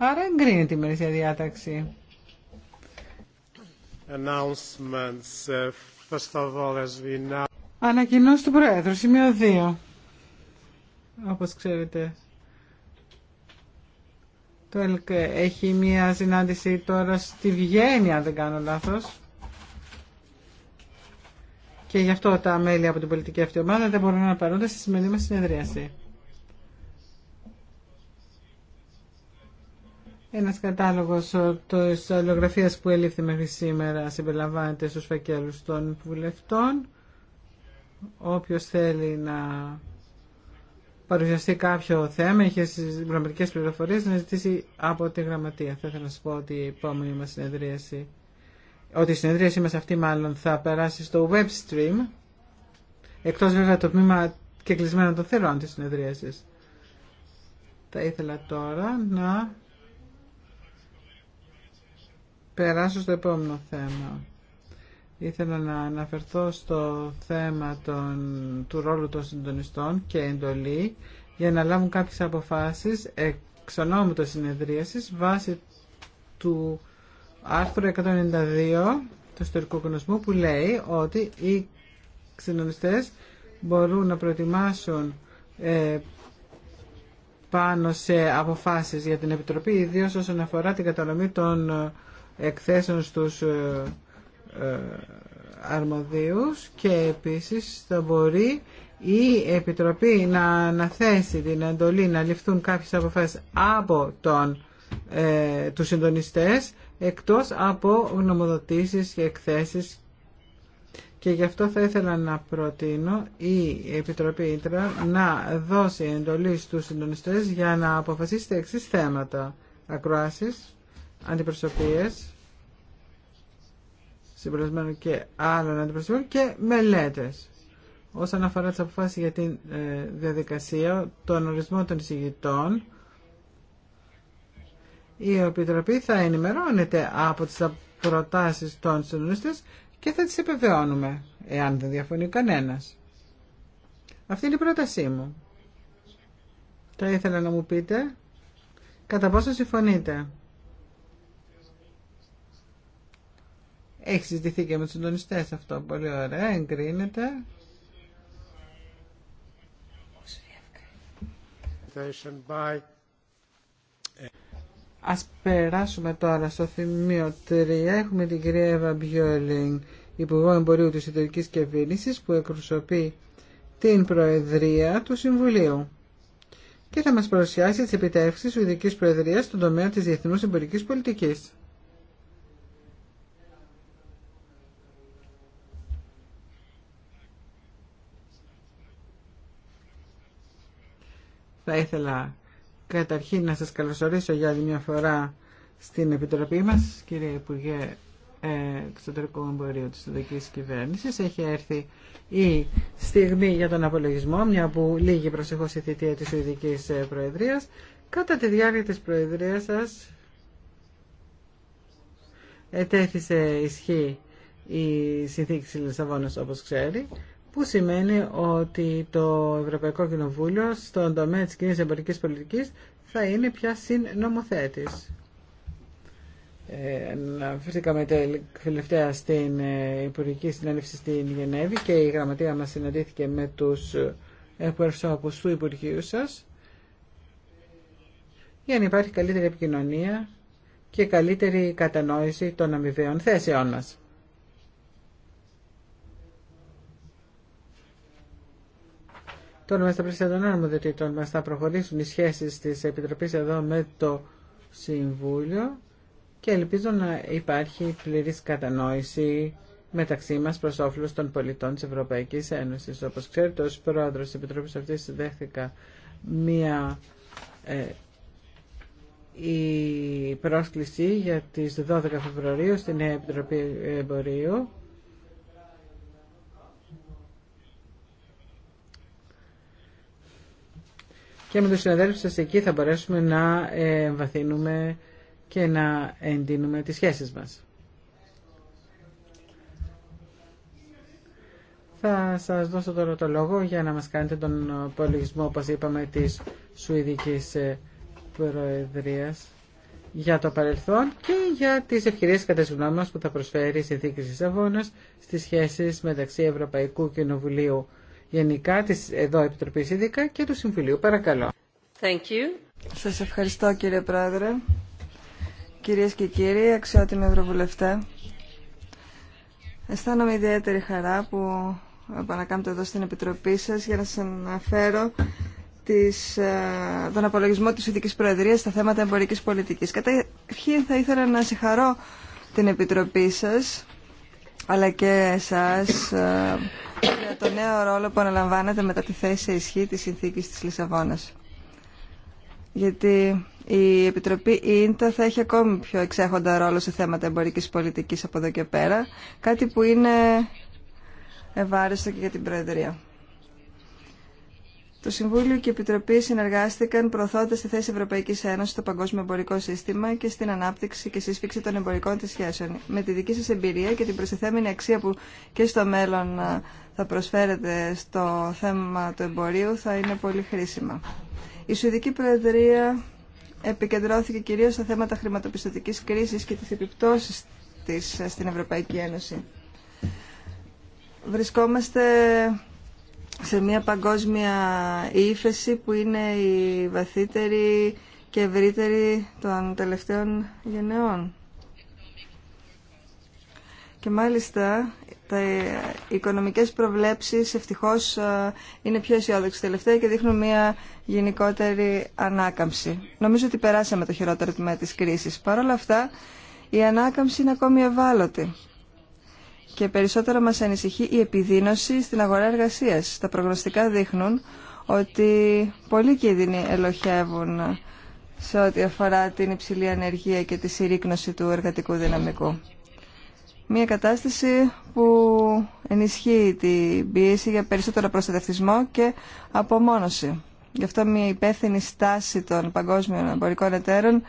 Άρα εγκρίνεται η μερίσια διάταξη. Ε, Ανακοινώσει του Προέδρου, σημείο 2. Όπως ξέρετε, το ΕΛΚ έχει μία συνάντηση τώρα στη Βιέννη, αν δεν κάνω λάθος. Και γι' αυτό τα μέλη από την πολιτική αυτή ομάδα δεν μπορούν να παρούνται στη σημερινή μας συνεδρίαση. Ένα κατάλογο τη αλληλογραφίας που έλειφθη μέχρι σήμερα συμπεριλαμβάνεται στου φακέλους των βουλευτών. οποίο θέλει να παρουσιαστεί κάποιο θέμα, είχε πραγματικέ πληροφορίε να ζητήσει από τη γραμματεία. Θα ήθελα να σα πω ότι η επόμενη μα συνεδρίαση, ότι η συνεδρίαση μα αυτή μάλλον θα περάσει στο web stream, Εκτό βέβαια το τμήμα και κλεισμένο των θερών τη συνεδρίαση. Θα ήθελα τώρα να περάσω στο επόμενο θέμα. Ήθελα να αναφερθώ στο θέμα των, του ρόλου των συντονιστών και εντολή για να λάβουν κάποιες αποφάσεις εξ ονόμου συνεδρίασης βάσει του άρθρου 192 του ιστορικού κονοσμού που λέει ότι οι συντονιστές μπορούν να προετοιμάσουν ε, πάνω σε αποφάσεις για την Επιτροπή, ιδίως όσον αφορά την κατανομή των εκθέσεων στους ε, ε, αρμοδίους και επίσης θα μπορεί η Επιτροπή να αναθέσει την εντολή να ληφθούν κάποιες αποφάσεις από τον, ε, τους συντονιστές εκτός από γνωμοδοτήσεις και εκθέσεις και γι' αυτό θα ήθελα να προτείνω η Επιτροπή Ήτρα να δώσει εντολή στους συντονιστές για να αποφασίσει τα εξής θέματα. Ακροάσεις, αντιπροσωπείες συμπεριλαμβανομένων και άλλων αντιπροσωπείων και μελέτες. Όσον αφορά τις αποφάσεις για τη ε, διαδικασία, τον ορισμό των εισηγητών, η Επιτροπή θα ενημερώνεται από τις προτάσεις των συνοστές και θα τις επιβεβαιώνουμε, εάν δεν διαφωνεί κανένας. Αυτή είναι η πρότασή μου. Θα ήθελα να μου πείτε κατά πόσο συμφωνείτε. Έχει συζητηθεί και με του συντονιστέ αυτό. Πολύ ωραία. Εγκρίνεται. Α περάσουμε τώρα στο θημείο 3. Έχουμε την κυρία Εύα Μπιόλινγκ, Υπουργό Εμπορίου τη Ιταλικής Κυβέρνηση, που εκπροσωπεί την Προεδρία του Συμβουλίου και θα μας παρουσιάσει τις επιτεύξεις της Ειδικής Προεδρίας στον τομέα της Διεθνούς Εμπορικής Πολιτικής. Θα ήθελα καταρχήν να σας καλωσορίσω για μια φορά στην Επιτροπή μας, κύριε Υπουργέ ε, Εξωτερικού Εμπορίου της Συνδικής Κυβέρνησης. Έχει έρθει η στιγμή για τον απολογισμό, μια που λίγη προσεχώς η θητεία της Ειδικής ε, Προεδρίας. Κατά τη διάρκεια της Προεδρίας σας ετέθησε ισχύ η συνθήκη της Λισαβόνας όπως ξέρει που σημαίνει ότι το Ευρωπαϊκό Κοινοβούλιο στον τομέα της κοινής εμπορικής πολιτικής θα είναι πια συνομοθέτης. Ε, τελευταία στην ε, Υπουργική Συνέλευση στην Γενέβη και η γραμματεία μας συναντήθηκε με τους εκπροσώπους του Υπουργείου σας για να υπάρχει καλύτερη επικοινωνία και καλύτερη κατανόηση των αμοιβαίων θέσεών μας. Τώρα μας στα πλαίσια των θα προχωρήσουν οι σχέσεις της Επιτροπής εδώ με το Συμβούλιο και ελπίζω να υπάρχει πλήρης κατανόηση μεταξύ μας προς όφελος των πολιτών της Ευρωπαϊκής Ένωσης. Όπως ξέρετε, ως πρόεδρος της Επιτροπής αυτής δέχτηκα μία ε, η πρόσκληση για τις 12 Φεβρουαρίου στην Επιτροπή Εμπορίου και με τους συναδέλφους σας εκεί θα μπορέσουμε να εμβαθύνουμε και να εντείνουμε τις σχέσεις μας. Θα σας δώσω τώρα το λόγο για να μας κάνετε τον απολογισμό, όπως είπαμε, της Σουηδικής ε, Προεδρίας για το παρελθόν και για τις ευκαιρίες κατά που θα προσφέρει η συνθήκη της στις σχέσεις μεταξύ Ευρωπαϊκού Κοινοβουλίου γενικά της εδώ Επιτροπής ειδικά και του Συμβουλίου. Παρακαλώ. Thank you. Σας ευχαριστώ κύριε Πρόεδρε. Κυρίες και κύριοι, αξιότιμοι Ευρωβουλευτέ, αισθάνομαι ιδιαίτερη χαρά που επανακάμπτω εδώ στην Επιτροπή σας για να σας αναφέρω της, ε, τον απολογισμό της Ειδικής Προεδρίας στα θέματα εμπορικής πολιτικής. Καταρχήν θα ήθελα να συγχαρώ την Επιτροπή σας αλλά και εσάς ε, για το νέο ρόλο που αναλαμβάνετε μετά τη θέση σε ισχύ της συνθήκης της Λισαβόνας. Γιατί η Επιτροπή ΙΝΤΑ θα έχει ακόμη πιο εξέχοντα ρόλο σε θέματα εμπορικής πολιτικής από εδώ και πέρα, κάτι που είναι ευάρεστο και για την Προεδρία. Το Συμβούλιο και η Επιτροπή συνεργάστηκαν προωθώντα τη θέση Ευρωπαϊκή Ένωση στο παγκόσμιο εμπορικό σύστημα και στην ανάπτυξη και σύσφυξη των εμπορικών τη σχέσεων. Με τη δική σα εμπειρία και την προστιθέμενη αξία που και στο μέλλον θα προσφέρετε στο θέμα του εμπορίου θα είναι πολύ χρήσιμα. Η Σουηδική Προεδρία επικεντρώθηκε κυρίω στα θέματα χρηματοπιστωτικής κρίση και τι επιπτώσει τη στην Ευρωπαϊκή Ένωση. Βρισκόμαστε σε μια παγκόσμια ύφεση που είναι η βαθύτερη και ευρύτερη των τελευταίων γενεών. Και μάλιστα τα, οικονομικές προβλέψεις ευτυχώς ε, είναι πιο αισιόδοξες τελευταία και δείχνουν μια γενικότερη ανάκαμψη. Νομίζω ότι περάσαμε το χειρότερο τμήμα της κρίσης. Παρ' όλα αυτά η ανάκαμψη είναι ακόμη ευάλωτη και περισσότερο μας ανησυχεί η επιδείνωση στην αγορά εργασίας. Τα προγνωστικά δείχνουν ότι πολλοί κίνδυνοι ελοχεύουν σε ό,τι αφορά την υψηλή ανεργία και τη συρρήκνωση του εργατικού δυναμικού. Μία κατάσταση που ενισχύει την πίεση για περισσότερο προστατευτισμό και απομόνωση. Γι' αυτό μια υπεύθυνη στάση των παγκόσμιων εμπορικών εταίρων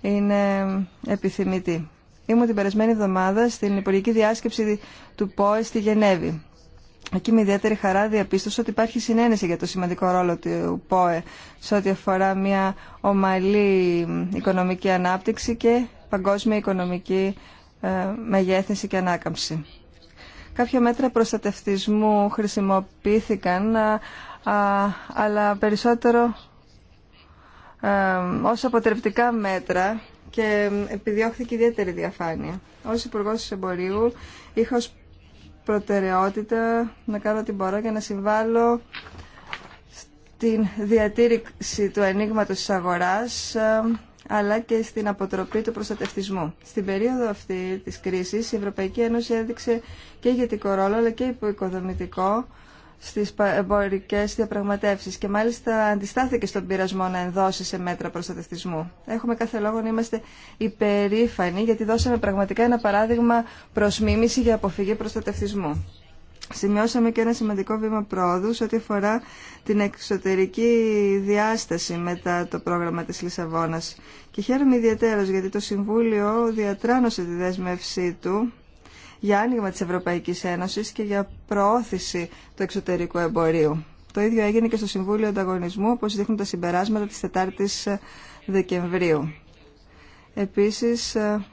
είναι επιθυμητή ήμουν την περασμένη εβδομάδα στην υπουργική διάσκεψη του ΠΟΕ στη Γενέβη. Εκεί με ιδιαίτερη χαρά διαπίστωσα ότι υπάρχει συνένεση για το σημαντικό ρόλο του ΠΟΕ σε ό,τι αφορά μια ομαλή οικονομική ανάπτυξη και παγκόσμια οικονομική ε, μεγέθυνση και ανάκαμψη. Κάποια μέτρα προστατευτισμού χρησιμοποιήθηκαν, αλλά περισσότερο ε, ως αποτρεπτικά μέτρα και επιδιώχθηκε ιδιαίτερη διαφάνεια. Ω υπουργό Εμπορίου είχα ως προτεραιότητα να κάνω ό,τι μπορώ για να συμβάλλω στην διατήρηση του ανοίγματο της αγοράς αλλά και στην αποτροπή του προστατευτισμού. Στην περίοδο αυτή της κρίσης η Ευρωπαϊκή Ένωση έδειξε και ηγετικό ρόλο αλλά και υποοικοδομητικό στις εμπορικές διαπραγματεύσεις και μάλιστα αντιστάθηκε στον πειρασμό να ενδώσει σε μέτρα προστατευτισμού. Έχουμε κάθε λόγο να είμαστε υπερήφανοι γιατί δώσαμε πραγματικά ένα παράδειγμα προς μίμηση για αποφυγή προστατευτισμού. Σημειώσαμε και ένα σημαντικό βήμα πρόοδου ό,τι αφορά την εξωτερική διάσταση μετά το πρόγραμμα της Λισαβόνας. Και χαίρομαι ιδιαίτερος γιατί το Συμβούλιο διατράνωσε τη δέσμευσή του για άνοιγμα της Ευρωπαϊκής Ένωσης και για προώθηση του εξωτερικού εμπορίου. Το ίδιο έγινε και στο Συμβούλιο Ανταγωνισμού, όπως δείχνουν τα συμπεράσματα της 4ης Δεκεμβρίου. Επίσης, ε,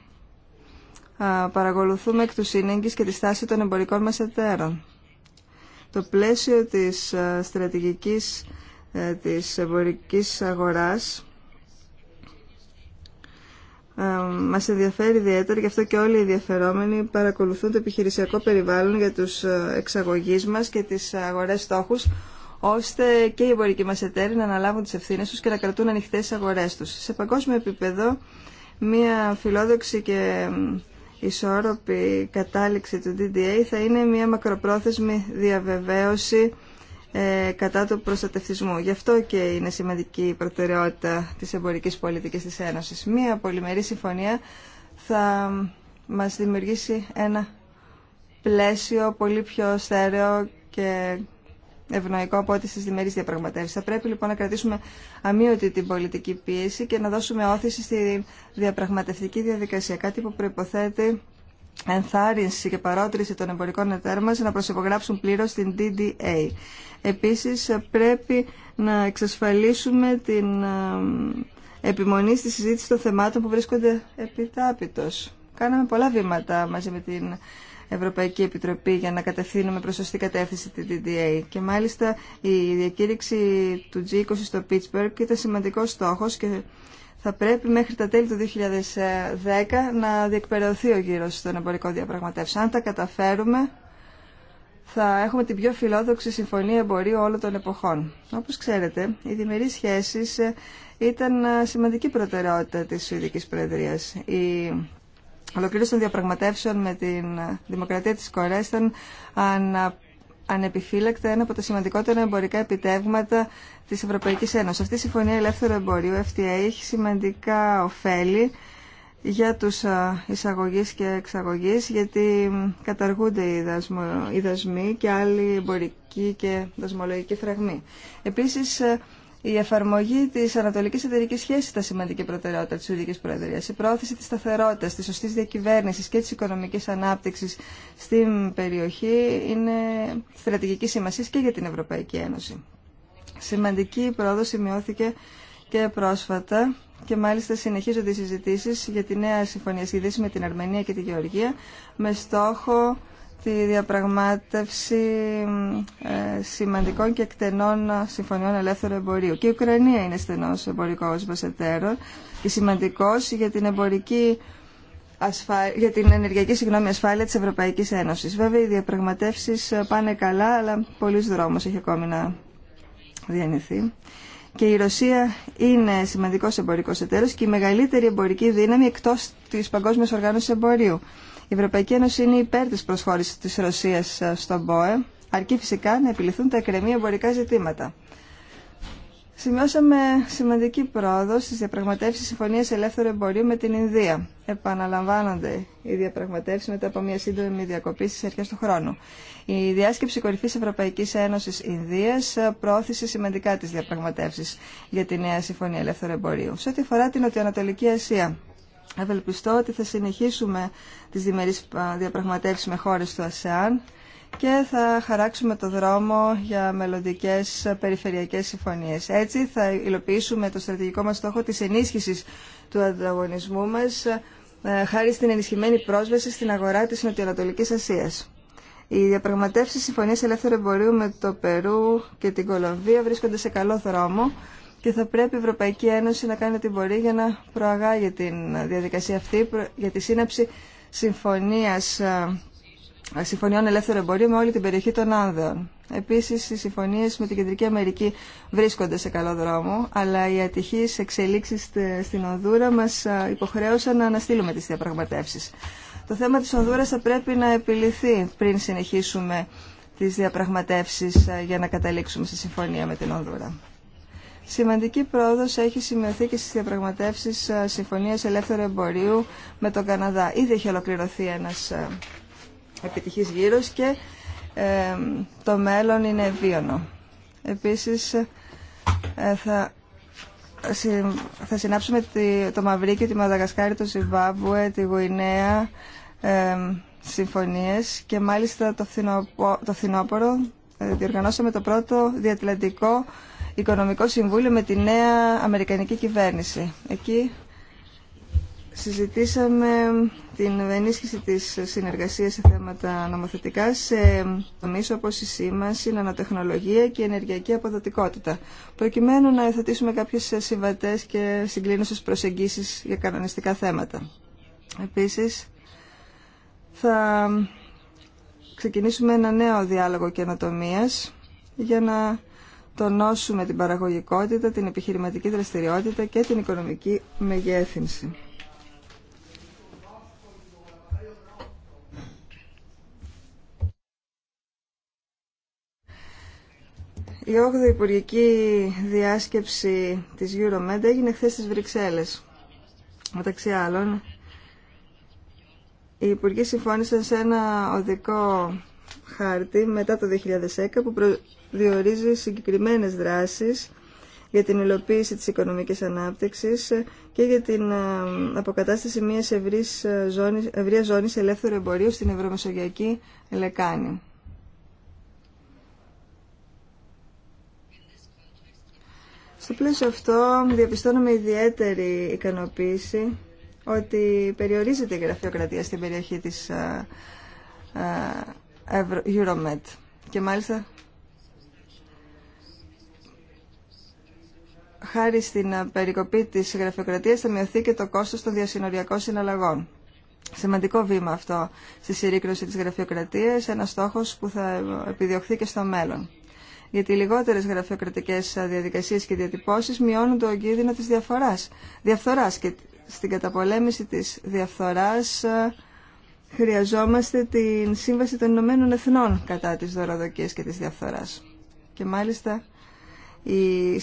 παρακολουθούμε εκ του και τη στάση των εμπορικών μας εταίρων. Το πλαίσιο της ε, στρατηγικής ε, της εμπορικής αγοράς ε, μας ενδιαφέρει ιδιαίτερα, γι' αυτό και όλοι οι ενδιαφερόμενοι παρακολουθούν το επιχειρησιακό περιβάλλον για τους ε, εξαγωγείς μας και τις αγορές στόχους, ώστε και οι εμπορικοί μας εταίροι να αναλάβουν τις ευθύνες τους και να κρατούν ανοιχτές τις αγορές τους. Σε παγκόσμιο επίπεδο, μια φιλόδοξη και ισόρροπη κατάληξη του DDA θα είναι μια μακροπρόθεσμη διαβεβαίωση ε, κατά του προστατευτισμού. Γι' αυτό και είναι σημαντική η προτεραιότητα της εμπορικής πολιτικής της Ένωσης. Μία πολυμερή συμφωνία θα μας δημιουργήσει ένα πλαίσιο πολύ πιο στέρεο και ευνοϊκό από ό,τι στις διμερείς διαπραγματεύσεις. Θα πρέπει λοιπόν να κρατήσουμε αμύωτη την πολιτική πίεση και να δώσουμε όθηση στη διαπραγματευτική διαδικασία, κάτι που προϋποθέτει ενθάρρυνση και παρότριση των εμπορικών εταίρων μας να προσυπογράψουν πλήρως την DDA. Επίσης πρέπει να εξασφαλίσουμε την ε, επιμονή στη συζήτηση των θεμάτων που βρίσκονται επιτάπητος. Κάναμε πολλά βήματα μαζί με την Ευρωπαϊκή Επιτροπή για να κατευθύνουμε προς σωστή κατεύθυνση την DDA. Και μάλιστα η διακήρυξη του G20 στο Pittsburgh ήταν σημαντικός στόχος και θα πρέπει μέχρι τα τέλη του 2010 να διεκπαιρεωθεί ο γύρος των εμπορικών διαπραγματεύσεων. Αν τα καταφέρουμε, θα έχουμε την πιο φιλόδοξη συμφωνία εμπορίου όλων των εποχών. Όπως ξέρετε, οι διμερείς σχέσεις ε, ήταν ε, σημαντική προτεραιότητα της Σουηδικής Προεδρίας. Η ολοκλήρωση των διαπραγματεύσεων με την ε, Δημοκρατία της Κορέας ήταν ανεπιφύλακτα ένα από τα σημαντικότερα εμπορικά επιτεύγματα της Ευρωπαϊκής Ένωσης. Αυτή η Συμφωνία Ελεύθερου Εμπορίου, FTA, έχει σημαντικά ωφέλη για τους εισαγωγείς και εξαγωγείς, γιατί καταργούνται οι δασμοί και άλλοι εμπορικοί και δασμολογικοί φραγμοί. Επίσης, η εφαρμογή τη Ανατολική Εταιρική Σχέση ήταν σημαντική προτεραιότητα τη Σουηδική Προεδρία. Η πρόθεση τη σταθερότητα, τη σωστή διακυβέρνηση και τη οικονομική ανάπτυξη στην περιοχή είναι στρατηγική σημασία και για την Ευρωπαϊκή Ένωση. Σημαντική πρόοδο σημειώθηκε και πρόσφατα και μάλιστα συνεχίζονται οι συζητήσει για τη νέα συμφωνία σχεδίση με την Αρμενία και τη Γεωργία με στόχο τη διαπραγμάτευση ε, σημαντικών και εκτενών συμφωνιών ελεύθερου εμπορίου. Και η Ουκρανία είναι στενός εμπορικός μας και σημαντικός για την εμπορική για την ενεργειακή συγγνώμη, ασφάλεια της Ευρωπαϊκής Ένωσης. Βέβαια, οι διαπραγματεύσεις πάνε καλά, αλλά πολλούς δρόμους έχει ακόμη να διανυθεί. Και η Ρωσία είναι σημαντικός εμπορικός εταίρος και η μεγαλύτερη εμπορική δύναμη εκτός της Παγκόσμιας Οργάνωσης Εμπορίου. Η Ευρωπαϊκή Ένωση είναι υπέρ τη προσχώρηση τη Ρωσία ε, στον ΠΟΕ, αρκεί φυσικά να επιληθούν τα εκκρεμή εμπορικά ζητήματα. Σημειώσαμε σημαντική πρόοδο στι διαπραγματεύσει συμφωνία ελεύθερου εμπορίου με την Ινδία. Επαναλαμβάνονται οι διαπραγματεύσει μετά από μια σύντομη διακοπή στι αρχέ του χρόνου. Η διάσκεψη κορυφή Ευρωπαϊκή Ένωση Ινδία ε, προώθησε σημαντικά τι διαπραγματεύσει για τη νέα συμφωνία ελεύθερου εμπορίου. Σε ό,τι αφορά την Νοτιοανατολική Ασία, Ευελπιστώ ότι θα συνεχίσουμε τις διμερείς διαπραγματεύσεις με χώρες του ΑΣΕΑΝ και θα χαράξουμε το δρόμο για μελλοντικές περιφερειακές συμφωνίες. Έτσι θα υλοποιήσουμε το στρατηγικό μας στόχο της ενίσχυσης του ανταγωνισμού μας χάρη στην ενισχυμένη πρόσβαση στην αγορά της Νοτιοανατολικής Ασίας. Οι διαπραγματεύσεις συμφωνίας ελεύθερου εμπορίου με το Περού και την Κολομβία βρίσκονται σε καλό δρόμο και θα πρέπει η Ευρωπαϊκή Ένωση να κάνει ό,τι μπορεί για να προαγάγει την διαδικασία αυτή για τη σύναψη συμφωνίας, ε, συμφωνιών ελεύθερου εμπορίου με όλη την περιοχή των Άνδεων. Επίσης, οι συμφωνίες με την Κεντρική Αμερική βρίσκονται σε καλό δρόμο, αλλά οι ατυχείς εξελίξεις στην Ονδούρα μας ε, υποχρέωσαν να αναστείλουμε τις διαπραγματεύσεις. Το θέμα της Ονδούρας θα πρέπει να επιληθεί πριν συνεχίσουμε τις διαπραγματεύσεις ε, για να καταλήξουμε σε συμφωνία με την Ονδούρα. Σημαντική πρόοδος έχει σημειωθεί και στις διαπραγματεύσεις ε, Συμφωνίας Ελεύθερου Εμπορίου με τον Καναδά. Ήδη έχει ολοκληρωθεί ένας ε, επιτυχής γύρος και ε, το μέλλον είναι βίωνο. Επίσης θα, θα συνάψουμε το και τη Μαδαγασκάρη, το Ζιμπάμπουε, τη Γουινέα συμφωνίες και μάλιστα το, Φθινόπορο το διοργανώσαμε το πρώτο διατλαντικό Οικονομικό Συμβούλιο με τη νέα Αμερικανική κυβέρνηση. Εκεί συζητήσαμε την ενίσχυση της συνεργασίας σε θέματα νομοθετικά σε τομείς όπως η σήμανση, η ανατεχνολογία και η ενεργειακή αποδοτικότητα, προκειμένου να εθετήσουμε κάποιες συμβατές και συγκλίνουσες προσεγγίσεις για κανονιστικά θέματα. Επίσης, θα ξεκινήσουμε ένα νέο διάλογο καινοτομίας για να τονώσουμε την παραγωγικότητα, την επιχειρηματική δραστηριότητα και την οικονομική μεγέθυνση. Η 8η Υπουργική Διάσκεψη της Euromed έγινε χθε στις Βρυξέλλες. Μεταξύ άλλων, οι Υπουργοί συμφώνησαν σε ένα οδικό χάρτη μετά το 2010 που διορίζει συγκεκριμένες δράσεις για την υλοποίηση της οικονομικής ανάπτυξης και για την ε, αποκατάσταση μιας ευρύς ε, ζώνης, ζώνης ελεύθερου εμπορίου στην Ευρωμεσογειακή Λεκάνη. Στο πλαίσιο αυτό διαπιστώνουμε ιδιαίτερη ικανοποίηση ότι περιορίζεται η γραφειοκρατία στην περιοχή της ε, Euromed και μάλιστα χάρη στην ε, περικοπή τη γραφειοκρατίας θα μειωθεί και το κόστο των διασυνοριακών συναλλαγών. Σημαντικό βήμα αυτό στη συρρήκνωση τη γραφειοκρατία, ένα στόχο που θα ε, επιδιωχθεί και στο μέλλον. Γιατί οι λιγότερες γραφειοκρατικές ε, διαδικασίες και διατυπώσει μειώνουν το κίνδυνο τη διαφορά. διαφθοράς και στην καταπολέμηση τη διαφθορά χρειαζόμαστε την Σύμβαση των Ηνωμένων Εθνών κατά της δωροδοκίας και της διαφθοράς. Και μάλιστα η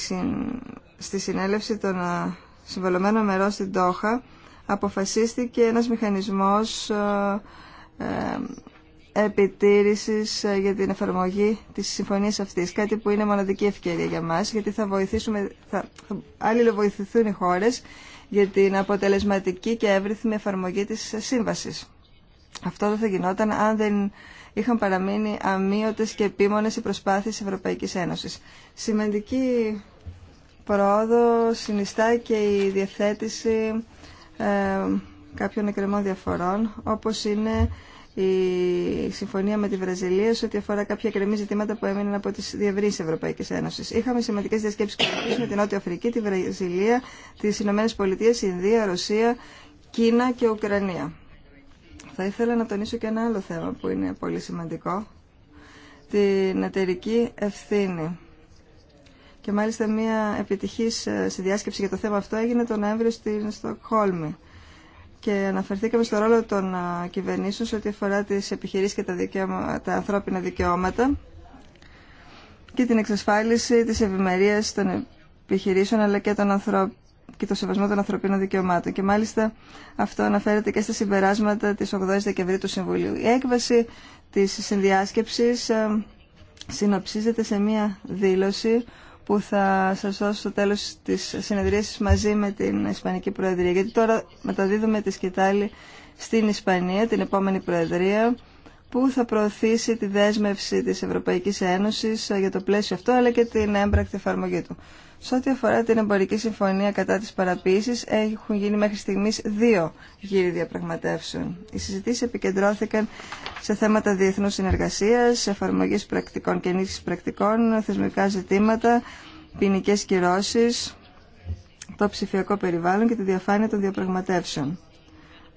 στη συνέλευση των ε, συμβολωμένων μερών στην Τόχα αποφασίστηκε ένας μηχανισμός ε, ε, επιτήρησης για την εφαρμογή της συμφωνίας αυτής. Κάτι που είναι μοναδική ευκαιρία για μας, γιατί θα βοηθήσουμε, θα, θα οι χώρες για την αποτελεσματική και εύρυθμη εφαρμογή της σύμβασης. Αυτό δεν θα γινόταν αν δεν είχαν παραμείνει αμύωτες και επίμονες οι προσπάθειες της Ευρωπαϊκής Ένωσης. Σημαντική πρόοδο συνιστά και η διευθέτηση ε, κάποιων εκκρεμών διαφορών, όπως είναι η συμφωνία με τη Βραζιλία σε ό,τι αφορά κάποια εκκρεμή ζητήματα που έμειναν από τι διευρύνσει Ευρωπαϊκή Ένωση. Είχαμε σημαντικέ διασκέψει κοινωνική με την Νότια Αφρική, τη Βραζιλία, τι Ηνωμένε Πολιτείε, Ινδία, Ρωσία, Κίνα και Ουκρανία. Θα ήθελα να τονίσω και ένα άλλο θέμα που είναι πολύ σημαντικό. Την εταιρική ευθύνη και μάλιστα μια επιτυχής ε, συνδιάσκεψη για το θέμα αυτό έγινε τον Νοέμβριο στην Στοκχόλμη. Και αναφερθήκαμε στο ρόλο των κυβερνήσεων σε ό,τι αφορά τις επιχειρήσεις και τα, ανθρώπινα δικαιώματα και την εξασφάλιση της ευημερία των επιχειρήσεων αλλά και, τον και το σεβασμό των ανθρωπίνων δικαιωμάτων. Και μάλιστα αυτό αναφέρεται και στα συμπεράσματα της 8 Η Δεκεμβρίου του Συμβουλίου. Η έκβαση της συνδιάσκεψης ε, συνοψίζεται σε μία δήλωση που θα σας δώσω στο τέλος της συνεδρίασης μαζί με την Ισπανική Προεδρία. Γιατί τώρα μεταδίδουμε τη σκητάλη στην Ισπανία, την επόμενη Προεδρία που θα προωθήσει τη δέσμευση της Ευρωπαϊκής Ένωσης ε, για το πλαίσιο αυτό, αλλά και την έμπρακτη εφαρμογή του. Σε ό,τι αφορά την εμπορική συμφωνία κατά της παραποίησης, έχουν γίνει μέχρι στιγμής δύο γύροι διαπραγματεύσεων. Οι συζητήσεις επικεντρώθηκαν σε θέματα διεθνούς συνεργασίας, εφαρμογής πρακτικών και ενίσχυσης πρακτικών, θεσμικά ζητήματα, ποινικέ κυρώσεις, το ψηφιακό περιβάλλον και τη διαφάνεια των διαπραγματεύσεων.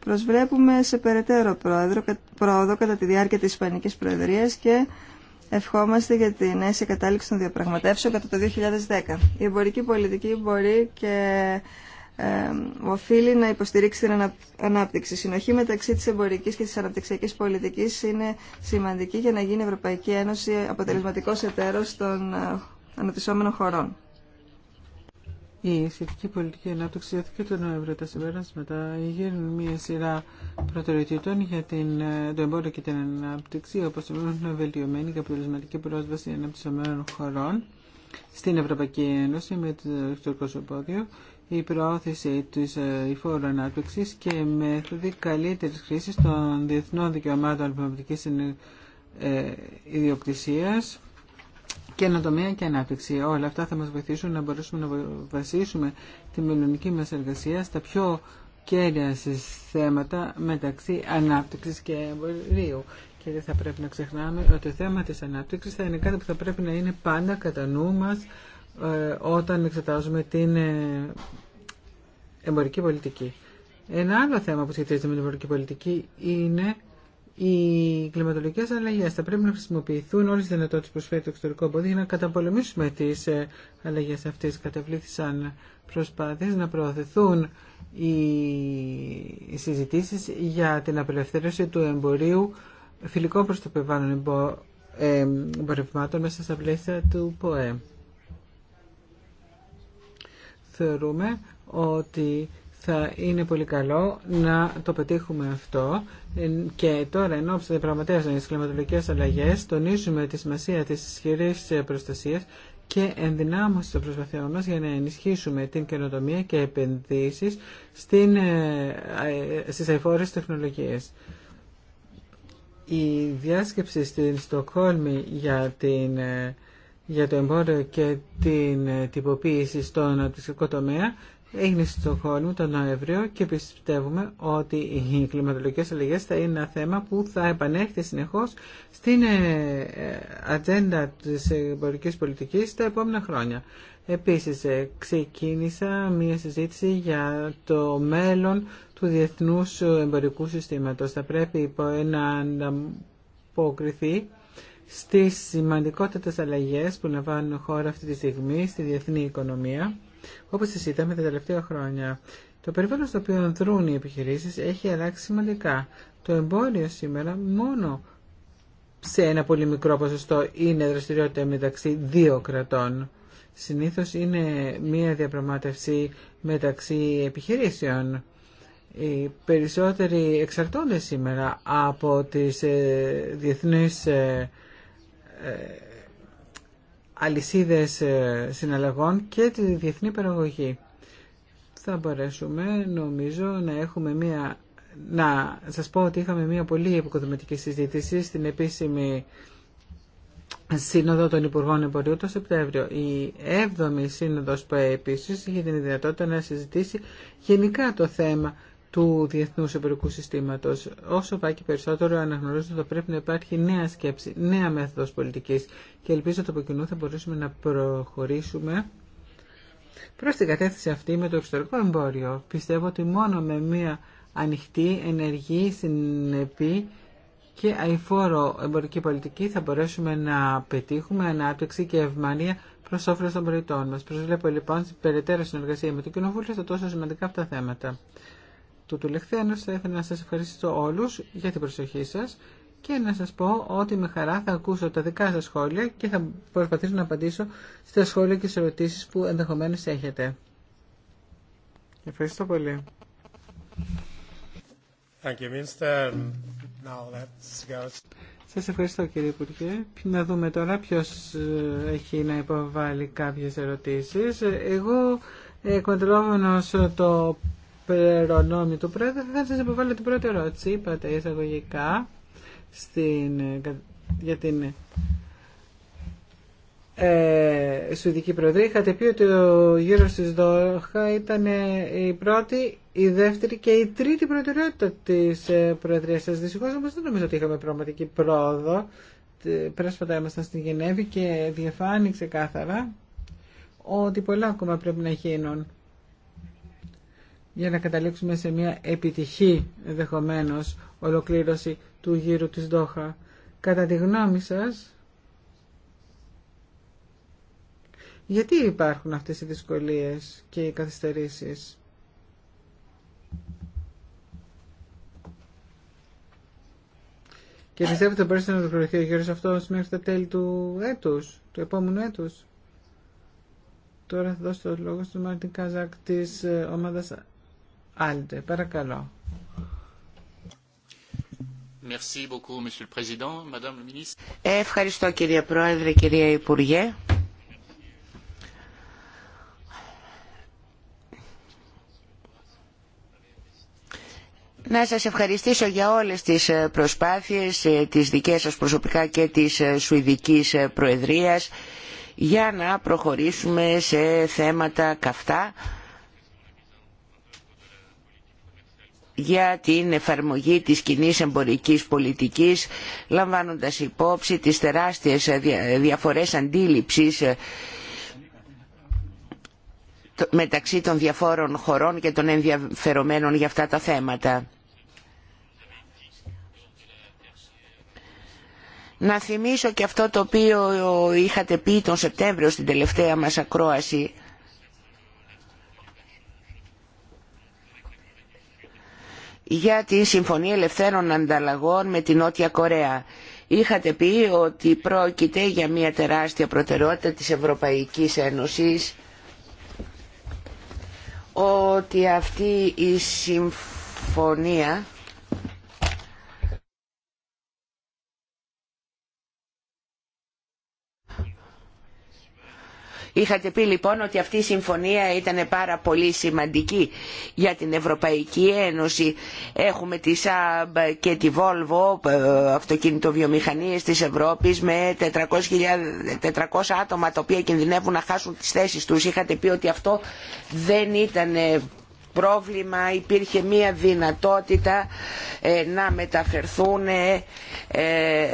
Προσβλέπουμε σε περαιτέρω πρόοδο κατά τη διάρκεια της Ισπανικής Προεδρίας και ευχόμαστε για την αίσια κατάληξη των διαπραγματεύσεων κατά το 2010. Η εμπορική πολιτική μπορεί και ε, οφείλει να υποστηρίξει την ανάπτυξη. Η συνοχή μεταξύ της εμπορικής και της αναπτυξιακής πολιτικής είναι σημαντική για να γίνει η Ευρωπαϊκή Ένωση αποτελεσματικός εταίρος των ε, αναπτυσσόμενων χωρών. Η σχετική πολιτική ανάπτυξη έρχεται τον Νοέμβριο. Τα συμπεράσματα γίνουν μια σειρά προτεραιοτήτων για την, ε, το εμπόριο και την ανάπτυξη, όπω είναι βελτιωμένη και αποτελεσματική πρόσβαση αναπτυσσομένων χωρών στην Ευρωπαϊκή Ένωση με το Ελεκτρικό σωπόδιο, η προώθηση τη υφόρου ε, ανάπτυξη και μέθοδη καλύτερη χρήση των διεθνών δικαιωμάτων πνευματική ε, ιδιοκτησία καινοτομία και ανάπτυξη. Όλα αυτά θα μας βοηθήσουν να μπορέσουμε να βασίσουμε τη μελλονική μας εργασία στα πιο κέρια θέματα μεταξύ ανάπτυξης και εμπορίου. Και δεν θα πρέπει να ξεχνάμε ότι το θέμα της ανάπτυξης θα είναι κάτι που θα πρέπει να είναι πάντα κατά νου μας ε, όταν εξετάζουμε την ε, εμπορική πολιτική. Ένα άλλο θέμα που σχετίζεται με την εμπορική πολιτική είναι οι κλιματολογικέ αλλαγέ θα πρέπει να χρησιμοποιηθούν όλε τι δυνατότητε που προσφέρει το εξωτερικό εμπόδιο για να καταπολεμήσουμε τι ε, αλλαγέ αυτέ. Καταβλήθησαν προσπάθειε να προωθηθούν οι συζητήσει για την απελευθέρωση του εμπορίου φιλικών προ το περιβάλλον ε, εμπορευμάτων μέσα στα πλαίσια του ΠΟΕ. Θεωρούμε ότι θα είναι πολύ καλό να το πετύχουμε αυτό και τώρα ενώ ώψη διαπραγματεύσεων για τι κλιματολογικέ αλλαγέ τονίζουμε τη σημασία τη ισχυρή προστασία και ενδυνάμωση των προσπαθειών μας για να ενισχύσουμε την καινοτομία και επενδύσεις στην, ε, ε, στις τεχνολογίε. τεχνολογίες. Η διάσκεψη στην Στοκχόλμη για, την, ε, για το εμπόριο και την τυποποίηση στον αντισυκό τομέα έγινε στο Στοχόλμη τον Νοέμβριο και πιστεύουμε ότι οι κλιματολογικές αλλαγέ θα είναι ένα θέμα που θα επανέρχεται συνεχώς στην ε, ατζέντα της εμπορικής πολιτικής τα επόμενα χρόνια. Επίσης ε, ξεκίνησα μία συζήτηση για το μέλλον του διεθνούς εμπορικού συστήματος. Θα πρέπει να ανταποκριθεί στις σημαντικότητε αλλαγές που λαμβάνουν χώρα αυτή τη στιγμή στη διεθνή οικονομία Όπω σας είδαμε τα τελευταία χρόνια, το περιβάλλον στο οποίο δρούν οι επιχειρήσει έχει αλλάξει σημαντικά. Το εμπόριο σήμερα μόνο σε ένα πολύ μικρό ποσοστό είναι δραστηριότητα μεταξύ δύο κρατών. Συνήθως είναι μία διαπραγμάτευση μεταξύ επιχειρήσεων. Οι περισσότεροι εξαρτώνται σήμερα από τις ε, διεθνείς ε, ε, αλυσίδες ε, συναλλαγών και τη διεθνή παραγωγή. Θα μπορέσουμε νομίζω να έχουμε μία να σας πω ότι είχαμε μια πολύ επικοδομητική συζήτηση στην επίσημη Σύνοδο των Υπουργών Εμπορίου το Σεπτέμβριο. Η 7η Σύνοδος που επίσης είχε την δυνατότητα να συζητήσει γενικά το θέμα του διεθνού εμπορικού συστήματο. Όσο πάει και περισσότερο αναγνωρίζω ότι πρέπει να υπάρχει νέα σκέψη, νέα μέθοδο πολιτική. και ελπίζω ότι από κοινού θα μπορέσουμε να προχωρήσουμε προ την κατεύθυνση αυτή με το εξωτερικό εμπόριο. Πιστεύω ότι μόνο με μια ανοιχτή, ενεργή, συνεπή και αηφόρο εμπορική πολιτική θα μπορέσουμε να πετύχουμε ανάπτυξη και ευμανία προ όφελο των πολιτών μα. Προσβλέπω λοιπόν στην περαιτέρω συνεργασία με το Κοινοβούλιο στα τόσο σημαντικά αυτά θέματα του του θα ήθελα να σας ευχαριστήσω όλους για την προσοχή σας και να σας πω ότι με χαρά θα ακούσω τα δικά σας σχόλια και θα προσπαθήσω να απαντήσω στα σχόλια και στις ερωτήσεις που ενδεχομένως έχετε. Ευχαριστώ πολύ. Thank you, Now let's go. Σας ευχαριστώ κύριε Υπουργέ. Να δούμε τώρα ποιος ε, έχει να υποβάλει κάποιες ερωτήσεις. Εγώ εκμεταλλόμενος το προνόμιο του πρόεδρου, θα σα υποβάλω την πρώτη ερώτηση. Είπατε εισαγωγικά στην, για την ε, Σουηδική Προεδρία. Είχατε πει ότι ο γύρο τη Δόχα ήταν ε, η πρώτη, η δεύτερη και η τρίτη προτεραιότητα τη ε, σα. Δυστυχώ όμω δεν νομίζω ότι είχαμε πραγματική πρόοδο. Πρόσφατα ήμασταν στη Γενέβη και διαφάνηξε κάθαρα ότι πολλά ακόμα πρέπει να γίνουν για να καταλήξουμε σε μια επιτυχή ενδεχομένω ολοκλήρωση του γύρου της Δόχα. Κατά τη γνώμη σας, γιατί υπάρχουν αυτές οι δυσκολίες και οι καθυστερήσεις. Και πιστεύετε ότι να ολοκληρωθεί ο γύρος αυτός μέχρι τα τέλη του έτους, του επόμενου έτους. Τώρα θα δώσω το λόγο στον Μάρτιν Κάζακ της ε, ομάδας παρακαλώ. Ευχαριστώ κύριε Πρόεδρε, κυρία Υπουργέ. Να σας ευχαριστήσω για όλες τις ε, προσπάθειες, ε, τις δικές σας προσωπικά και της ε, Σουηδικής Προεδρίας για να προχωρήσουμε σε θέματα καυτά για την εφαρμογή της κοινή εμπορικής πολιτικής λαμβάνοντας υπόψη τις τεράστιες διαφορές αντίληψης ε, μεταξύ των διαφόρων χωρών και των ενδιαφερομένων για αυτά τα θέματα. Να θυμίσω και αυτό το οποίο είχατε πει τον Σεπτέμβριο στην τελευταία μας ακρόαση για τη Συμφωνία Ελευθέρων Ανταλλαγών με την Νότια Κορέα. Είχατε πει ότι πρόκειται για μια τεράστια προτεραιότητα της Ευρωπαϊκής Ένωσης ότι αυτή η συμφωνία Είχατε πει λοιπόν ότι αυτή η συμφωνία ήταν πάρα πολύ σημαντική για την Ευρωπαϊκή Ένωση. Έχουμε τη ΣΑΜΠ και τη Volvo, ε, αυτοκινητοβιομηχανίες της Ευρώπης με 400, 400 άτομα τα οποία κινδυνεύουν να χάσουν τις θέσεις τους. Είχατε πει ότι αυτό δεν ήταν ε, πρόβλημα υπήρχε μία δυνατότητα ε, να μεταφερθούν ε, ε,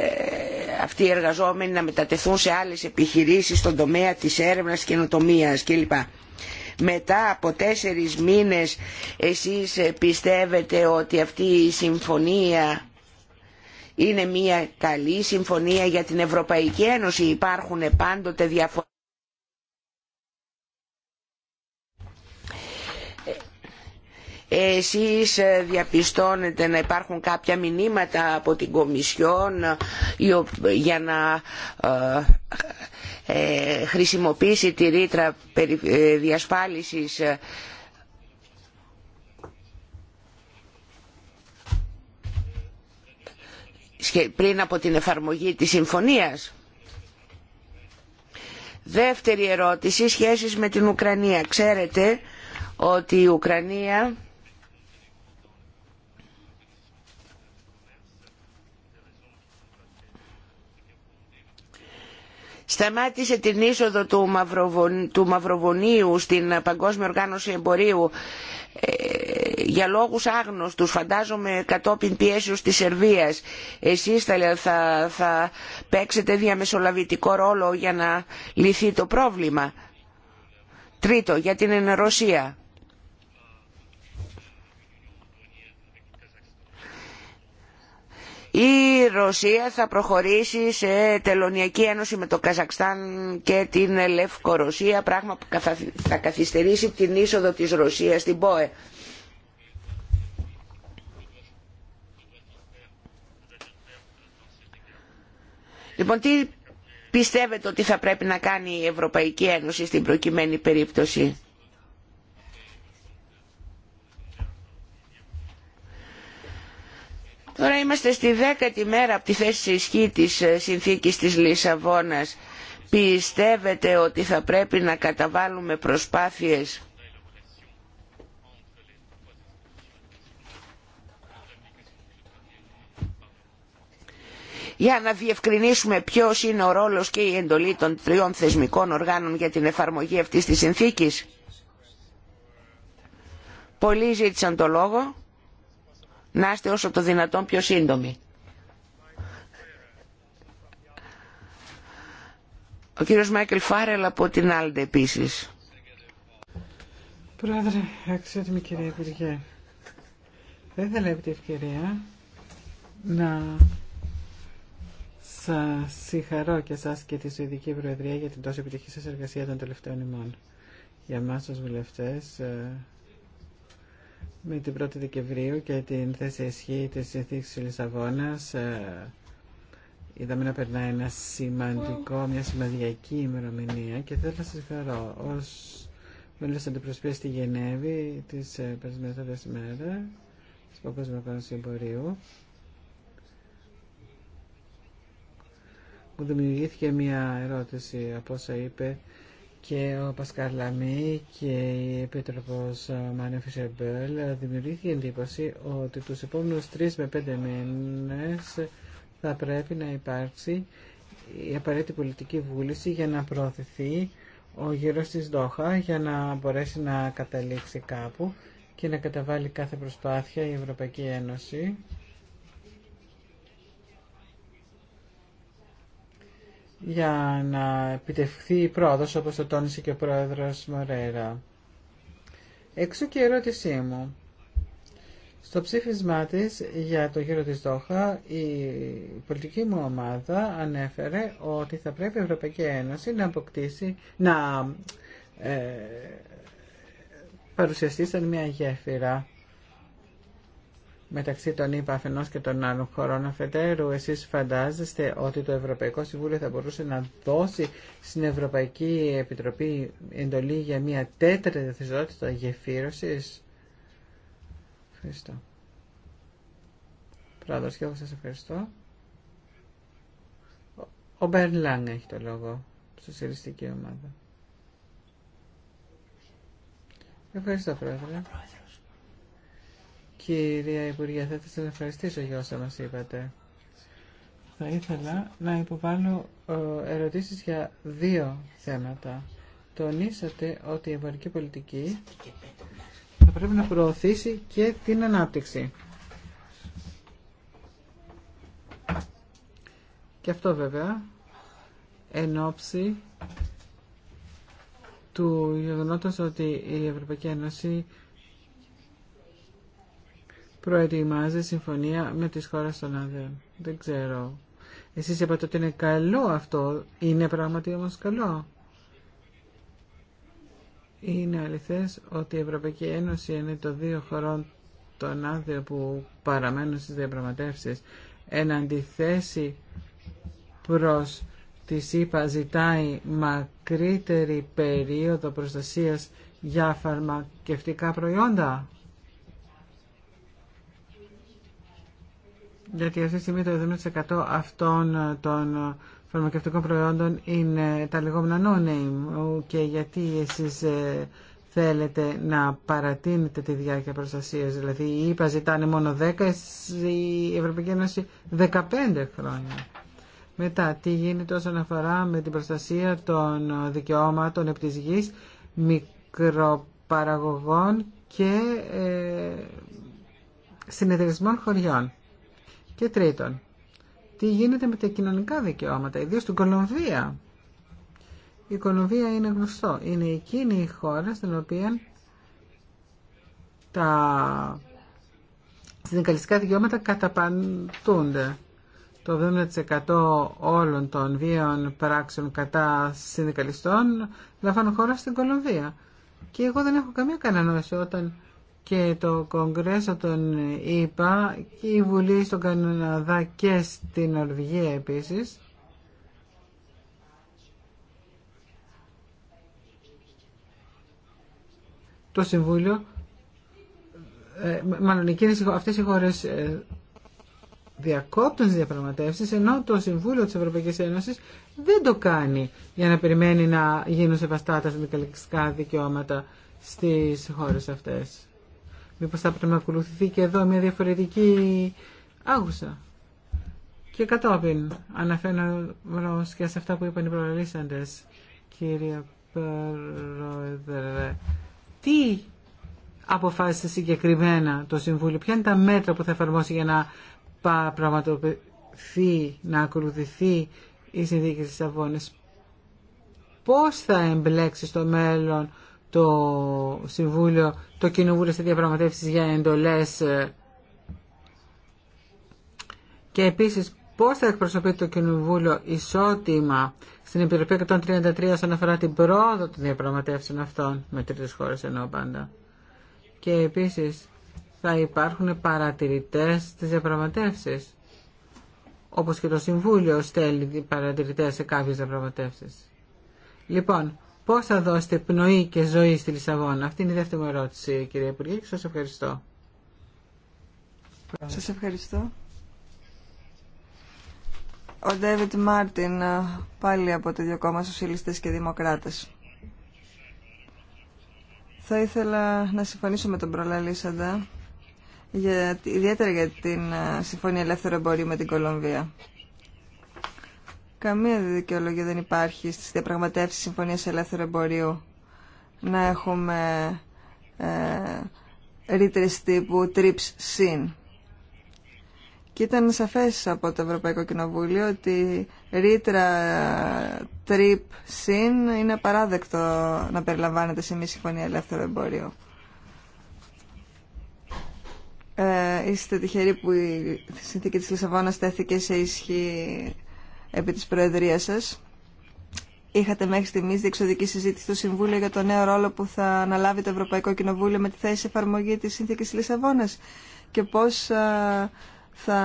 αυτοί οι εργαζόμενοι να μετατεθούν σε άλλες επιχειρήσεις στον τομέα της έρευνας, καινοτομίας κλπ. Μετά από τέσσερις μήνες εσείς πιστεύετε ότι αυτή η συμφωνία είναι μια καλή και συμφωνία για την Ευρωπαϊκή Ένωση. Υπάρχουν πάντοτε διαφορές εσείς ε, διαπιστώνετε να υπάρχουν κάποια μηνύματα από την Κομισιόν για να ε, ε, χρησιμοποιήσει τη ρήτρα διασφάλισης πριν από την εφαρμογή της συμφωνίας. Δεύτερη ερώτηση, σχέσεις με την Ουκρανία. Ξέρετε ότι η Ουκρανία σταμάτησε την είσοδο του, Μαυροβονίου στην Παγκόσμια Οργάνωση Εμπορίου ε, για λόγους άγνωστους, φαντάζομαι κατόπιν πιέσεως της Σερβίας. Εσείς θα, θα, παίξετε διαμεσολαβητικό ρόλο για να λυθεί το πρόβλημα. Τρίτο, για την Ρωσία η Ρωσία θα προχωρήσει σε τελωνιακή ένωση με το Καζακστάν και την Λευκορωσία, πράγμα που θα καθυστερήσει την είσοδο της Ρωσίας στην ΠΟΕ. Λοιπόν, τι πιστεύετε ότι θα πρέπει να κάνει η Ευρωπαϊκή Ένωση στην προκειμένη περίπτωση. Τώρα είμαστε στη δέκατη μέρα από τη θέση ισχύ της ε, συνθήκης της Λισαβόνας. Πιστεύετε ότι θα πρέπει να καταβάλουμε προσπάθειες για να διευκρινίσουμε ποιος είναι ο ρόλος και η εντολή των τριών θεσμικών οργάνων για την εφαρμογή αυτής της συνθήκης. Πολλοί ζήτησαν το λόγο να είστε όσο το δυνατόν πιο σύντομοι. Ο κύριος Μάικλ Φάρελ από την Άλντε επίσης. Πρόεδρε, αξιότιμη κυρία Υπουργέ, θα ήθελα επί τη ευκαιρία να σας συγχαρώ και σας και τη Σουηδική Προεδρία για την τόσο επιτυχή σας εργασία των τελευταίων ημών. Για εμάς τους βουλευτές ε, με την 1η Δεκεμβρίου και την θέση ισχύ τη συνθήκη Λισαβόνα Λισαβόνας ε, είδαμε να περνάει ένα σημαντικό, μια σημαντική ημερομηνία και θέλω να σα χαρώ ω τη αντιπροσωπεία στη Γενέβη τις ε, περισμένες αυτές ημέρα τη Παγκόσμια Οργάνωση Εμπορίου μου δημιουργήθηκε μια ερώτηση από όσα είπε και ο Πασκάρ Λαμή και η Επίτροπος Μάνιο Φισερμπέλ δημιουργήθηκε εντύπωση ότι τους επόμενους τρεις με πέντε μήνες θα πρέπει να υπάρξει η απαραίτητη πολιτική βούληση για να προωθηθεί ο γύρος της Δόχα για να μπορέσει να καταλήξει κάπου και να καταβάλει κάθε προσπάθεια η Ευρωπαϊκή Ένωση για να επιτευχθεί η πρόοδος όπως το τόνισε και ο πρόεδρος Μορέρα. Έξω και η ερώτησή μου. Στο ψήφισμά της για το γύρο της Δόχα, η πολιτική μου ομάδα ανέφερε ότι θα πρέπει η Ευρωπαϊκή Ένωση να αποκτήσει, να ε, παρουσιαστεί σαν μια γέφυρα μεταξύ των ΗΠΑ αφενός και των άλλων χωρών αφετέρου, εσείς φαντάζεστε ότι το Ευρωπαϊκό Συμβούλιο θα μπορούσε να δώσει στην Ευρωπαϊκή Επιτροπή εντολή για μια τέταρτη δευτερότητα γεφύρωσης. Ευχαριστώ. Πρόεδρος, και εγώ σας ευχαριστώ. Ο Μπέρν Λάγκ έχει το λόγο, σοσιαλιστική ομάδα. Ευχαριστώ, Πρόεδρε. Κυρία Υπουργέ, θα σα ευχαριστήσω για όσα μα είπατε. Θα ήθελα να υποβάλω ε, ερωτήσεις για δύο θέματα. Τονίσατε ότι η ευρωπαϊκή πολιτική θα πρέπει να προωθήσει και την ανάπτυξη. Και αυτό βέβαια εν ώψη του γεγονότος ότι η Ευρωπαϊκή Ένωση προετοιμάζει συμφωνία με τις χώρες των Άδεων. Δεν ξέρω. Εσείς είπατε ότι είναι καλό αυτό. Είναι πράγματι όμως καλό. Είναι αληθές ότι η Ευρωπαϊκή Ένωση είναι το δύο χωρών των Άδεων... που παραμένουν στις διαπραγματεύσεις εν αντιθέσει προς τη ΣΥΠΑ ζητάει μακρύτερη περίοδο προστασίας για φαρμακευτικά προϊόντα. γιατί αυτή τη στιγμή το 70% αυτών των φαρμακευτικών προϊόντων είναι τα λεγόμενα no-name και γιατί εσείς ε, θέλετε να παρατείνετε τη διάρκεια προστασίας. Δηλαδή η ΕΠΑ ζητάνε μόνο 10, η Ευρωπαϊκή Ένωση 15 χρόνια. Μετά, τι γίνεται όσον αφορά με την προστασία των δικαιώματων επί της γης, μικροπαραγωγών και ε, χωριών. Και τρίτον, τι γίνεται με τα κοινωνικά δικαιώματα, ιδίως στην Κολομβία. Η Κολομβία είναι γνωστό. Είναι εκείνη η χώρα στην οποία τα συνδικαλιστικά δικαιώματα καταπαντούνται. Το 70% όλων των βίων πράξεων κατά συνδικαλιστών λαμβάνουν χώρα στην Κολομβία. Και εγώ δεν έχω καμία κανένα όταν και το Κογκρέσο των ΗΠΑ και η Βουλή στον Καναδά και στην Νορβηγία επίσης. Το Συμβούλιο, ε, μάλλον εκείνες, αυτές οι χώρες ε, διακόπτουν τις διαπραγματεύσεις, ενώ το Συμβούλιο της Ευρωπαϊκής Ένωσης δεν το κάνει για να περιμένει να γίνουν σεβαστά τα συνδικαλιστικά δικαιώματα στις χώρες αυτές. Μήπως θα πρέπει να ακολουθηθεί και εδώ μια διαφορετική άγουσα. Και κατόπιν αναφέρω και σε αυτά που είπαν οι προλαλήσαντες, κύριε Πρόεδρε. Τι αποφάσισε συγκεκριμένα το Συμβούλιο, ποια είναι τα μέτρα που θα εφαρμόσει για να πραγματοποιηθεί, να ακολουθηθεί η συνθήκη της Αβώνης. Πώς θα εμπλέξει στο μέλλον το Συμβούλιο, το Κοινοβούλιο σε διαπραγματεύσεις για εντολές και επίσης πώς θα εκπροσωπεί το Κοινοβούλιο ισότιμα στην Επιτροπή 133 όσον αφορά την πρόοδο των διαπραγματεύσεων αυτών με τρίτες χώρες ενώ πάντα. Και επίσης θα υπάρχουν παρατηρητές στις διαπραγματεύσεις όπως και το Συμβούλιο στέλνει παρατηρητές σε κάποιες διαπραγματεύσεις. Λοιπόν, Πώς θα δώσετε πνοή και ζωή στη Λισαβόνα. Αυτή είναι η δεύτερη μου ερώτηση, κύριε Υπουργέ, και σας ευχαριστώ. Σα ευχαριστώ. Ο Ντέβιτ Μάρτιν, ε, πάλι από το δύο κόμμα και Δημοκράτες. Θα ήθελα να συμφωνήσω με τον προλαλήσαντα, για, ιδιαίτερα για την ε, Συμφωνία Ελεύθερου Εμπορίου με την Κολομβία. Καμία δικαιολογία δεν υπάρχει στις διαπραγματεύσεις συμφωνίας ελεύθερου εμπορίου να έχουμε ε, ρήτρες τύπου TRIPS TRIPS-SYN Και ήταν σαφές από το Ευρωπαϊκό Κοινοβούλιο ότι ρήτρα ρήτρα TRIPS-SYN είναι απαράδεκτο να περιλαμβάνεται σε μια συμφωνία ελεύθερου εμπορίου. Ε, είστε τυχεροί που η συνθήκη της Λισαβόνας τέθηκε σε ισχύ επί της Προεδρίας σας. Είχατε μέχρι στιγμής διεξοδική συζήτηση στο Συμβούλιο για το νέο ρόλο που θα αναλάβει το Ευρωπαϊκό Κοινοβούλιο με τη θέση εφαρμογή της Σύνθηκης Λισαβόνας και πώς θα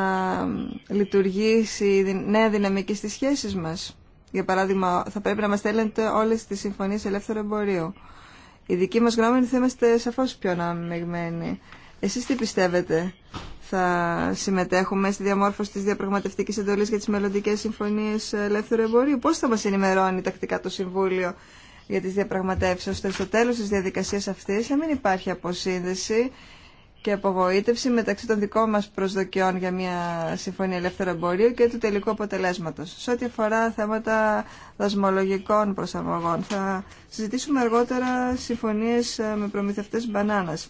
λειτουργήσει η νέα δυναμική στις σχέσεις μας. Για παράδειγμα, θα πρέπει να μας στέλνετε όλες τις συμφωνίες ελεύθερου εμπορίου. Η δική μας γνώμη είναι θα είμαστε σαφώς πιο αναμειγμένοι. Εσείς τι πιστεύετε, θα συμμετέχουμε στη διαμόρφωση της διαπραγματευτικής εντολής για τις μελλοντικές συμφωνίες ελεύθερου εμπορίου. Πώς θα μας ενημερώνει τακτικά το Συμβούλιο για τις διαπραγματεύσεις, ώστε στο τέλος της διαδικασίας αυτής να μην υπάρχει αποσύνδεση και απογοήτευση μεταξύ των δικών μας προσδοκιών για μια συμφωνία ελεύθερου εμπορίου και του τελικού αποτελέσματος. Σε ό,τι αφορά θέματα δασμολογικών προσαρμογών, θα συζητήσουμε αργότερα συμφωνίες με προμηθευτέ μπανάνας.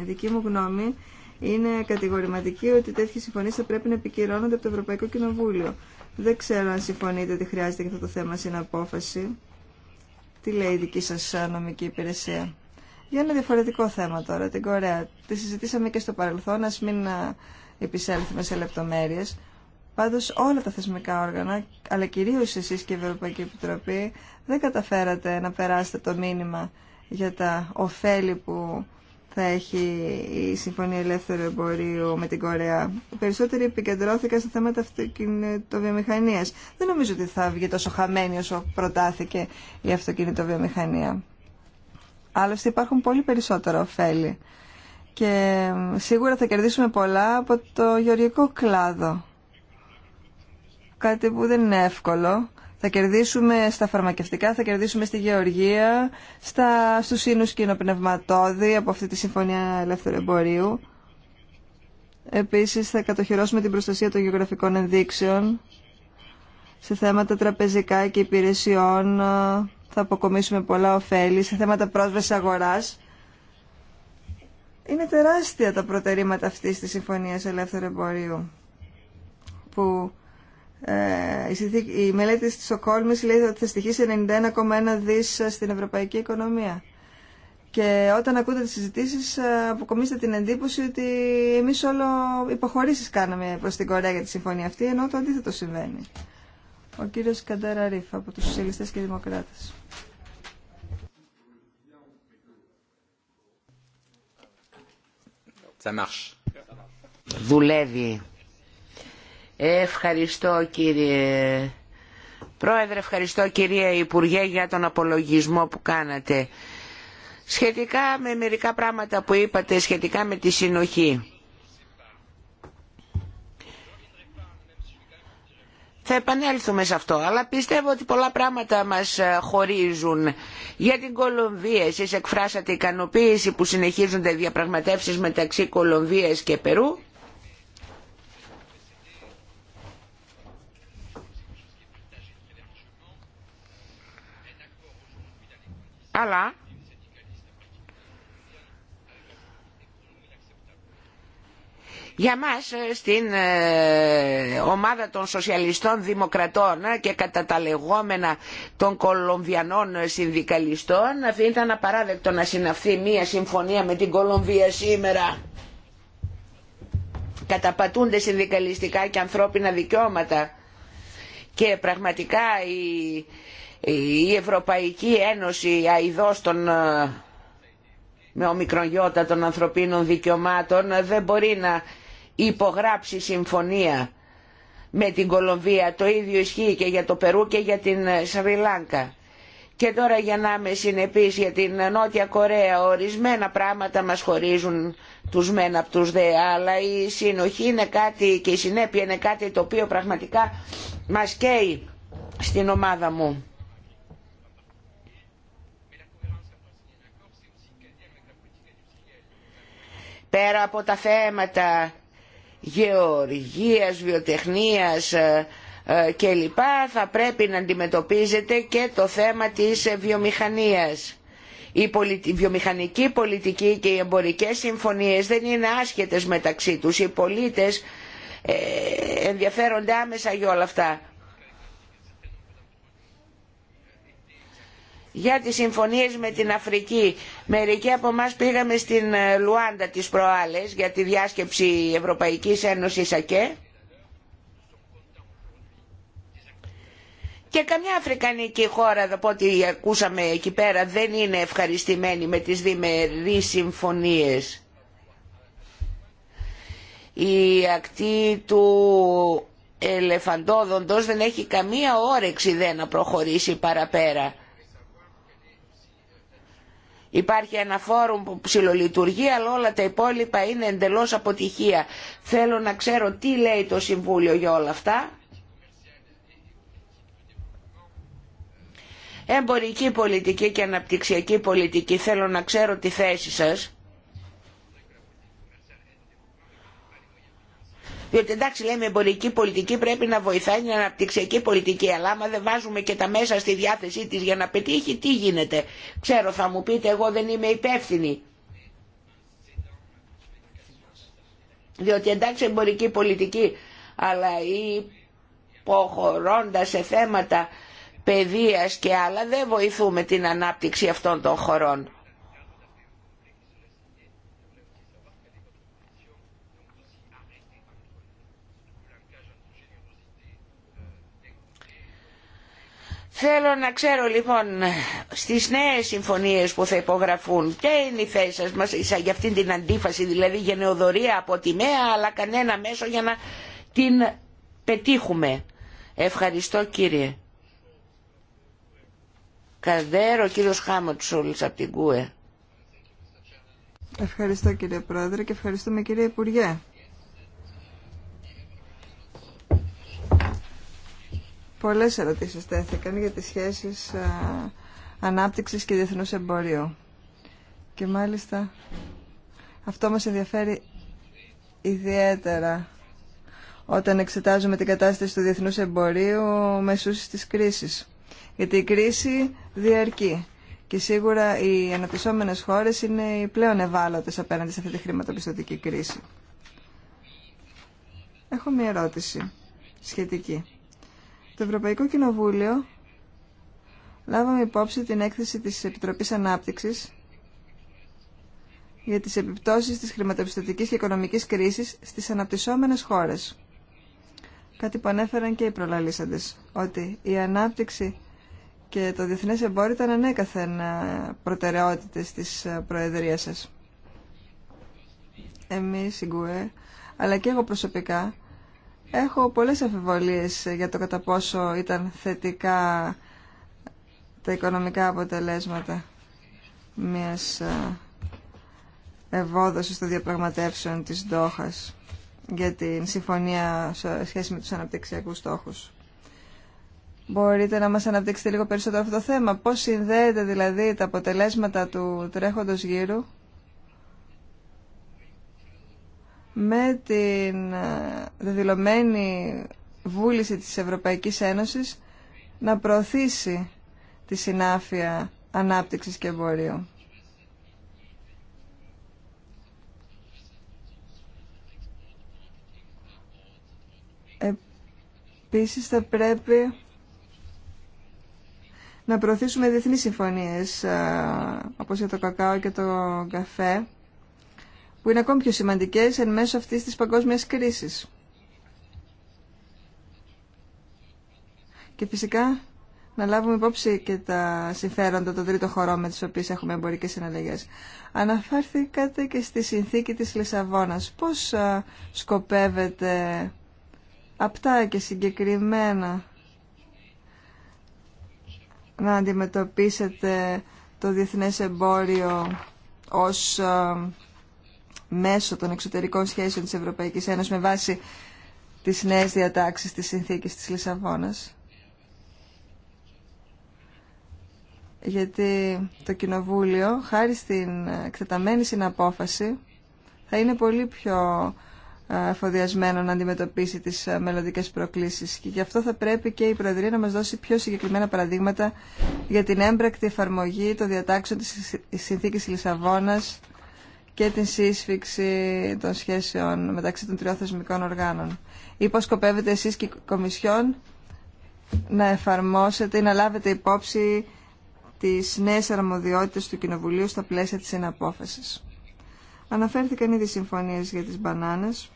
Η δική μου γνώμη είναι κατηγορηματική ότι τέτοιε συμφωνίε θα πρέπει να επικυρώνονται από το Ευρωπαϊκό Κοινοβούλιο. Δεν ξέρω αν συμφωνείτε ότι χρειάζεται και αυτό το θέμα στην απόφαση. Τι λέει η δική σα νομική υπηρεσία. Για ένα διαφορετικό θέμα τώρα, την Κορέα. Τη συζητήσαμε και στο παρελθόν, α μην επισέλθουμε σε λεπτομέρειε. Πάντω, όλα τα θεσμικά όργανα, αλλά κυρίω εσεί και η Ευρωπαϊκή Επιτροπή, δεν καταφέρατε να περάσετε το μήνυμα για τα ωφέλη που θα έχει η Συμφωνία Ελεύθερου Εμπορίου με την Κορέα. Οι περισσότεροι επικεντρώθηκαν σε θέματα αυτοκινητοβιομηχανία. Δεν νομίζω ότι θα βγει τόσο χαμένη όσο προτάθηκε η αυτοκινητοβιομηχανία. Άλλωστε υπάρχουν πολύ περισσότερα ωφέλη. Και σίγουρα θα κερδίσουμε πολλά από το γεωργικό κλάδο. Κάτι που δεν είναι εύκολο θα κερδίσουμε στα φαρμακευτικά, θα κερδίσουμε στη γεωργία, στα, στους ίνους κοινοπνευματόδη από αυτή τη Συμφωνία Ελεύθερου Εμπορίου. Επίσης θα κατοχυρώσουμε την προστασία των γεωγραφικών ενδείξεων σε θέματα τραπεζικά και υπηρεσιών θα αποκομίσουμε πολλά ωφέλη σε θέματα πρόσβαση αγοράς. Είναι τεράστια τα προτερήματα αυτής της Συμφωνίας Ελεύθερου Εμπορίου ε, η μελέτη της Στοκόλμης λέει ότι θα στοιχήσει 91,1 δις στην ευρωπαϊκή οικονομία. Και όταν ακούτε τις συζητήσεις ε, αποκομίστε την εντύπωση ότι εμείς όλο υποχωρήσεις κάναμε προς την Κορέα για τη συμφωνία αυτή, ενώ το αντίθετο συμβαίνει. Ο κύριος Καντέρα από τους Σοσιαλιστές και Δημοκράτες. Ευχαριστώ κύριε Πρόεδρε, ευχαριστώ κυρία Υπουργέ για τον απολογισμό που κάνατε. Σχετικά με μερικά πράγματα που είπατε, σχετικά με τη συνοχή. Θα επανέλθουμε σε αυτό, αλλά πιστεύω ότι πολλά πράγματα μας ε, χωρίζουν. Για την Κολομβία, εσείς εκφράσατε ικανοποίηση που συνεχίζονται διαπραγματεύσεις μεταξύ Κολομβίας και Περού αλλά για μας ε, στην ε, ομάδα των σοσιαλιστών δημοκρατών ε, και κατά τα λεγόμενα των κολομβιανών συνδικαλιστών ήταν απαράδεκτο να συναυθεί μια συμφωνία με την Κολομβία σήμερα. Καταπατούνται συνδικαλιστικά και ανθρώπινα δικαιώματα και πραγματικά η η Ευρωπαϊκή Ένωση αειδός των ε, με ομικρονιώτα των ανθρωπίνων δικαιωμάτων ε, δεν μπορεί να υπογράψει συμφωνία με την Κολομβία. Το ίδιο ισχύει και για το Περού και για την ε, Σαβιλάνκα. Και τώρα για να είμαι συνεπής για την Νότια Κορέα, ορισμένα πράγματα μας χωρίζουν τους μεν από τους δε, αλλά η συνοχή είναι κάτι και η συνέπεια είναι κάτι το οποίο πραγματικά μας καίει στην ομάδα μου. πέρα από τα θέματα γεωργίας, βιοτεχνίας ε, ε, κλπ. θα πρέπει να αντιμετωπίζεται και το θέμα της βιομηχανίας. Η βιομηχανική πολιτική και οι εμπορικές συμφωνίες δεν είναι άσχετες μεταξύ τους. Οι πολίτες ε, ενδιαφέρονται άμεσα για όλα αυτά. για τις συμφωνίες με την Αφρική. Μερικοί από εμά πήγαμε στην ε, Λουάντα της προάλλες για τη διάσκεψη Ευρωπαϊκής Ένωσης ΑΚΕ. Και καμιά αφρικανική χώρα, από ό,τι ακούσαμε εκεί πέρα, δεν είναι ευχαριστημένη με τις διμερείς συμφωνίες. Η ακτή του ελεφαντόδοντος δεν έχει καμία όρεξη δεν να προχωρήσει παραπέρα. Υπάρχει ένα φόρουμ που ψηλολειτουργεί, αλλά όλα τα υπόλοιπα είναι εντελώς αποτυχία. Θέλω να ξέρω τι λέει το Συμβούλιο για όλα αυτά. Εμπορική πολιτική και αναπτυξιακή πολιτική, θέλω να ξέρω τη θέση σας. Διότι εντάξει λέμε εμπορική πολιτική πρέπει να βοηθάει την αναπτυξιακή πολιτική, αλλά άμα δεν βάζουμε και τα μέσα στη διάθεσή της για να πετύχει, τι γίνεται. Ξέρω θα μου πείτε εγώ δεν είμαι υπεύθυνη. Διότι εντάξει εμπορική πολιτική, αλλά υποχωρώντα σε θέματα παιδείας και άλλα δεν βοηθούμε την ανάπτυξη αυτών των χωρών. Θέλω να ξέρω λοιπόν στις νέες συμφωνίες που θα υπογραφούν ποια είναι η θέση σας μας, για αυτήν την αντίφαση, δηλαδή γενεοδορία από τη ΜΕΑ αλλά κανένα μέσο για να την πετύχουμε. Ευχαριστώ κύριε. Καδέρο, κύριος όλους από την ΚΟΕ. Ευχαριστώ κύριε Πρόεδρε και ευχαριστούμε κύριε Υπουργέ Πολλές ερωτήσεις τέθηκαν για τις σχέσεις ε, ανάπτυξης και διεθνούς εμπορίου. Και μάλιστα αυτό μας ενδιαφέρει ιδιαίτερα όταν εξετάζουμε την κατάσταση του διεθνούς εμπορίου μεσούς της κρίσης. Γιατί η κρίση διαρκεί και σίγουρα οι αναπτυσσόμενες χώρες είναι οι πλέον ευάλωτες απέναντι σε αυτή τη χρηματοπιστωτική κρίση. Έχω μια ερώτηση σχετική. Το Ευρωπαϊκό Κοινοβούλιο λάβαμε υπόψη την έκθεση της Επιτροπής Ανάπτυξης για τις επιπτώσεις της χρηματοπιστωτικής και οικονομικής κρίσης στις αναπτυσσόμενες χώρες. Κάτι που ανέφεραν και οι προλαλήσαντες, ότι η ανάπτυξη και το διεθνές εμπόριο ήταν ανέκαθεν ε, προτεραιότητες της ε, Προεδρίας σας. Εμείς, η Γκουέ, αλλά και εγώ προσωπικά, Έχω πολλές αφιβολίες για το κατά πόσο ήταν θετικά τα οικονομικά αποτελέσματα μιας ε, ευόδοσης των διαπραγματεύσεων της Ντόχας για την συμφωνία σε σχέση με τους αναπτυξιακούς στόχους. Μπορείτε να μας αναπτύξετε λίγο περισσότερο αυτό το θέμα. Πώς συνδέεται δηλαδή τα αποτελέσματα του τρέχοντος γύρου με την ε, δεδηλωμένη βούληση της Ευρωπαϊκής Ένωσης να προωθήσει τη συνάφεια ανάπτυξης και εμπορίου. Επίσης θα πρέπει να προωθήσουμε διεθνείς συμφωνίες ε, όπως για το κακάο και το καφέ που είναι ακόμη πιο σημαντικές εν μέσω αυτής της παγκόσμιας κρίσης. Και φυσικά να λάβουμε υπόψη και τα συμφέροντα των τρίτων χωρών με τις οποίες έχουμε εμπορικές συναλλαγές. Αναφέρθηκατε και στη συνθήκη της Λισαβόνας. Πώς σκοπεύετε απτά και συγκεκριμένα να αντιμετωπίσετε το διεθνές εμπόριο ως μέσω των εξωτερικών σχέσεων της Ευρωπαϊκής Ένωσης με βάση τις νέες διατάξεις της συνθήκης της Λισαβόνας. Γιατί το Κοινοβούλιο, χάρη στην εκτεταμένη συναπόφαση, θα είναι πολύ πιο ε, εφοδιασμένο να αντιμετωπίσει τις ε, μελλοντικέ προκλήσεις και γι' αυτό θα πρέπει και η Προεδρία να μας δώσει πιο συγκεκριμένα παραδείγματα για την έμπρακτη εφαρμογή των διατάξεων της Συνθήκης Λισαβόνας και την σύσφυξη των σχέσεων μεταξύ των τριών θεσμικών οργάνων. Ή πώς σκοπεύετε εσείς και η Κομισιόν να εφαρμόσετε ή να λάβετε υπόψη τις νέες αρμοδιότητες του Κοινοβουλίου στα πλαίσια της συναπόφασης. Αναφέρθηκαν ήδη συμφωνίες για τις μπανάνες.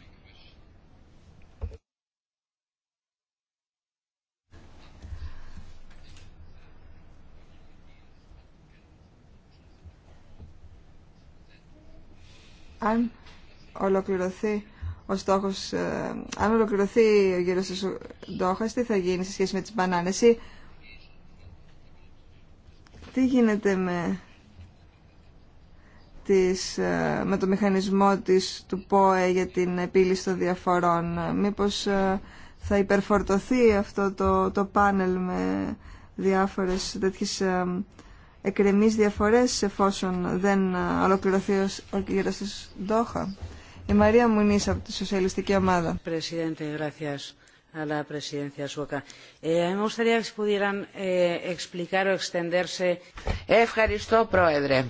αν ολοκληρωθεί ο στόχος, ε, αν ολοκληρωθεί ο γύρος της τι θα γίνει σε σχέση με τις μπανάνες τι γίνεται ε, με, το μηχανισμό της του ΠΟΕ για την επίλυση των διαφορών. Μήπως ε, θα υπερφορτωθεί αυτό το, το πάνελ με διάφορες τέτοιες ε, εκρεμείς διαφορές εφόσον δεν ε, ολοκληρωθεί ο κύριος της Ντόχα. Η Μαρία Μουνής από τη Σοσιαλιστική Ομάδα. A la presidencia sueca. Ευχαριστώ, Πρόεδρε.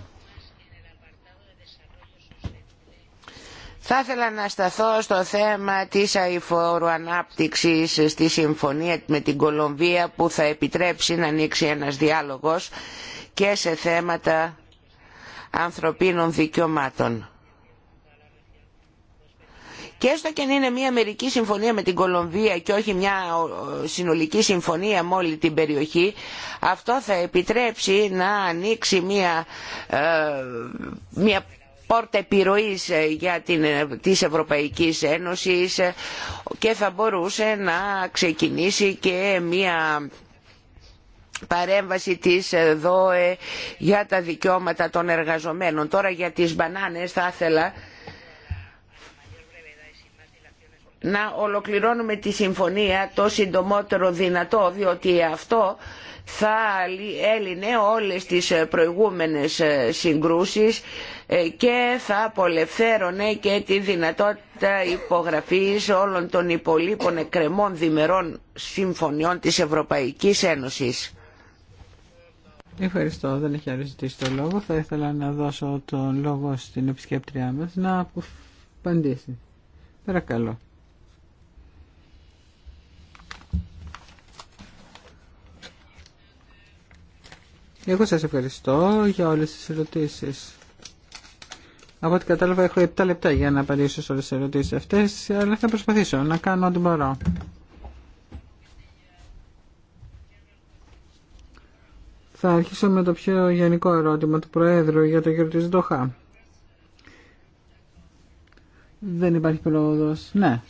Θα ήθελα να σταθώ στο θέμα της αηφόρου ανάπτυξης στη συμφωνία με την Κολομβία που θα επιτρέψει να ανοίξει ένας διάλογος και σε θέματα ανθρωπίνων δικαιωμάτων. Και έστω και αν είναι μια μερική συμφωνία με την Κολομβία και όχι μια συνολική συμφωνία με όλη την περιοχή, αυτό θα επιτρέψει να ανοίξει μια, ε, μια πόρτα επιρροής ε, για την, ε, της Ευρωπαϊκής Ένωσης και θα μπορούσε να ξεκινήσει και μια παρέμβαση της ε, ΔΟΕ για τα δικαιώματα των εργαζομένων. Τώρα για τις μπανάνες θα ήθελα να ολοκληρώνουμε τη συμφωνία το συντομότερο δυνατό διότι αυτό θα έλυνε όλες τις ε, προηγούμενες ε, συγκρούσεις και θα απολευθέρωνε και τη δυνατότητα υπογραφής όλων των υπολείπων εκκρεμών διμερών συμφωνιών της Ευρωπαϊκής Ένωσης. Ευχαριστώ. Δεν έχει άλλο το λόγο. Θα ήθελα να δώσω τον λόγο στην επισκέπτριά μας να απαντήσει. Παρακαλώ. Εγώ σας ευχαριστώ για όλες τις ερωτήσεις. Από ό,τι κατάλαβα έχω 7 λεπτά για να απαντήσω σε όλες τις ερωτήσεις αυτές, αλλά θα προσπαθήσω να κάνω ό,τι μπορώ. Θα αρχίσω με το πιο γενικό ερώτημα του Προέδρου για το κύριο της Ντοχά. Δεν υπάρχει πρόοδος. Ναι.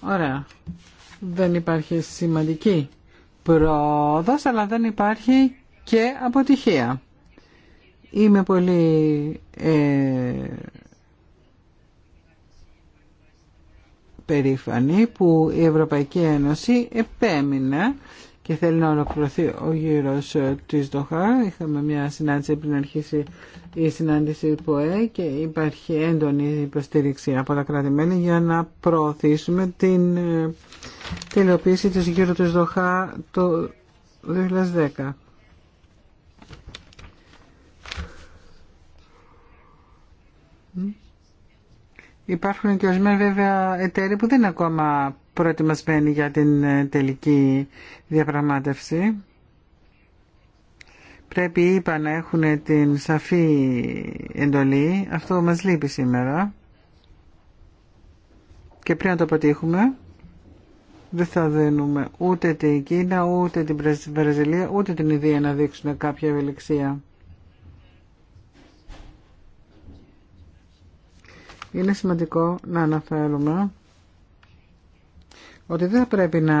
Ωραία. Δεν υπάρχει σημαντική πρόοδος, αλλά δεν υπάρχει και αποτυχία. Είμαι πολύ ε, περήφανη που η Ευρωπαϊκή Ένωση επέμεινε και θέλει να ολοκληρωθεί ο γύρο ε, της Δοχά. Είχαμε μια συνάντηση πριν αρχίσει η συνάντηση ΠΟΕ και υπάρχει έντονη υποστήριξη από τα κρατημένα για να προωθήσουμε την ε, τελειοποίηση τη γύρω τη Δοχά το 2010. Υπάρχουν και ορισμένα βέβαια εταίροι που δεν είναι ακόμα προετοιμασμένη για την ε, τελική διαπραγμάτευση. Πρέπει είπα να έχουν την σαφή εντολή. Αυτό μας λείπει σήμερα. Και πριν να το πετύχουμε, δεν θα δίνουμε ούτε την Κίνα, ούτε την Βραζιλία, ούτε την Ιδία να δείξουν κάποια ευελιξία. Είναι σημαντικό να αναφέρουμε ότι δεν πρέπει να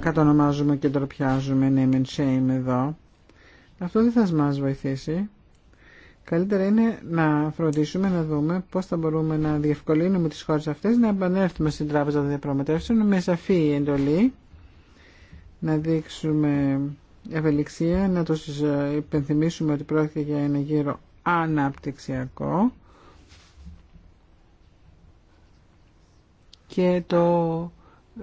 κατονομάζουμε και ντροπιάζουμε name ναι, and shame εδώ. Αυτό δεν θα μας βοηθήσει. Καλύτερα είναι να φροντίσουμε να δούμε πώς θα μπορούμε να διευκολύνουμε τις χώρες αυτές να επανέλθουμε στην τράπεζα των διαπραγματεύσεων με σαφή εντολή να δείξουμε ευελιξία, να τους υπενθυμίσουμε ότι πρόκειται για ένα γύρο αναπτυξιακό και το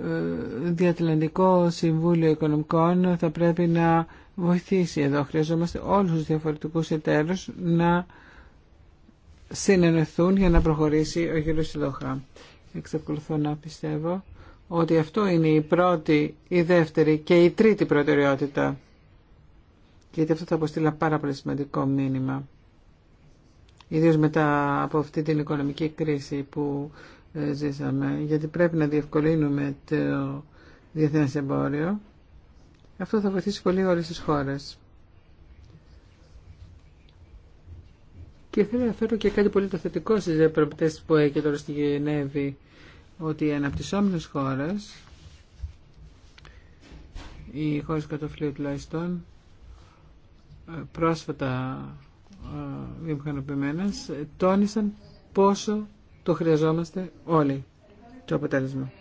ε, Διατλαντικό Συμβούλιο Οικονομικών θα πρέπει να βοηθήσει εδώ. Χρειαζόμαστε όλους τους διαφορετικούς εταίρους να συνενεθούν για να προχωρήσει ο γύρω Σιλόχα. Εξακολουθώ να πιστεύω ότι αυτό είναι η πρώτη, η δεύτερη και η τρίτη προτεραιότητα. Γιατί αυτό θα αποστείλα πάρα πολύ σημαντικό μήνυμα. Ιδίως μετά από αυτή την οικονομική κρίση που ε, ζήσαμε, γιατί πρέπει να διευκολύνουμε το διεθνές εμπόριο, αυτό θα βοηθήσει πολύ όλες τις χώρες. Και θέλω να φέρω και κάτι πολύ το θετικό στις που έχει τώρα στη Γενέβη, ότι οι αναπτυσσόμενες χώρες, οι χώρες κατοφλίου τουλάχιστον, ε, πρόσφατα ε, βιομηχανοποιημένες, τόνισαν πόσο το χρειαζόμαστε όλοι. Το αποτέλεσμα.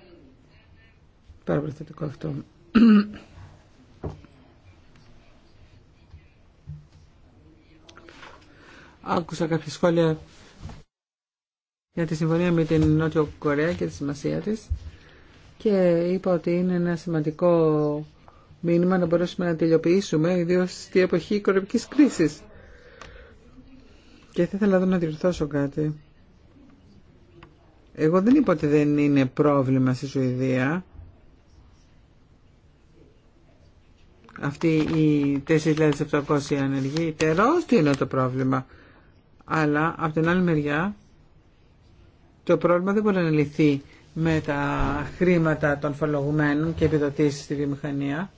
Πάρα πολύ αυτό. Άκουσα κάποια σχόλια για τη συμφωνία με την Νότιο Κορέα και τη σημασία της και είπα ότι είναι ένα σημαντικό μήνυμα να μπορέσουμε να τελειοποιήσουμε ιδίως στη εποχή οικονομικής κρίσης. Και θα ήθελα να διορθώσω κάτι. Εγώ δεν είπα ότι δεν είναι πρόβλημα στη Σουηδία. Αυτή η 4.700 ανεργοί, τεράστιο είναι το πρόβλημα. Αλλά από την άλλη μεριά το πρόβλημα δεν μπορεί να λυθεί με τα χρήματα των φορολογουμένων και επιδοτήσεις στη βιομηχανία.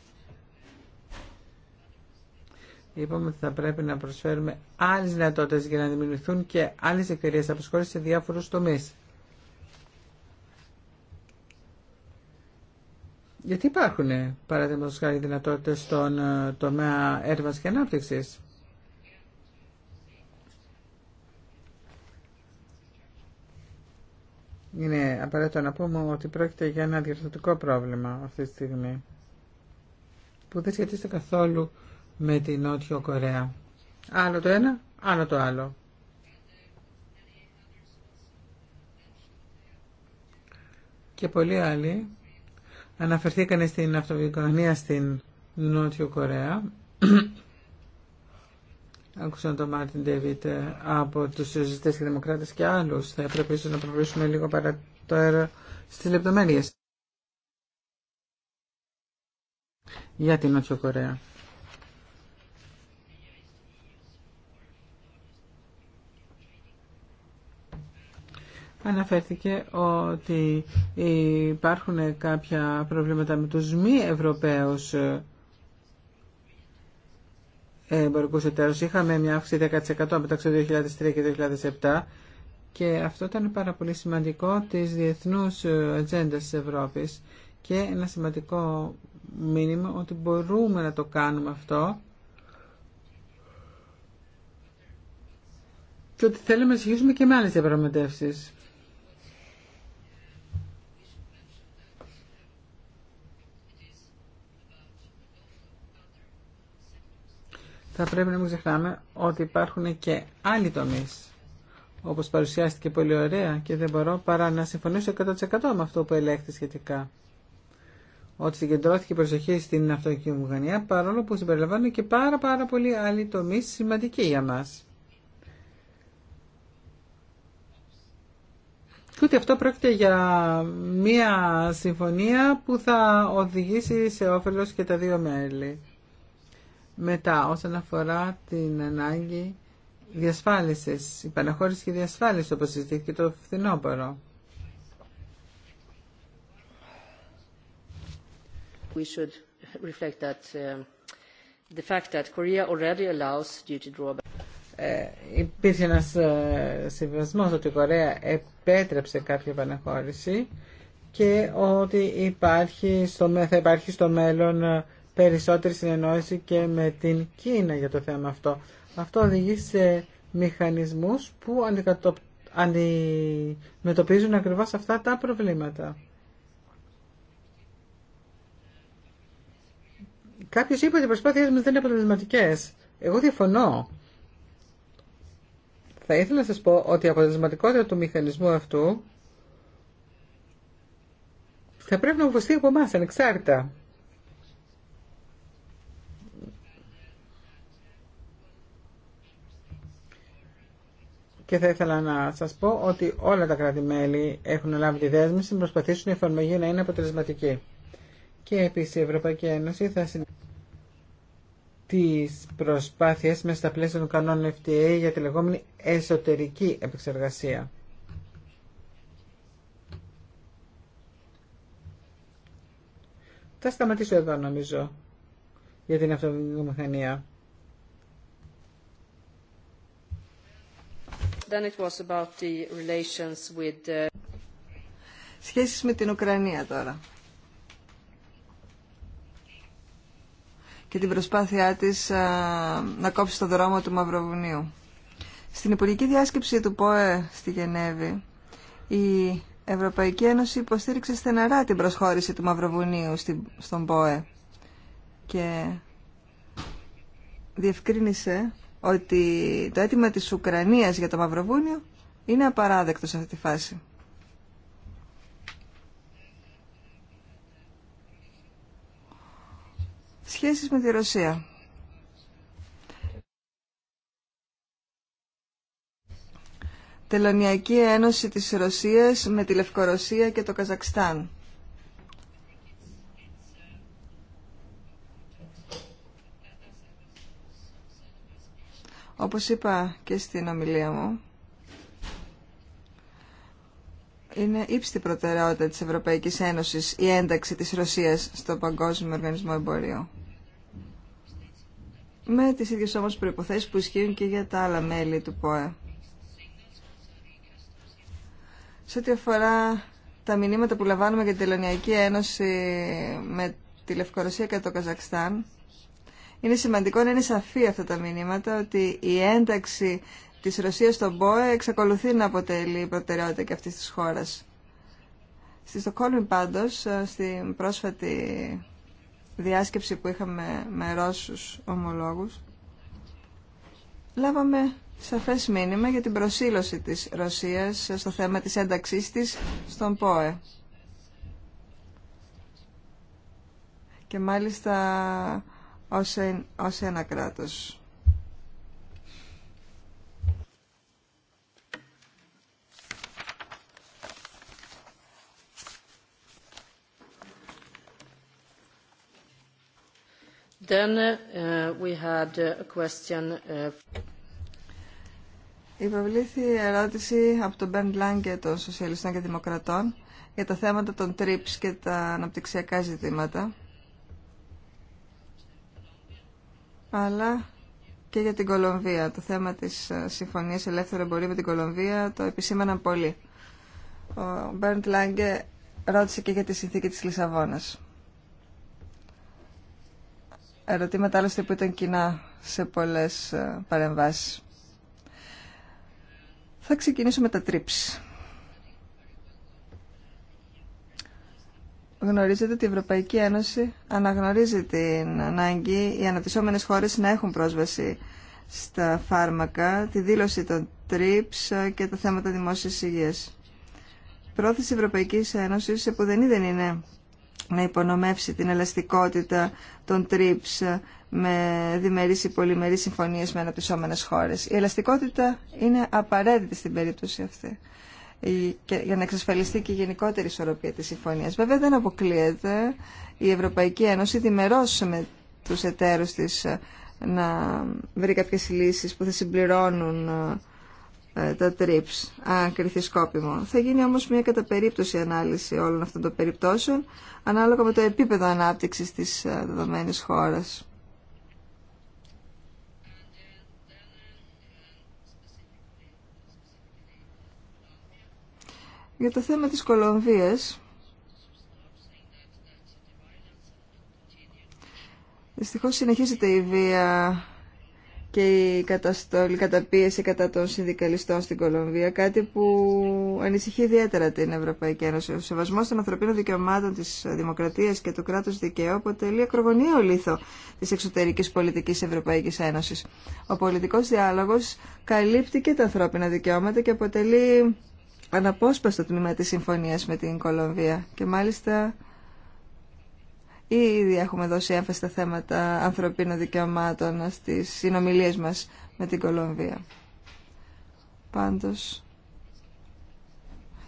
Είπαμε ότι θα πρέπει να προσφέρουμε άλλες δυνατότητες για να δημιουργηθούν και άλλες ευκαιρίες απασχόλησης σε διάφορους τομείς. Γιατί υπάρχουν, ε, παραδείγματο χάρη, δυνατότητε στον ε, τομέα έρευνα και ανάπτυξη. Είναι απαραίτητο να πούμε ότι πρόκειται για ένα διορθωτικό πρόβλημα αυτή τη στιγμή που δεν σχετίζεται καθόλου με την Νότιο Κορέα. Άλλο το ένα, άλλο το άλλο. Και πολλοί άλλοι Αναφερθήκανε στην αυτοβιοικονομία στην Νότιο Κορέα. Άκουσαν τον Μάρτιν Ντέβιτ από τους συζητητές και δημοκράτες και άλλου. Θα έπρεπε ίσω να προχωρήσουμε λίγο παρατέρα στι λεπτομέρειε. για την Νότιο Κορέα. αναφέρθηκε ότι υπάρχουν κάποια προβλήματα με τους μη Ευρωπαίους ε, εμπορικούς εταίρους. Είχαμε μια αύξηση 10% μεταξύ 2003 και 2007 και αυτό ήταν πάρα πολύ σημαντικό της διεθνούς ε, ατζέντα της Ευρώπης και ένα σημαντικό μήνυμα ότι μπορούμε να το κάνουμε αυτό και ότι θέλουμε να συνεχίσουμε και με άλλες διαπραγματεύσεις. θα πρέπει να μην ξεχνάμε ότι υπάρχουν και άλλοι τομείς όπως παρουσιάστηκε πολύ ωραία και δεν μπορώ παρά να συμφωνήσω 100% με αυτό που ελέγχθη σχετικά. Ότι συγκεντρώθηκε η προσοχή στην αυτοκινητοβιομηχανία παρόλο που συμπεριλαμβάνουν και πάρα πάρα πολλοί άλλοι τομείς σημαντικοί για μα. Και ότι αυτό πρόκειται για μία συμφωνία που θα οδηγήσει σε όφελος και τα δύο μέλη. Μετά, όσον αφορά την ανάγκη διασφάλισης, υπαναχώρηση και διασφάλιση, όπως συζητήθηκε το φθινόπωρο. We should reflect that uh, the fact that Korea already allows duty drawback. Ε, υπήρχε ένας ε, συμβασμός ότι η Κορέα επέτρεψε κάποια επαναχώρηση και ότι υπάρχει στο, θα υπάρχει στο μέλλον ε, περισσότερη συνεννόηση και με την Κίνα για το θέμα αυτό. Αυτό οδηγεί σε μηχανισμούς που αντιμετωπίζουν ακριβώς αυτά τα προβλήματα. Κάποιο είπε ότι οι προσπάθειέ μα δεν είναι αποτελεσματικέ. Εγώ διαφωνώ. Θα ήθελα να σα πω ότι η αποτελεσματικότητα του μηχανισμού αυτού θα πρέπει να βοηθεί από εμά ανεξάρτητα. Και θα ήθελα να σας πω ότι όλα τα κράτη-μέλη έχουν λάβει τη δέσμευση να προσπαθήσουν η εφαρμογή να είναι αποτελεσματική. Και επίση η Ευρωπαϊκή Ένωση θα συνεχίσει τις προσπάθειες μέσα στα πλαίσια των κανόνων FTA για τη λεγόμενη εσωτερική επεξεργασία. Θα σταματήσω εδώ νομίζω για την αυτοβιομηχανία. Then Σχέσεις με την Ουκρανία τώρα. και την προσπάθειά της να κόψει το δρόμο του Μαυροβουνίου. Στην Υπουργική Διάσκεψη του ΠΟΕ στη Γενέβη, η Ευρωπαϊκή Ένωση υποστήριξε στεναρά την προσχώρηση του Μαυροβουνίου στον ΠΟΕ και διευκρίνησε ότι το αίτημα της Ουκρανίας για το Μαυροβούνιο είναι απαράδεκτο σε αυτή τη φάση. Σχέσεις με τη Ρωσία. Τελωνιακή Ένωση της Ρωσίας με τη Λευκορωσία και το Καζακστάν. Όπως είπα και στην ομιλία μου, είναι ύψητη προτεραιότητα της Ευρωπαϊκής Ένωσης η ένταξη της Ρωσίας στο Παγκόσμιο Οργανισμό Εμπορίου. Με τις ίδιες όμως προϋποθέσεις που ισχύουν και για τα άλλα μέλη του ΠΟΕ. Σε ό,τι αφορά τα μηνύματα που λαμβάνουμε για την Τελωνιακή Ένωση με τη Λευκορωσία και το Καζακστάν, είναι σημαντικό να είναι σαφή αυτά τα μηνύματα ότι η ένταξη της Ρωσίας στον ΠΟΕ εξακολουθεί να αποτελεί προτεραιότητα και αυτής της χώρας. Στη Στοκόλμη πάντως, ε, στην πρόσφατη διάσκεψη που είχαμε με Ρώσους ομολόγους, λάβαμε σαφές μήνυμα για την προσήλωση της Ρωσίας στο θέμα της ένταξής της στον ΠΟΕ. Και μάλιστα ως ένα κράτος. Then uh, we had uh, uh, ερώτηση από τον Μπεν Λάγκε των Σοσιαλιστών και Δημοκρατών για τα θέματα των TRIPS και τα αναπτυξιακά ζητήματα. αλλά και για την Κολομβία. Το θέμα της ε, Συμφωνίας Ελεύθερου Εμπορίου με την Κολομβία το επισήμαναν πολύ. Ο Μπέρντ Λάγκε ρώτησε και για τη συνθήκη της Λισαβόνας. Ερωτήματα άλλωστε που ήταν κοινά σε πολλές ε, παρεμβάσεις. Θα ξεκινήσω με τα τρίψη. γνωρίζετε ότι η Ευρωπαϊκή Ένωση αναγνωρίζει την ανάγκη οι αναπτυσσόμενες χώρες να έχουν πρόσβαση στα φάρμακα, τη δήλωση των TRIPS και τα θέματα δημόσιας υγείας. Πρόθεση Ευρωπαϊκής Ένωσης, που δεν είδε είναι να υπονομεύσει την ελαστικότητα των TRIPS με διμερείς ή πολυμερείς συμφωνίες με αναπτυσσόμενες χώρες. Η ελαστικότητα είναι απαραίτητη στην περίπτωση αυτή για να εξασφαλιστεί και η γενικότερη ισορροπία της συμφωνίας. Βέβαια δεν αποκλείεται η Ευρωπαϊκή Ένωση διμερώς με τους εταίρους της ε, να βρει κάποιες λύσεις που θα συμπληρώνουν ε, τα TRIPS, αν κρυθεί σκόπιμο. Θα γίνει όμως μια κατά ανάλυση όλων αυτών των περιπτώσεων, ανάλογα με το επίπεδο ανάπτυξης της ε, δεδομένης χώρας. Για το θέμα της Κολομβίας, δυστυχώς συνεχίζεται η βία και η καταστολή, η καταπίεση κατά των συνδικαλιστών στην Κολομβία, κάτι που ανησυχεί ιδιαίτερα την Ευρωπαϊκή Ένωση. Ο σεβασμός των ανθρωπίνων δικαιωμάτων της δημοκρατίας και του κράτους δικαίου αποτελεί ακρογωνίο λίθο της εξωτερικής πολιτικής Ευρωπαϊκής Ένωσης. Ο πολιτικός διάλογος καλύπτει και τα ανθρώπινα δικαιώματα και αποτελεί αναπόσπαστο τμήμα της συμφωνίας με την Κολομβία και μάλιστα ήδη έχουμε δώσει έμφαση στα θέματα ανθρωπίνων δικαιωμάτων στις συνομιλίες μας με την Κολομβία. Πάντως,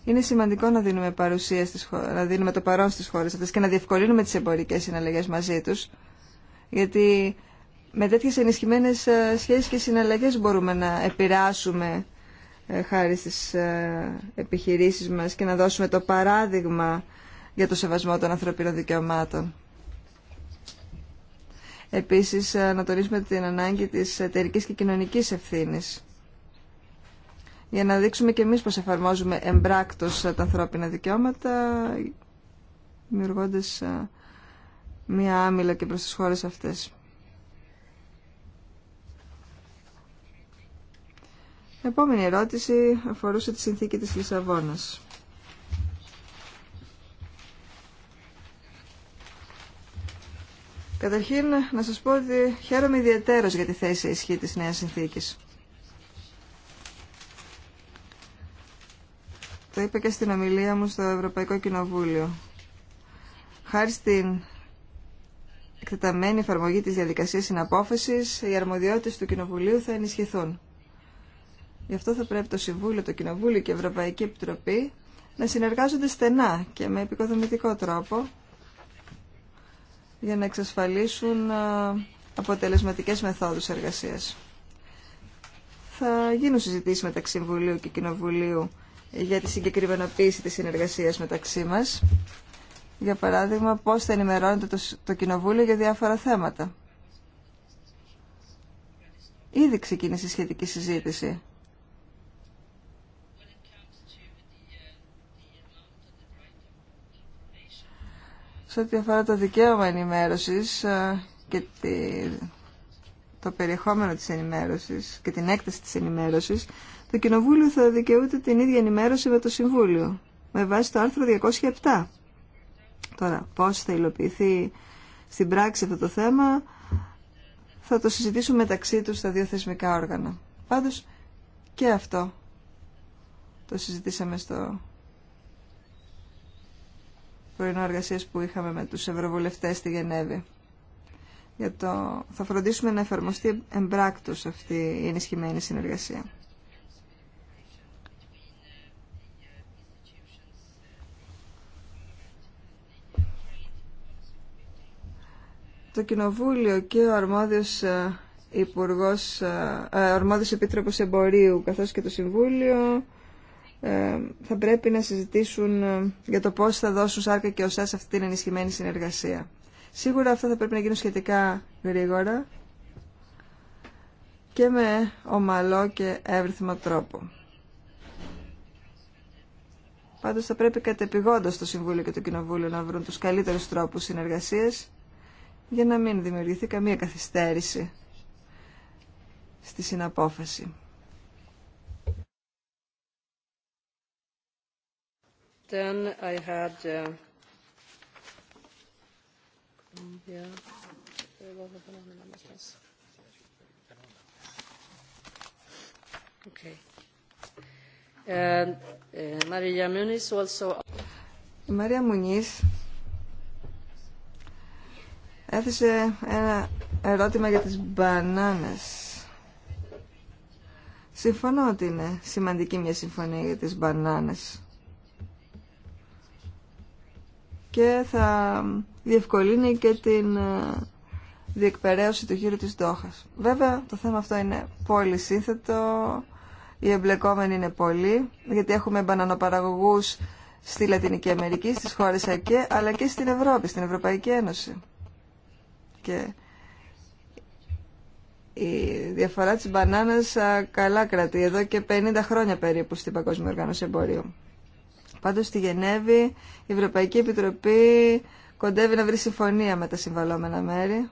είναι σημαντικό να δίνουμε, παρουσία στις να δίνουμε το παρόν στις χώρες αυτές και να διευκολύνουμε τις εμπορικές συναλλαγές μαζί τους, γιατί με τέτοιες ενισχυμένες ε, σχέσεις και συναλλαγές μπορούμε να επηρεάσουμε ε, χάρη στις ε, επιχειρήσεις μας και να δώσουμε το παράδειγμα για το σεβασμό των ανθρωπίνων δικαιωμάτων. Επίσης, ε, να τονίσουμε την ανάγκη της εταιρική και κοινωνικής ευθύνης για να δείξουμε και εμείς πως εφαρμόζουμε εμπράκτος τα ανθρώπινα δικαιώματα δημιουργώντα μια άμυλα και προς τις χώρες αυτές. Επόμενη ερώτηση αφορούσε τη συνθήκη της Λισαβόνας. Καταρχήν να σας πω ότι χαίρομαι ιδιαίτερος για τη θέση ισχύ της νέας συνθήκης. Το είπα και στην ομιλία μου στο Ευρωπαϊκό Κοινοβούλιο. Χάρη στην εκτεταμένη εφαρμογή της διαδικασίας συναπόφασης, οι αρμοδιότητες του Κοινοβουλίου θα ενισχυθούν. Γι' αυτό θα πρέπει το Συμβούλιο, το Κοινοβούλιο και η Ευρωπαϊκή Επιτροπή να συνεργάζονται στενά και με επικοδομητικό τρόπο για να εξασφαλίσουν αποτελεσματικές μεθόδους εργασίας. Θα γίνουν συζητήσεις μεταξύ Συμβουλίου και Κοινοβουλίου για τη συγκεκριμενοποίηση της συνεργασίας μεταξύ μας. Για παράδειγμα, πώς θα ενημερώνεται το, το Κοινοβούλιο για διάφορα θέματα. Ήδη ξεκίνησε η σχετική συζήτηση Σε ό,τι αφορά το δικαίωμα ενημέρωσης ε, και το περιεχόμενο της ενημέρωσης και την έκταση της ενημέρωσης, το Κοινοβούλιο θα δικαιούται την ίδια ενημέρωση με το Συμβούλιο, με βάση το άρθρο 207. Τώρα, πώς θα υλοποιηθεί στην πράξη αυτό το θέμα, θα το συζητήσουμε μεταξύ τους στα δύο θεσμικά όργανα. Πάντως, και αυτό το συζητήσαμε στο πρωινό που είχαμε με τους ευρωβουλευτέ στη Γενέβη. Για το... Θα φροντίσουμε να εφαρμοστεί εμπράκτο αυτή η ενισχυμένη συνεργασία. Το Κοινοβούλιο και ο αρμόδιος ε, Υπουργός, ο ε, ε, αρμόδιος Επίτροπος Εμπορίου καθώς και το Συμβούλιο ε, θα πρέπει να συζητήσουν ε, για το πώς θα δώσουν σάρκα και οσά αυτή την ενισχυμένη συνεργασία. Σίγουρα αυτό θα πρέπει να γίνουν σχετικά γρήγορα και με ομαλό και εύρυθμο τρόπο. Πάντως θα πρέπει κατεπηγόντως το Συμβούλιο και το Κοινοβούλιο να βρουν τους καλύτερους τρόπους συνεργασίας για να μην δημιουργηθεί καμία καθυστέρηση στη συναπόφαση. Uh, uh, Maria Muniz Η Μαρία Μουνής έθεσε ένα ερώτημα για τις μπανάνες. Συμφωνώ ότι είναι σημαντική μια συμφωνία για τις μπανάνες. και θα διευκολύνει και την ε, διεκπαιρέωση του γύρου της Δόχας. Βέβαια το θέμα αυτό είναι πολύ σύνθετο, οι εμπλεκόμενοι είναι πολλοί, γιατί έχουμε μπανανοπαραγωγούς στη Λατινική Αμερική, στις χώρες ΑΚΕ, αλλά και στην Ευρώπη, στην Ευρωπαϊκή Ένωση. Και η διαφορά της μπανάνας καλά κρατεί εδώ και 50 χρόνια περίπου στην Παγκόσμια Οργάνωση Εμπορίου. Πάντως στη Γενέβη η Ευρωπαϊκή Επιτροπή κοντεύει να βρει συμφωνία με τα συμβαλόμενα μέρη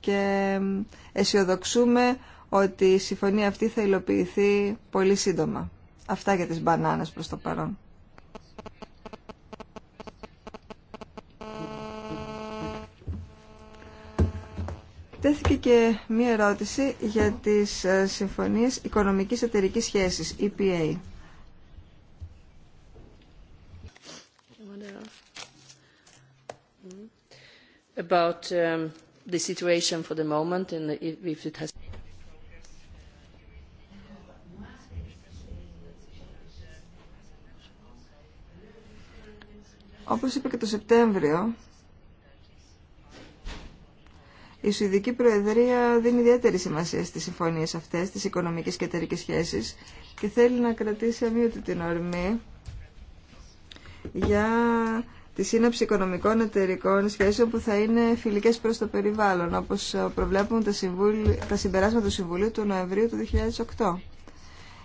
και αισιοδοξούμε ότι η συμφωνία αυτή θα υλοποιηθεί πολύ σύντομα. Αυτά για τις μπανάνες προς το παρόν. Τέθηκε και μία ερώτηση για τις ε, συμφωνίες οικονομικής εταιρικής σχέσης, EPA. about the Όπως και το Σεπτέμβριο, η Σουηδική Προεδρία δίνει ιδιαίτερη σημασία στις συμφωνίες αυτές, στις οικονομικές και εταιρικές σχέσεις και θέλει να κρατήσει αμύωτη την ορμή για τη σύναψη οικονομικών εταιρικών σχέσεων που θα είναι φιλικές προς το περιβάλλον, όπως προβλέπουν τα, τα συμπεράσματα του Συμβουλίου του Νοεμβρίου του 2008.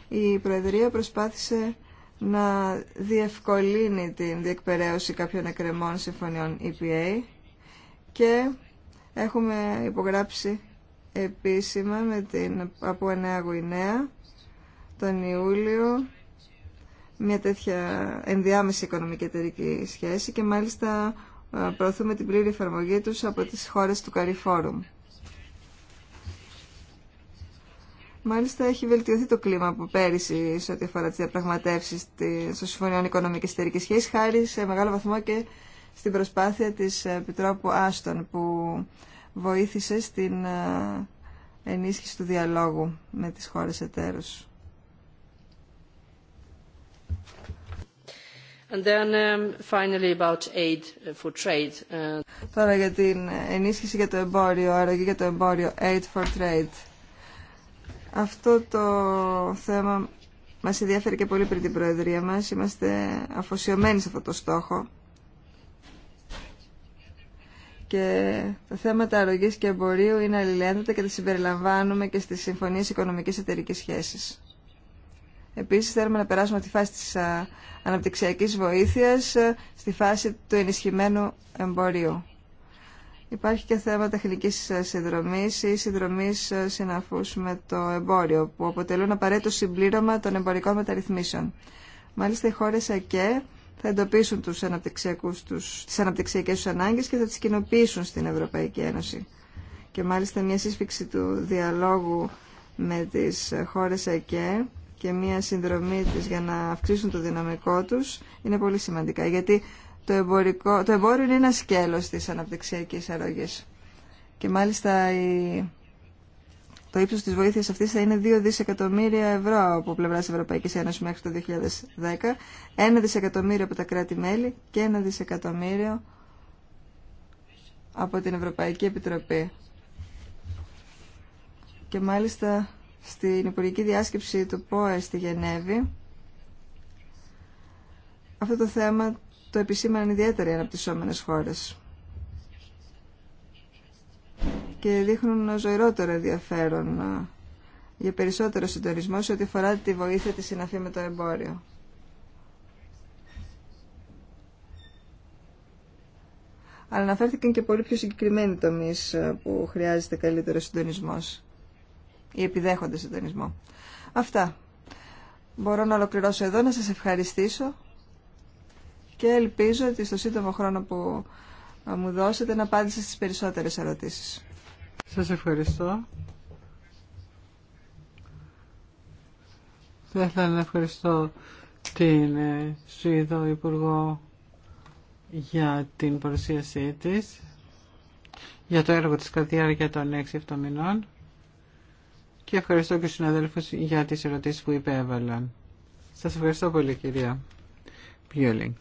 Η Προεδρία προσπάθησε να διευκολύνει την διεκπαιρέωση κάποιων εκκρεμών συμφωνιών EPA και έχουμε υπογράψει επίσημα με την από Γουινέα τον Ιούλιο μια τέτοια ενδιάμεση οικονομική εταιρική σχέση και μάλιστα ε, προωθούμε την πλήρη εφαρμογή τους από τις χώρες του Καριφόρουμ. Μάλιστα έχει βελτιωθεί το κλίμα από πέρυσι σε ό,τι αφορά τις διαπραγματεύσεις των Συμφωνιών Οικονομικής Εταιρικής Σχέσης χάρη σε μεγάλο βαθμό και στην προσπάθεια της Επιτρόπου Άστον που βοήθησε στην ε, ενίσχυση του διαλόγου με τις χώρες εταίρους. Τώρα για την ενίσχυση για το εμπόριο, αρρωγή για το εμπόριο, aid for trade. Αυτό το θέμα μας ενδιαφέρει και πολύ πριν την Προεδρία μας. Είμαστε αφοσιωμένοι σε αυτό το στόχο. Και τα θέματα αρρωγής και εμπορίου είναι αλληλένδετα και τα συμπεριλαμβάνουμε και στις συμφωνίες οικονομικής εταιρικής σχέσης. Επίσης θέλουμε να περάσουμε τη φάση της αναπτυξιακής βοήθειας στη φάση του ενισχυμένου εμπορίου. Υπάρχει και θέμα τεχνικής συνδρομής ή συνδρομής συναφούς με το εμπόριο, που αποτελούν απαραίτητο συμπλήρωμα των εμπορικών μεταρρυθμίσεων. Μάλιστα, οι χώρες ΑΚΕ θα εντοπίσουν τους αναπτυξιακούς, τους, τις αναπτυξιακές τους ανάγκες και θα τις κοινοποιήσουν στην Ευρωπαϊκή Ένωση. Και μάλιστα μια σύσφυξη του διαλόγου με τις ε, χώρες ΑΚΕ και μια συνδρομή της για να αυξήσουν το δυναμικό τους είναι πολύ σημαντικά γιατί το, εμπορικό, το εμπόριο είναι ένα σκέλος της αναπτυξιακής αρρώγης και μάλιστα η, το ύψος της βοήθειας αυτής θα είναι 2 δισεκατομμύρια ευρώ από πλευράς Ευρωπαϊκής Ένωσης μέχρι το 2010 1 δισεκατομμύριο από τα κράτη-μέλη και 1 δισεκατομμύριο από την Ευρωπαϊκή Επιτροπή και μάλιστα στην Υπουργική Διάσκεψη του ΠΟΕ στη Γενέβη αυτό το θέμα το επισήμαναν ιδιαίτερα οι αναπτυσσόμενες χώρες και δείχνουν ζωηρότερο ενδιαφέρον ε, για περισσότερο συντονισμό σε ό,τι αφορά τη βοήθεια τη συναφή με το εμπόριο. Αλλά αναφέρθηκαν και πολύ πιο συγκεκριμένοι τομείς ε, που χρειάζεται καλύτερο συντονισμός ή επιδέχονται συντονισμό. Αυτά. Μπορώ να ολοκληρώσω εδώ, να σας ευχαριστήσω και ελπίζω ότι στο σύντομο χρόνο που μου δώσετε να απάντησε στις περισσότερες ερωτήσεις. Σας ευχαριστώ. Θα ήθελα να ευχαριστώ την ε, Σουηδό Υπουργό για την παρουσίασή της, για το έργο της κατά τη διάρκεια των 6-7 μηνών και ευχαριστώ και του συναδέλφους για τις ερωτήσεις που υπέβαλαν. Σας ευχαριστώ πολύ κυρία Πιόλινγκ.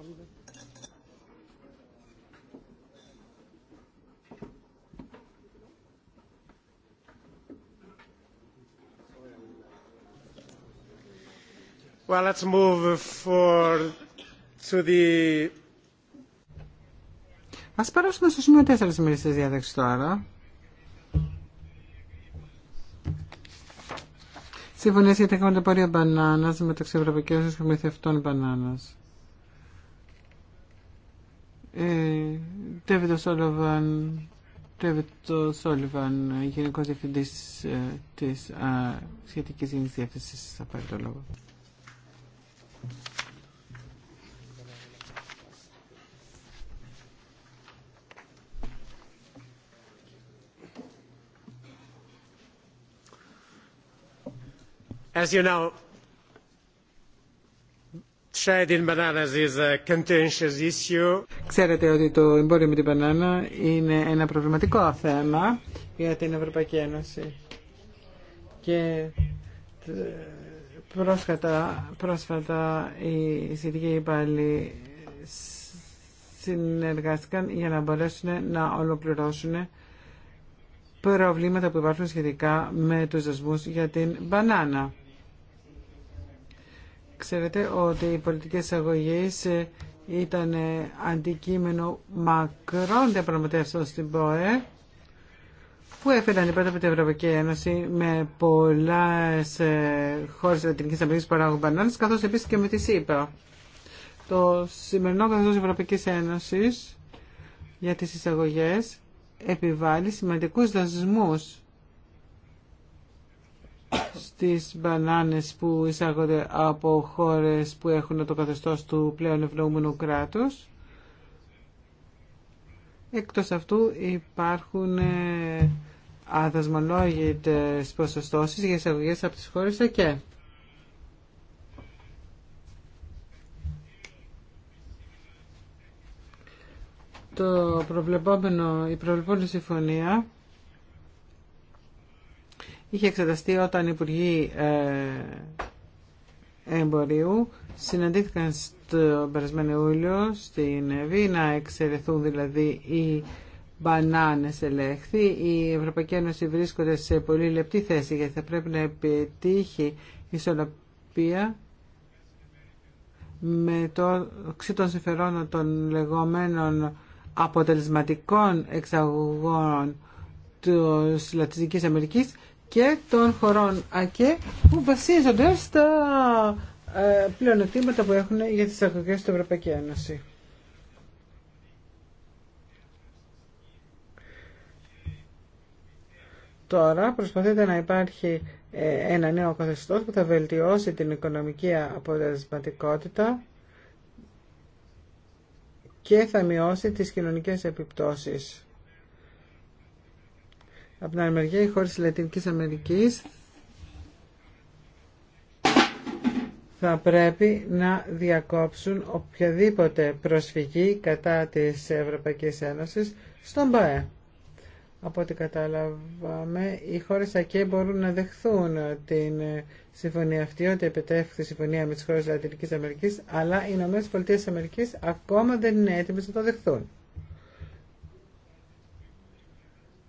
Sorry. Well, let's move for to the... Ας περάσουμε στο σημείο 4 της μερικής διάταξης τώρα. Συμφωνία για τα κόμματα πορεία μπανάνας μεταξύ Ευρωπαϊκής και Προμηθευτών Μπανάνας. Τέβιτο ε, Σόλβαν, David O'Sullivan, Γενικός Διευθυντής ε, της Σχετικής Γενικής Διεύθυνσης, θα πάρει το λόγο. As you know, Ξέρετε ότι το εμπόριο με την μπανάνα είναι ένα προβληματικό θέμα για την Ευρωπαϊκή Ένωση. Και ε, πρόσφατα, οι Συντικοί υπάλληλοι συνεργάστηκαν για να μπορέσουν να ολοκληρώσουν προβλήματα που υπάρχουν σχετικά με τους δεσμούς για την μπανάνα. Ξέρετε ότι οι πολιτικές αγωγές ε, ήταν ε, αντικείμενο μακρών διαπραγματεύσεων στην ΠΟΕ που έφεραν πρώτη από την Ευρωπαϊκή Ένωση με πολλέ ε, χώρε τη Λατινική Αμερική που παράγουν μπανάνε, καθώ επίση και με τη ΣΥΠΑ. Το σημερινό καθεστώ τη Ευρωπαϊκή Ένωση για τι εισαγωγέ επιβάλλει σημαντικού δασμού στις μπανάνες που εισάγονται από χώρες που έχουν το καθεστώς του πλέον ευνοούμενου κράτους. Εκτός αυτού υπάρχουν ε, αδασμολόγητες ποσοστώσεις για εισαγωγές από τις χώρες ΑΚΕ. Το προβλεπόμενο, η προβλεπόμενη συμφωνία είχε εξεταστεί όταν οι Υπουργοί ε, Εμπορίου συναντήθηκαν στο περασμένο Ιούλιο στην Ευή να εξαιρεθούν δηλαδή οι μπανάνες ελέγχθη. Η Ευρωπαϊκή Ένωση βρίσκονται σε πολύ λεπτή θέση γιατί θα πρέπει να επιτύχει ισορροπία με το οξύ των συμφερόντων των λεγόμενων αποτελεσματικών εξαγωγών της Λατινικής Αμερικής και των χωρών ΑΚΕ που βασίζονται στα ε, πλεονεκτήματα που έχουν για τις εκλογέ στην Ευρωπαϊκή Ένωση. Τώρα προσπαθείτε να υπάρχει ε, ένα νέο καθεστώς που θα βελτιώσει την οικονομική αποτελεσματικότητα και θα μειώσει τις κοινωνικές επιπτώσεις. Από την άλλη μεριά, οι χώρε τη Λατινική Αμερική θα πρέπει να διακόψουν οποιαδήποτε προσφυγή κατά της Ευρωπαϊκής Ένωσης στον ΠΑΕ. Από ό,τι κατάλαβαμε, οι χώρες ΑΚΕ μπορούν να δεχθούν την συμφωνία αυτή, ότι επιτεύχθη συμφωνία με τις χώρες Λατινικής Αμερικής, αλλά οι ΗΠΑ Πολιτείας Αμερικής ακόμα δεν είναι έτοιμες να το δεχθούν.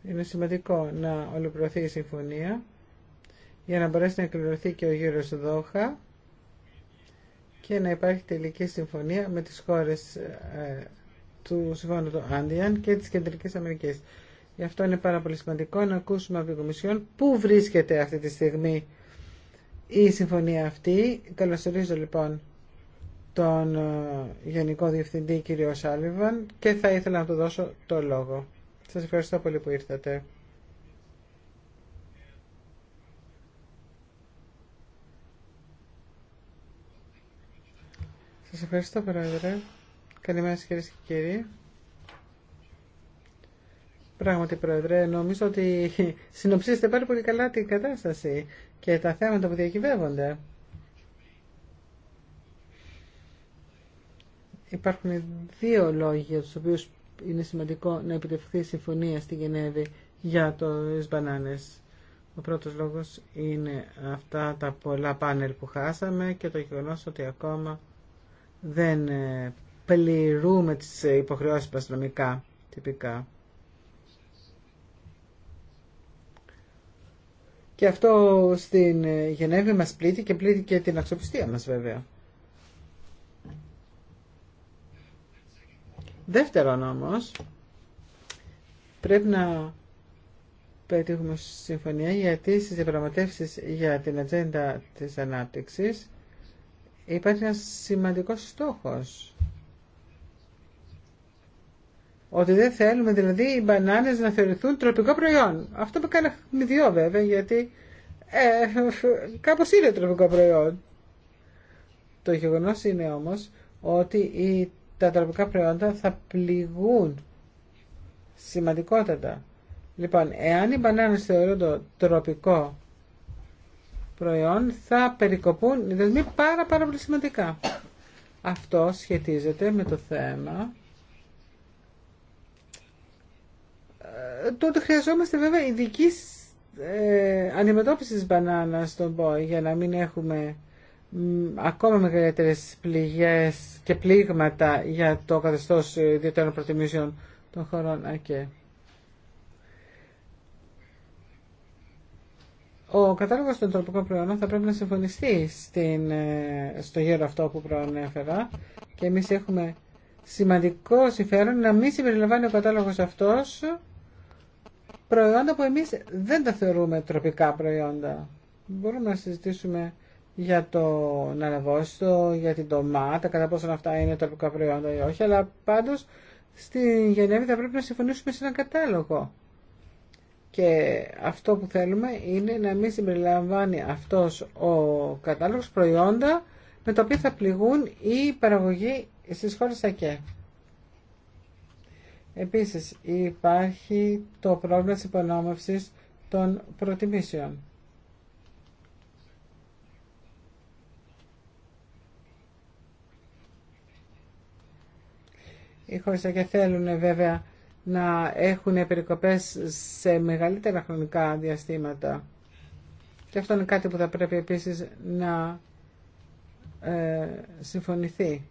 είναι σημαντικό να ολοκληρωθεί η συμφωνία για να μπορέσει να εκπληρωθεί και ο γύρος Δόχα και να υπάρχει τελική συμφωνία με τις χώρες ε, του Συμφώνου του Άντιαν και της Κεντρικής Αμερικής. Γι' αυτό είναι πάρα πολύ σημαντικό να ακούσουμε από την Κομισιόν πού βρίσκεται αυτή τη στιγμή η συμφωνία αυτή. Καλωσορίζω λοιπόν τον ε, Γενικό Διευθυντή κ. Σάλιβαν και θα ήθελα να του δώσω το λόγο. Σας ευχαριστώ πολύ που ήρθατε. Σας ευχαριστώ Πρόεδρε. Καλημέρα σας κυρίες και κύριοι. Πράγματι Πρόεδρε, νομίζω ότι συνοψίζετε πάρα πολύ καλά την κατάσταση και τα θέματα που διακυβεύονται. Υπάρχουν δύο λόγοι για τους οποίους είναι σημαντικό να επιτευχθεί συμφωνία στη Γενέβη για το μπανάνες. Ο πρώτος λόγος είναι αυτά τα πολλά πάνελ που χάσαμε και το γεγονό ότι ακόμα δεν ε, πληρούμε τις υποχρεώσεις μας τυπικά. Και αυτό στην ε, Γενέβη μας πλήττει και πλήττει και την αξιοπιστία μας βέβαια. Δεύτερον όμως, πρέπει να πετύχουμε συμφωνία γιατί στις διαπραγματεύσεις για την ατζέντα της ανάπτυξης υπάρχει ένας σημαντικός στόχος. Ότι δεν θέλουμε δηλαδή οι μπανάνες να θεωρηθούν τροπικό προϊόν. Αυτό που κάναμε δυο βέβαια γιατί ε, κάπως είναι τροπικό προϊόν. Το γεγονός είναι όμως ότι η τα τροπικά προϊόντα θα πληγούν σημαντικότατα. Λοιπόν, εάν οι μπανάνες το τροπικό προϊόν, θα περικοπούν οι δεσμοί πάρα πάρα πολύ σημαντικά. Αυτό σχετίζεται με το θέμα ε, τότε χρειαζόμαστε βέβαια ειδική ε, αντιμετώπιση μπανάνα μπανάνας στον ΠΟΗ για να μην έχουμε ακόμα μεγαλύτερες πληγές και πλήγματα για το καθεστώς ιδιωτέρων προτιμήσεων των χωρών ΑΚΕ. Ο κατάλογος των τροπικών προϊόντων θα πρέπει να συμφωνιστεί στην, ε, στο γύρο αυτό που προανέφερα και εμείς έχουμε σημαντικό συμφέρον να μην συμπεριλαμβάνει ο κατάλογος αυτός προϊόντα που εμείς δεν τα θεωρούμε τροπικά προϊόντα. Μπορούμε να συζητήσουμε για τον αναβόστο, για την ντομάτα, κατά πόσο αυτά είναι τοπικά προϊόντα ή όχι, αλλά πάντως στη Γενέβη θα πρέπει να συμφωνήσουμε σε έναν κατάλογο. Και αυτό που θέλουμε είναι να μην συμπεριλαμβάνει αυτός ο κατάλογος προϊόντα με τα οποία θα πληγούν η παραγωγή στις χώρες ΑΚΕ. Επίσης υπάρχει το πρόβλημα της υπονόμευσης των προτιμήσεων. Οι χώρες και θέλουν βέβαια να έχουν περικοπές σε μεγαλύτερα χρονικά διαστήματα. Και αυτό είναι κάτι που θα πρέπει επίσης να ε, συμφωνηθεί.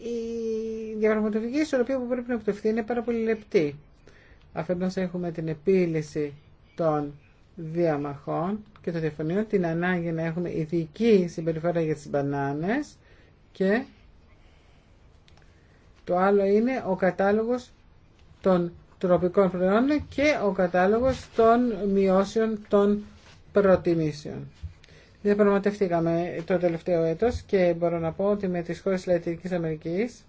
Η διαπραγματευτική ισορροπία που πρέπει να επιτευχθεί είναι πάρα πολύ λεπτή. Αφενός έχουμε την επίλυση των διαμαχών και το διαφωνείο την ανάγκη να έχουμε ειδική συμπεριφορά για τις μπανάνες και το άλλο είναι ο κατάλογος των τροπικών προϊόντων και ο κατάλογος των μειώσεων των προτιμήσεων. Διαπραγματευτήκαμε το τελευταίο έτος και μπορώ να πω ότι με τις χώρες Λατινικής Αμερικής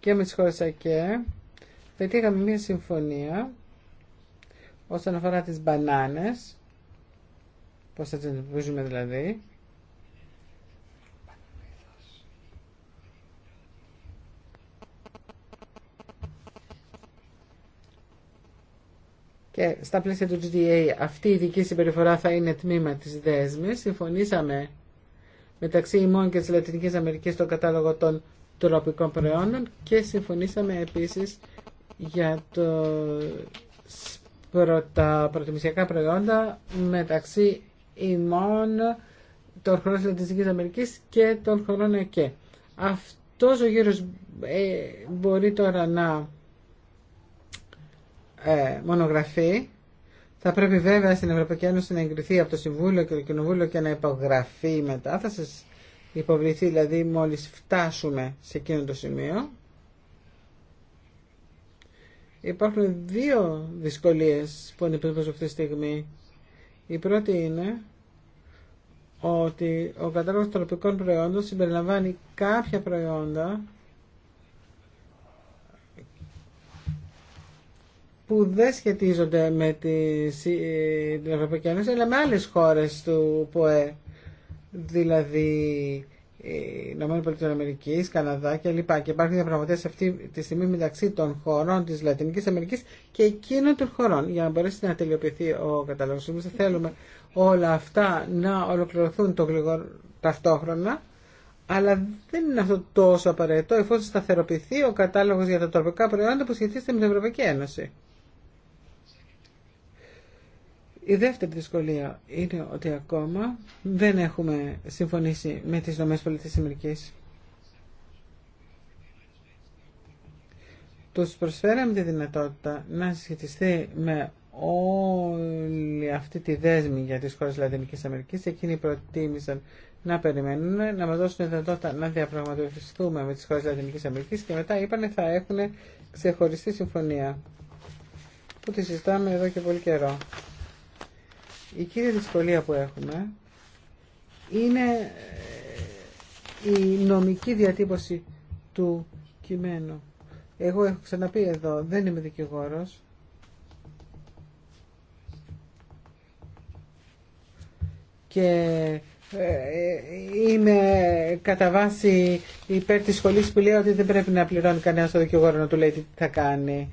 και με τις χώρες ΑΚΕ πετύχαμε μια συμφωνία Όσον αφορά τις μπανάνες, πώς θα τις αντιμετωπίζουμε δηλαδή, Και στα πλαίσια του GDA αυτή η δική συμπεριφορά θα είναι τμήμα της δέσμης. Συμφωνήσαμε μεταξύ ημών και της Λατινικής Αμερικής στο κατάλογο των τροπικών προϊόντων και συμφωνήσαμε επίσης για το τα προτιμησιακά προϊόντα μεταξύ ημών των χωρών της Λατινικής Αμερικής και των χωρών ΕΚΕ. Αυτός ο γύρος ε, μπορεί τώρα να ε, μονογραφεί. Θα πρέπει βέβαια στην Ευρωπαϊκή Ένωση να εγκριθεί από το Συμβούλιο και το Κοινοβούλιο και να υπογραφεί μετά. Θα σας υποβληθεί δηλαδή μόλις φτάσουμε σε εκείνο το σημείο. Υπάρχουν δύο δυσκολίες που αντιμετωπίζω αυτή τη στιγμή. Η πρώτη είναι ότι ο κατάλογος τροπικών προϊόντων συμπεριλαμβάνει κάποια προϊόντα που δεν σχετίζονται με την Ευρωπαϊκή Ένωση αλλά με άλλες χώρες του ΠΟΕ δηλαδή Αμερικής, Καναδά κλπ. Και υπάρχουν διαπραγματεύσει αυτή τη στιγμή μεταξύ των χωρών τη Λατινική Αμερική και εκείνων των χωρών. Για να μπορέσει να τελειοποιηθεί ο Εμείς θέλουμε όλα αυτά να ολοκληρωθούν το γλυγορ... ταυτόχρονα, αλλά δεν είναι αυτό τόσο απαραίτητο εφόσον σταθεροποιηθεί ο κατάλογο για τα τροπικά προϊόντα που σχετίζεται με την Ευρωπαϊκή Ένωση. Η δεύτερη δυσκολία είναι ότι ακόμα δεν έχουμε συμφωνήσει με τις νομές πολιτικής Τους προσφέραμε τη δυνατότητα να συσχετιστεί με όλη αυτή τη δέσμη για τις χώρες Λατινικής Αμερικής. Εκείνοι προτίμησαν να περιμένουν, να μας δώσουν δυνατότητα να διαπραγματευτούμε με τις χώρες Λατινικής Αμερικής και μετά είπανε θα έχουν ξεχωριστή συμφωνία που τη συζητάμε εδώ και πολύ καιρό. Η κύρια δυσκολία που έχουμε είναι ε, η νομική διατύπωση του κειμένου. Εγώ έχω ξαναπεί εδώ, δεν είμαι δικηγόρος. Και ε, είμαι κατά βάση υπέρ της σχολής που λέει ότι δεν πρέπει να πληρώνει κανένας το δικηγόρο να του λέει τι θα κάνει.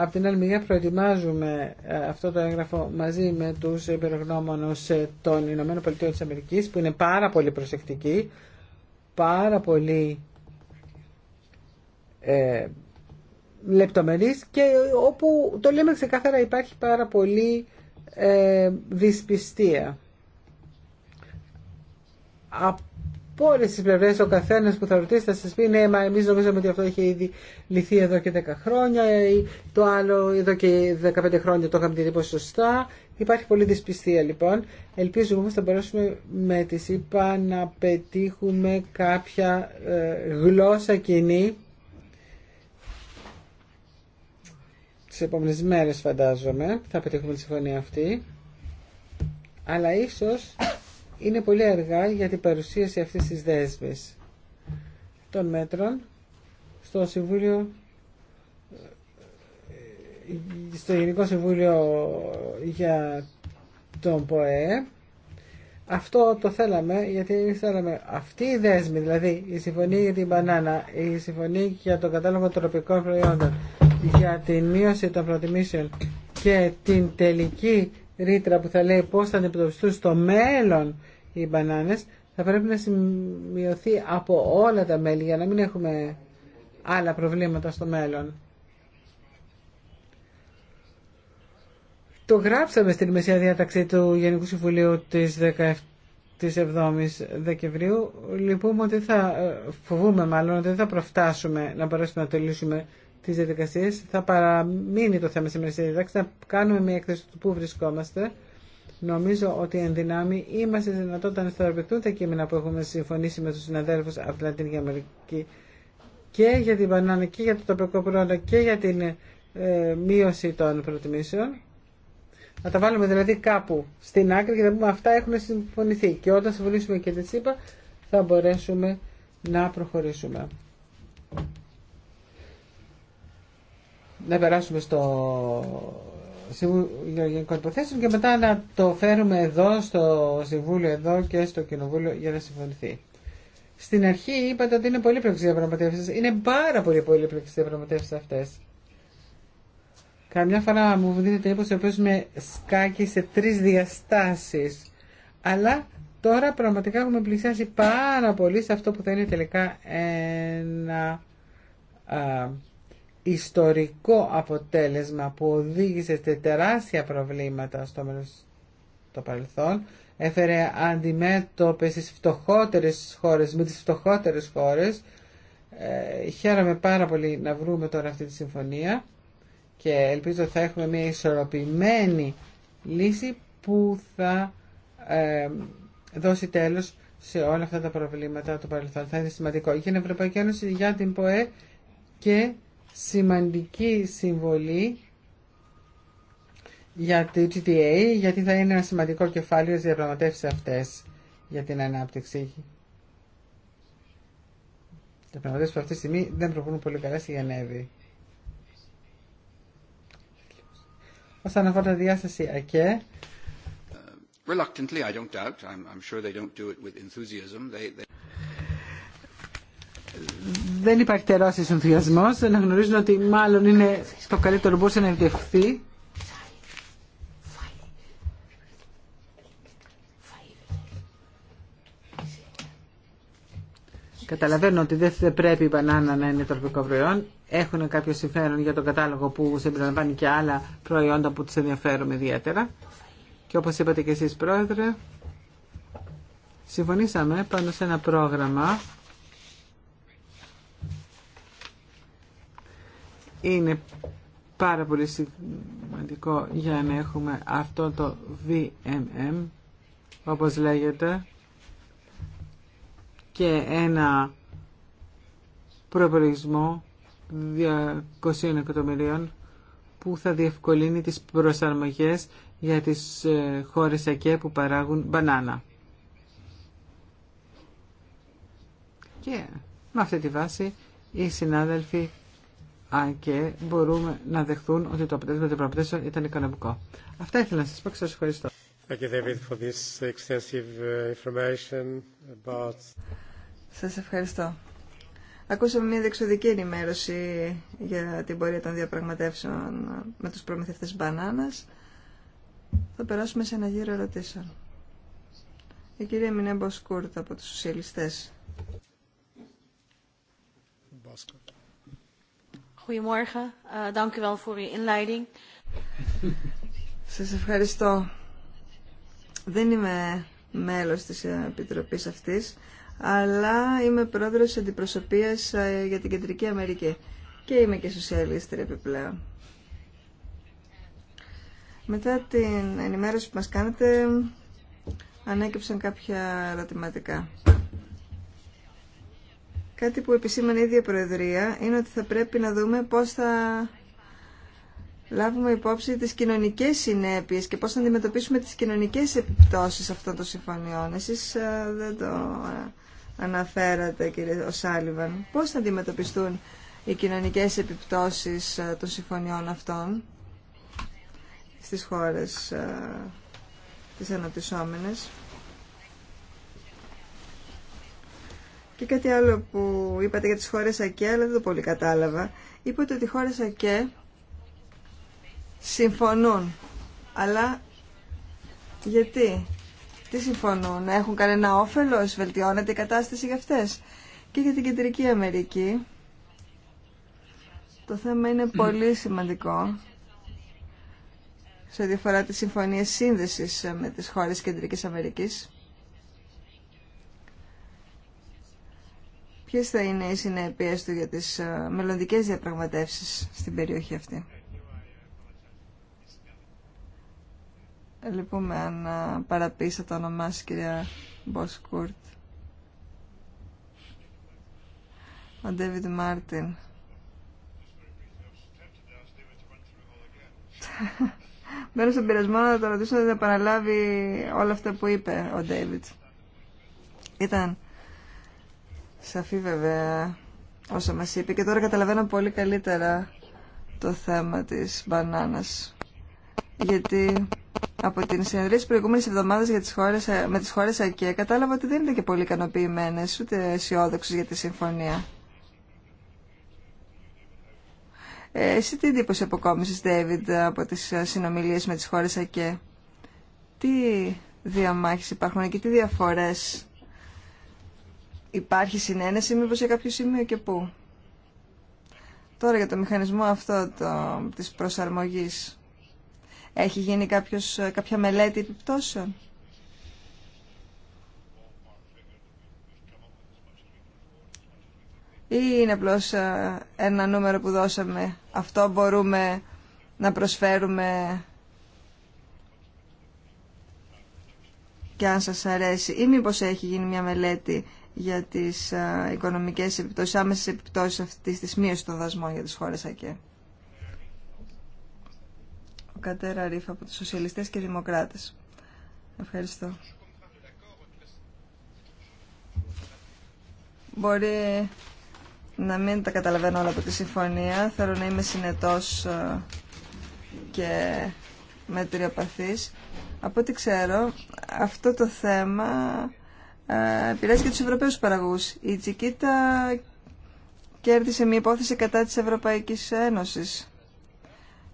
Από την άλλη μεριά προετοιμάζουμε ε, αυτό το έγγραφο μαζί με τους υπερογνώμονους ε, των Ηνωμένων Πολιτείων της Αμερικής που είναι πάρα πολύ προσεκτικοί, πάρα πολύ ε, λεπτομερείς και όπου το λέμε ξεκάθαρα υπάρχει πάρα πολύ ε, δυσπιστία από όλε τι πλευρέ ο καθένα που θα ρωτήσει θα σα πει ναι, μα εμεί νομίζαμε ότι αυτό είχε ήδη λυθεί εδώ και 10 χρόνια ή το άλλο εδώ και 15 χρόνια το είχαμε τελειώσει σωστά. Υπάρχει πολλή δυσπιστία λοιπόν. Ελπίζουμε όμω θα μπορέσουμε με τη ΣΥΠΑ να πετύχουμε κάποια ε, γλώσσα κοινή τις επόμενες μέρε φαντάζομαι θα πετύχουμε τη συμφωνία αυτή αλλά ίσως είναι πολύ αργά για την παρουσίαση αυτής της δέσμης των μέτρων στο Συμβούλιο στο Γενικό Συμβούλιο για τον ΠΟΕ αυτό το θέλαμε γιατί θέλαμε αυτή η δέσμη δηλαδή η συμφωνία για την μπανάνα η συμφωνία για τον κατάλογο τροπικών προϊόντων για την μείωση των προτιμήσεων και την τελική ρήτρα που θα λέει πώς θα αντιμετωπιστούν στο μέλλον οι μπανάνες θα πρέπει να σημειωθεί από όλα τα μέλη για να μην έχουμε άλλα προβλήματα στο μέλλον. Το γράψαμε στην μεσαία διάταξη του Γενικού Συμβουλίου της 17 7ης Δεκεμβρίου λυπούμε ότι θα ε, φοβούμε μάλλον ότι δεν θα προφτάσουμε να μπορέσουμε να τελειώσουμε τι διαδικασίε. Θα παραμείνει το θέμα σήμερα στη διδάξη. Θα κάνουμε μια έκθεση του πού βρισκόμαστε. Νομίζω ότι εν δυνάμει είμαστε δυνατότητα να θεωρηθούν τα κείμενα που έχουμε συμφωνήσει με του συναδέλφου από την Αμερική και για την Πανάνα και για το τοπικό πρόοδο και για την ε, μείωση των προτιμήσεων. Να τα βάλουμε δηλαδή κάπου στην άκρη και να πούμε αυτά έχουν συμφωνηθεί. Και όταν συμφωνήσουμε και τι είπα, θα μπορέσουμε να προχωρήσουμε να περάσουμε στο Συμβούλιο Γενικών Υποθέσεων και μετά να το φέρουμε εδώ στο Συμβούλιο εδώ και στο Κοινοβούλιο για να συμφωνηθεί. Στην αρχή είπατε ότι είναι πολύ πλοκές διαπραγματεύσει. Είναι πάρα πολύ πολύ πλοκές διαπραγματεύσει αυτές. Καμιά φορά μου το σε ο με σκάκι σε τρει διαστάσει. Αλλά τώρα πραγματικά έχουμε πλησιάσει πάρα πολύ σε αυτό που θα είναι τελικά ένα... Α, ιστορικό αποτέλεσμα που οδήγησε σε τεράστια προβλήματα στο, το παρελθόν, έφερε αντιμέτωπες στις φτωχότερες χώρες, με τις φτωχότερες χώρες. Ε, χαίρομαι πάρα πολύ να βρούμε τώρα αυτή τη συμφωνία και ελπίζω θα έχουμε μια ισορροπημένη λύση που θα ε, δώσει τέλος σε όλα αυτά τα προβλήματα του παρελθόν. Θα είναι σημαντικό Ευρωπαϊκή Ένωση, για την ΠΟΕ και σημαντική συμβολή για το GTA, γιατί θα είναι ένα σημαντικό κεφάλαιο στις διαπραγματεύσεις αυτές για την ανάπτυξη. Οι διαπραγματεύσεις που αυτή τη στιγμή δεν προχωρούν πολύ καλά στη Γενέβη. Όσον αφορά τη διάσταση ΑΚΕ, δεν υπάρχει τεράστιος ενθουσιασμό. δεν γνωρίζουν ότι μάλλον είναι το καλύτερο που μπορούσε να επιτευχθεί. Καταλαβαίνω ότι δεν πρέπει η μπανάνα να είναι τροπικό προϊόν. Έχουν κάποιο συμφέρον για τον κατάλογο που συμπεριλαμβάνει και άλλα προϊόντα που του ενδιαφέρουν ιδιαίτερα. Και όπως είπατε και εσεί πρόεδρε, συμφωνήσαμε πάνω σε ένα πρόγραμμα είναι πάρα πολύ σημαντικό για να έχουμε αυτό το VMM όπως λέγεται και ένα προπολογισμό 200 εκατομμυρίων που θα διευκολύνει τις προσαρμογές για τις ε, χώρες ΑΚΕ που παράγουν μπανάνα. Και με αυτή τη βάση οι συνάδελφοι αν και μπορούμε να δεχθούν ότι το αποτέλεσμα των προαπτήσεων ήταν οικονομικό. Αυτά ήθελα να σας πω και σας ευχαριστώ. Uh, about... Σας ευχαριστώ. Ακούσαμε μια διεξοδική ενημέρωση για την πορεία των διαπραγματεύσεων με τους προμηθευτές μπανάνας. Θα περάσουμε σε ένα γύρο ερωτήσεων. Η κυρία Μινέμπος Κούρτ από τους σοσιαλιστές. Goedemorgen. Eh, Σας ευχαριστώ. Δεν είμαι μέλος της Επιτροπής αυτής, αλλά είμαι πρόεδρος αντιπροσωπείας ε, για την Κεντρική Αμερική και είμαι και σοσιαλίστρια επιπλέον. Μετά την ενημέρωση που μας κάνετε, ανέκυψαν κάποια ερωτηματικά. Κάτι που επισήμανε η ίδια Προεδρία είναι ότι θα πρέπει να δούμε πώς θα λάβουμε υπόψη τις κοινωνικές συνέπειες και πώς θα αντιμετωπίσουμε τις κοινωνικές επιπτώσεις αυτών των συμφωνιών. Εσείς ε, δεν το ε, αναφέρατε κύριε Σάλιβαν. Πώς θα αντιμετωπιστούν οι κοινωνικές επιπτώσεις ε, των συμφωνιών αυτών στις χώρες της αναπτυσσόμενες. Και κάτι άλλο που είπατε για τις χώρες ΑΚΕ, αλλά δεν το πολύ κατάλαβα. Είπατε ότι οι χώρες ΑΚΕ συμφωνούν. Αλλά γιατί, τι συμφωνούν, έχουν κανένα όφελος, βελτιώνεται η κατάσταση για αυτές. Και για την Κεντρική Αμερική, το θέμα είναι πολύ σημαντικό σε διαφορά τη συμφωνία σύνδεσης με τις χώρες Κεντρικής Αμερικής. Ποιε θα είναι οι συνέπειε του για τι ε, μελλοντικέ διαπραγματεύσει στην περιοχή αυτή. Λυπούμε αν ε, παραπείσα το όνομά σου κυρία Μποσκούρτ. Ο Ντέβιντ Μάρτιν. Μένω στον πειρασμό να το ρωτήσω θα επαναλάβει όλα αυτά που είπε ο Ντέιβιτ. Ήταν σαφή βέβαια όσα μας είπε και τώρα καταλαβαίνω πολύ καλύτερα το θέμα της μπανάνας γιατί από την συνεδρία τη προηγούμενη εβδομάδα με τις χώρες ΑΚΕ κατάλαβα ότι δεν ήταν και πολύ ικανοποιημένε ούτε αισιόδοξε για τη συμφωνία. Ε, εσύ τι εντύπωση αποκόμισες, Ντέιβιντ, από τις συνομιλίες με τις χώρε ΑΚΕ. Τι διαμάχες υπάρχουν και τι διαφορές Υπάρχει συνένεση μήπω για κάποιο σημείο και πού. Τώρα για το μηχανισμό αυτό το, της προσαρμογής. Έχει γίνει κάποιος, κάποια μελέτη επιπτώσεων. Ή είναι απλώ ε, ένα νούμερο που δώσαμε. Αυτό μπορούμε να προσφέρουμε και αν σας αρέσει. Ή μήπως έχει γίνει μια μελέτη για τις οικονομικές επιπτώσεις, άμεσες επιπτώσεις αυτής της μείωσης των δασμών για τις χώρες ΑΚΕ. Ο Κατέρα Ρίφα από τους Σοσιαλιστές και Δημοκράτες. Ευχαριστώ. Μπορεί να μην τα καταλαβαίνω όλα από τη συμφωνία. Θέλω να είμαι συνετός και μετριοπαθής. Από ό,τι ξέρω, αυτό το θέμα ε, επηρεάζει και τους Ευρωπαίους παραγωγούς. Η Τσικίτα κέρδισε μια υπόθεση κατά της Ευρωπαϊκής Ένωσης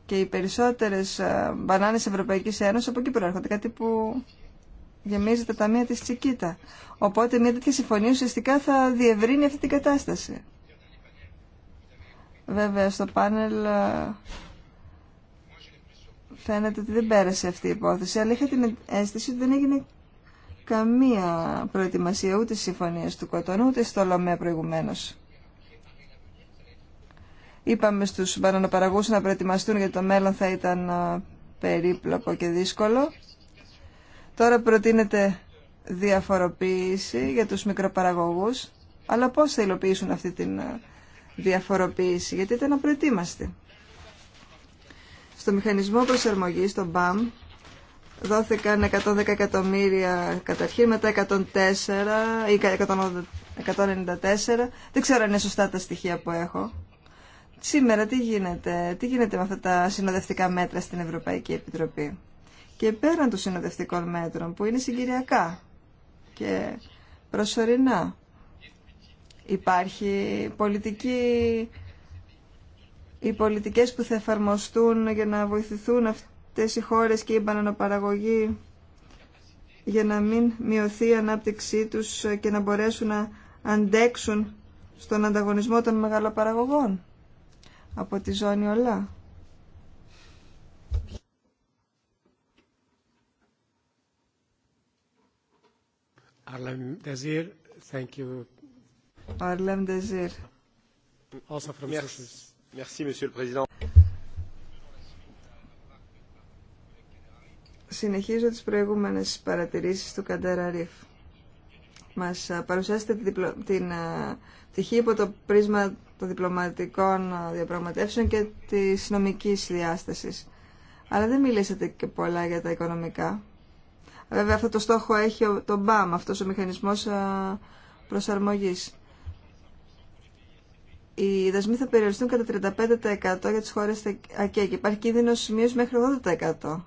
και οι περισσότερες ε, μπανάνες Ευρωπαϊκής Ένωσης από εκεί προέρχονται, κάτι που γεμίζει τα ταμεία της Τσικίτα. Οπότε μια τέτοια συμφωνία ουσιαστικά θα διευρύνει αυτή την κατάσταση. Βέβαια στο πάνελ ε, φαίνεται ότι δεν πέρασε αυτή η υπόθεση, αλλά είχα την αίσθηση ότι δεν έγινε καμία προετοιμασία ούτε συμφωνία του Κοτονού ούτε στο Λομέ προηγουμένω. Είπαμε στους μπανανοπαραγούς να προετοιμαστούν γιατί το μέλλον θα ήταν περίπλοκο και δύσκολο. Τώρα προτείνεται διαφοροποίηση για τους μικροπαραγωγούς, αλλά πώς θα υλοποιήσουν αυτή την διαφοροποίηση, γιατί ήταν απροετοίμαστοι. Στο μηχανισμό προσαρμογής, το BAM, δόθηκαν 110 εκατομμύρια καταρχήν, μετά 104 ή 194. Δεν ξέρω αν είναι σωστά τα στοιχεία που έχω. Σήμερα τι γίνεται, τι γίνεται με αυτά τα συνοδευτικά μέτρα στην Ευρωπαϊκή Επιτροπή. Και πέραν των συνοδευτικών μέτρων που είναι συγκυριακά και προσωρινά. Υπάρχει πολιτική, οι πολιτικές που θα εφαρμοστούν για να βοηθηθούν αυτοί αυτές οι χώρες και η μπανανοπαραγωγή για να μην μειωθεί η ανάπτυξή τους και να μπορέσουν να αντέξουν στον ανταγωνισμό των μεγαλοπαραγωγών από τη ζώνη ΟΛΑ. Thank you. Also from Merci, Monsieur le Président. συνεχίζω τις προηγούμενες παρατηρήσεις του Καντέρα Ριφ. Μας παρουσιάσετε την πτυχή υπό το πρίσμα των διπλωματικών διαπραγματεύσεων και της νομικής διάστασης. Αλλά δεν μιλήσατε και πολλά για τα οικονομικά. Βέβαια αυτό το στόχο έχει το ΜΠΑΜ, αυτός ο μηχανισμός προσαρμογής. Οι δασμοί θα περιοριστούν κατά 35% για τις χώρες ΑΚΕ και υπάρχει κίνδυνος μείωση μέχρι 80%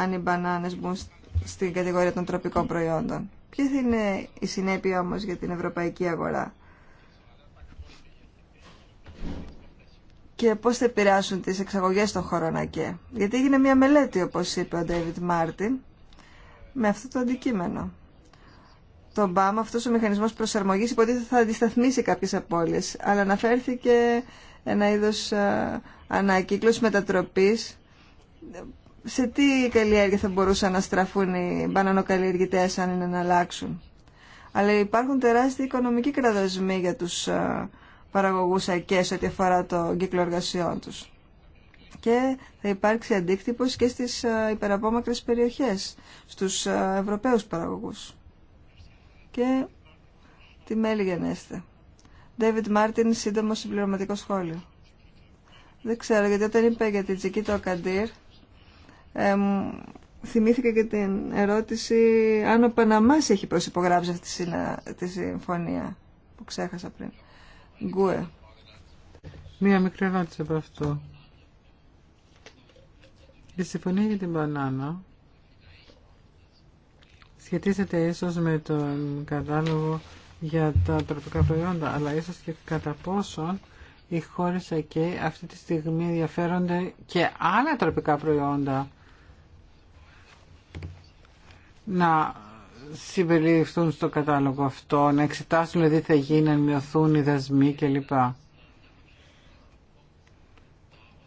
αν οι μπανάνες μπουν στην κατηγορία των τροπικών προϊόντων. Ποια θα είναι η συνέπεια όμως για την ευρωπαϊκή αγορά και πώς θα επηρεάσουν τις εξαγωγές των χωρών ΑΚΕ. Γιατί έγινε μια μελέτη, όπως είπε ο Ντέιβιτ Μάρτιν, με αυτό το αντικείμενο. Το ΜΠΑΜ, αυτός ο μηχανισμός προσαρμογής, υποτίθεται θα αντισταθμίσει κάποιες απώλειες, αλλά αναφέρθηκε ένα είδος ε, ανακύκλωση μετατροπής σε τι καλλιέργεια θα μπορούσαν να στραφούν οι μπανανοκαλλιεργητές αν είναι να αλλάξουν. Αλλά υπάρχουν τεράστιοι οικονομικοί κραδοσμοί για τους ε, παραγωγούς ΑΚΕΣ ό,τι αφορά το κύκλο εργασιών τους. Και θα υπάρξει αντίκτυπος και στις ε, υπεραπόμακρες περιοχές, στους ε, Ευρωπαίους παραγωγούς. Και τι μέλη γενέστε. David Μάρτιν, σύντομο συμπληρωματικό σχόλιο. Δεν ξέρω, γιατί όταν είπε για την Τζικίτο Ακαντήρ, ε, θυμήθηκα και την ερώτηση αν ο Παναμάς έχει προσυπογράψει αυτή τη συμφωνία που ξέχασα πριν. Γκουε. Μία μικρή ερώτηση από αυτό. Η συμφωνία για την μπανάνα σχετίζεται ίσως με τον κατάλογο για τα τροπικά προϊόντα, αλλά ίσως και κατά πόσον οι χώρες εκεί αυτή τη στιγμή ενδιαφέρονται και άλλα τροπικά προϊόντα να συμπεριληφθούν στο κατάλογο αυτό, να εξετάσουν δηλαδή θα γίνει, να μειωθούν οι δασμοί κλπ.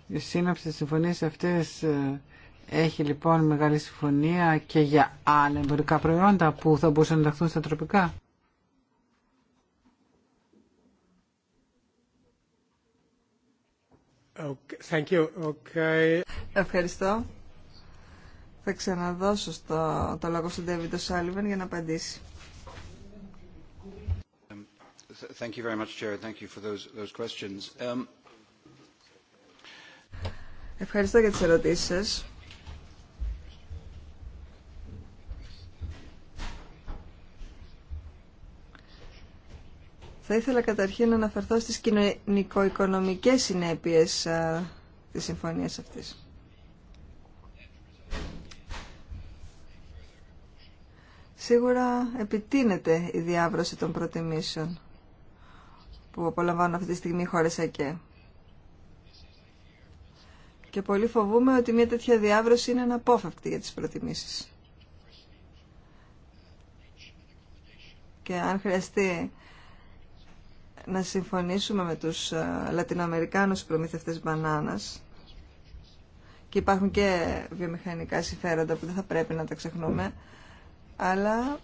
Η σύναψη της συμφωνίας αυτές ε, έχει λοιπόν μεγάλη συμφωνία και για άλλα εμπορικά προϊόντα που θα μπορούσαν να ενταχθούν στα τροπικά. Okay, thank you. Okay. Ευχαριστώ. Θα ξαναδώσω το λόγο στον Ντέβιντο Σάλιβεν για να απαντήσει. Ευχαριστώ για τις ερωτήσεις σας. Θα ήθελα καταρχήν να αναφερθώ στις κοινωνικο-οικονομικές συνέπειες της συμφωνίας αυτής. Σίγουρα επιτείνεται η διάβρωση των προτιμήσεων που απολαμβάνουν αυτή τη στιγμή οι χώρες ΑΚΕ. Και πολύ φοβούμε ότι μια τέτοια διάβρωση είναι αναπόφευκτη για τις προτιμήσεις. Και αν χρειαστεί να συμφωνήσουμε με τους ε, Λατινοαμερικάνους προμηθευτές μπανάνας και υπάρχουν και βιομηχανικά συμφέροντα που δεν θα πρέπει να τα ξεχνούμε, αλλά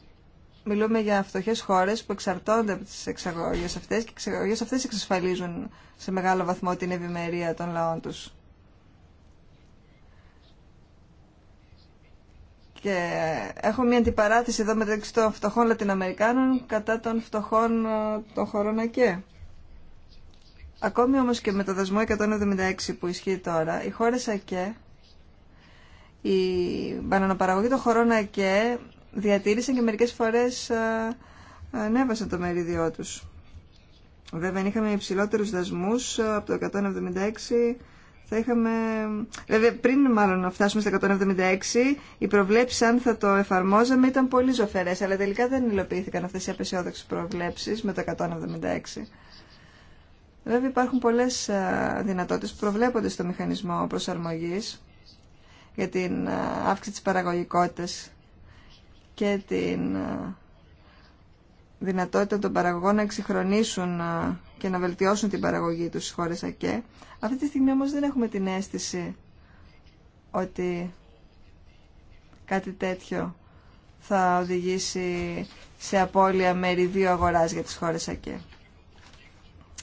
μιλούμε για φτωχέ χώρε που εξαρτώνται από τι εξαγωγέ αυτέ και οι εξαγωγέ αυτέ εξασφαλίζουν σε μεγάλο βαθμό την ευημερία των λαών του. Και έχω μια αντιπαράθεση εδώ μεταξύ των φτωχών Λατινοαμερικάνων κατά των φτωχών ε, των χωρών ΑΚΕ. Ακόμη όμως και με το δασμό 176 που ισχύει τώρα, οι χώρες ΑΚΕ, η μπανανοπαραγωγή των χωρών ΑΚΕ διατήρησαν και μερικές φορές ε, ε, ανέβασαν το μερίδιό τους. Βέβαια, αν είχαμε υψηλότερους δασμούς ε, από το 176 θα είχαμε... Βέβαια, πριν μάλλον να φτάσουμε στο 176, οι προβλέψεις αν θα το εφαρμόζαμε ήταν πολύ ζωφερές, αλλά τελικά δεν υλοποιήθηκαν αυτές οι απεσιόδοξες προβλέψεις με το 176. Βέβαια, υπάρχουν πολλέ δυνατότητες που προβλέπονται στο μηχανισμό προσαρμογής για την αύξηση της παραγωγικότητας και την ε, δυνατότητα των παραγωγών να εξυγχρονίσουν ε, και να βελτιώσουν την παραγωγή τους στις χώρες ΑΚΕ. Αυτή τη στιγμή όμως δεν έχουμε την αίσθηση ότι κάτι τέτοιο θα οδηγήσει σε απώλεια μεριδίου αγοράς για τις χώρες ΑΚΕ.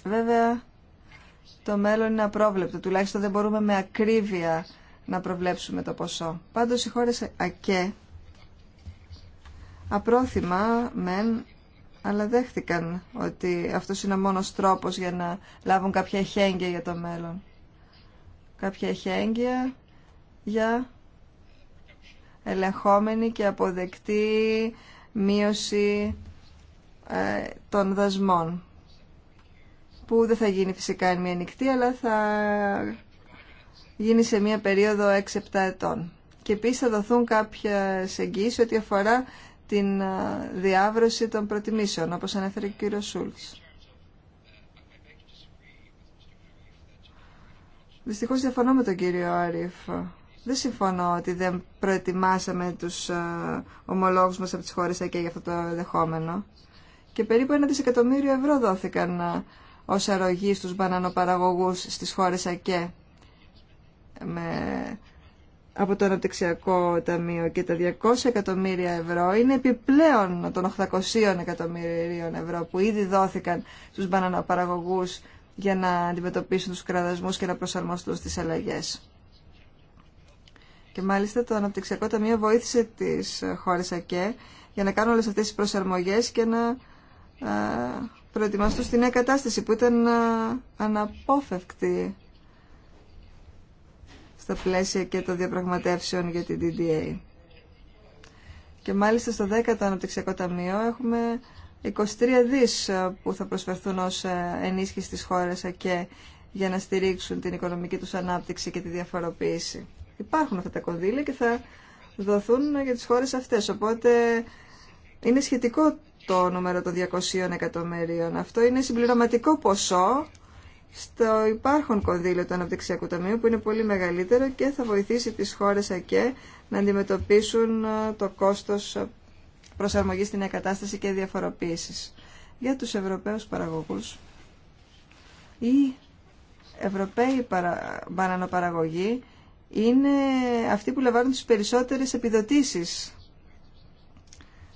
Βέβαια, το μέλλον είναι απρόβλεπτο. Τουλάχιστον δεν μπορούμε με ακρίβεια να προβλέψουμε το ποσό. Πάντως οι χώρες ΑΚΕ απρόθυμα μεν, αλλά δέχτηκαν ότι αυτός είναι ο μόνος τρόπος για να λάβουν κάποια εχέγγυα για το μέλλον. Κάποια εχέγγυα για ελεγχόμενη και αποδεκτή μείωση ε, των δασμών που δεν θα γίνει φυσικά εν μία νυχτή αλλά θα γίνει σε μία περίοδο 6-7 ετών. Και επίσης θα δοθούν κάποια εγγύηση ότι αφορά την ε, διάβρωση των προτιμήσεων, όπως ανέφερε και ο κύριος Σούλτς. Δυστυχώς διαφωνώ με τον κύριο Άριφ. Δεν συμφωνώ ότι δεν προετοιμάσαμε τους ε, ομολόγους μας από τις χώρες ΑΚΕ για αυτό το δεχόμενο. Και περίπου ένα δισεκατομμύριο ευρώ δόθηκαν ε, ως αρρωγή στους μπανανοπαραγωγούς στις χώρες ΑΚΕ με από το Αναπτυξιακό Ταμείο και τα 200 εκατομμύρια ευρώ είναι επιπλέον των 800 εκατομμυρίων ευρώ που ήδη δόθηκαν στους μπαναναπαραγωγούς για να αντιμετωπίσουν τους κραδασμούς και να προσαρμοστούν στις αλλαγές. Και μάλιστα το Αναπτυξιακό Ταμείο βοήθησε τις χώρες ΑΚΕ για να κάνουν όλες αυτές τις προσαρμογές και να ε, προετοιμαστούν στη νέα κατάσταση που ήταν ε, αναπόφευκτη στα πλαίσια και των διαπραγματεύσεων για την DDA. Και μάλιστα στο 10ο Αναπτυξιακό Ταμείο έχουμε 23 δις ε, που θα προσφερθούν ως ε, ενίσχυση στις χώρες ε, και για να στηρίξουν την οικονομική τους ανάπτυξη και τη διαφοροποίηση. Υπάρχουν αυτά τα κονδύλια και θα δοθούν για τις χώρες αυτές. Οπότε είναι σχετικό το νούμερο των 200 εκατομμυρίων. Αυτό είναι συμπληρωματικό ποσό στο υπάρχον κονδύλιο του Αναπτυξιακού Ταμείου που είναι πολύ μεγαλύτερο και θα βοηθήσει τις χώρες ΑΚΕ να αντιμετωπίσουν ε, το κόστος ε, προσαρμογής στην εγκατάσταση και διαφοροποίησης. Για τους Ευρωπαίους παραγωγούς οι Ευρωπαίοι μπανανοπαραγωγοί είναι αυτοί που λαμβάνουν τις περισσότερες επιδοτήσεις.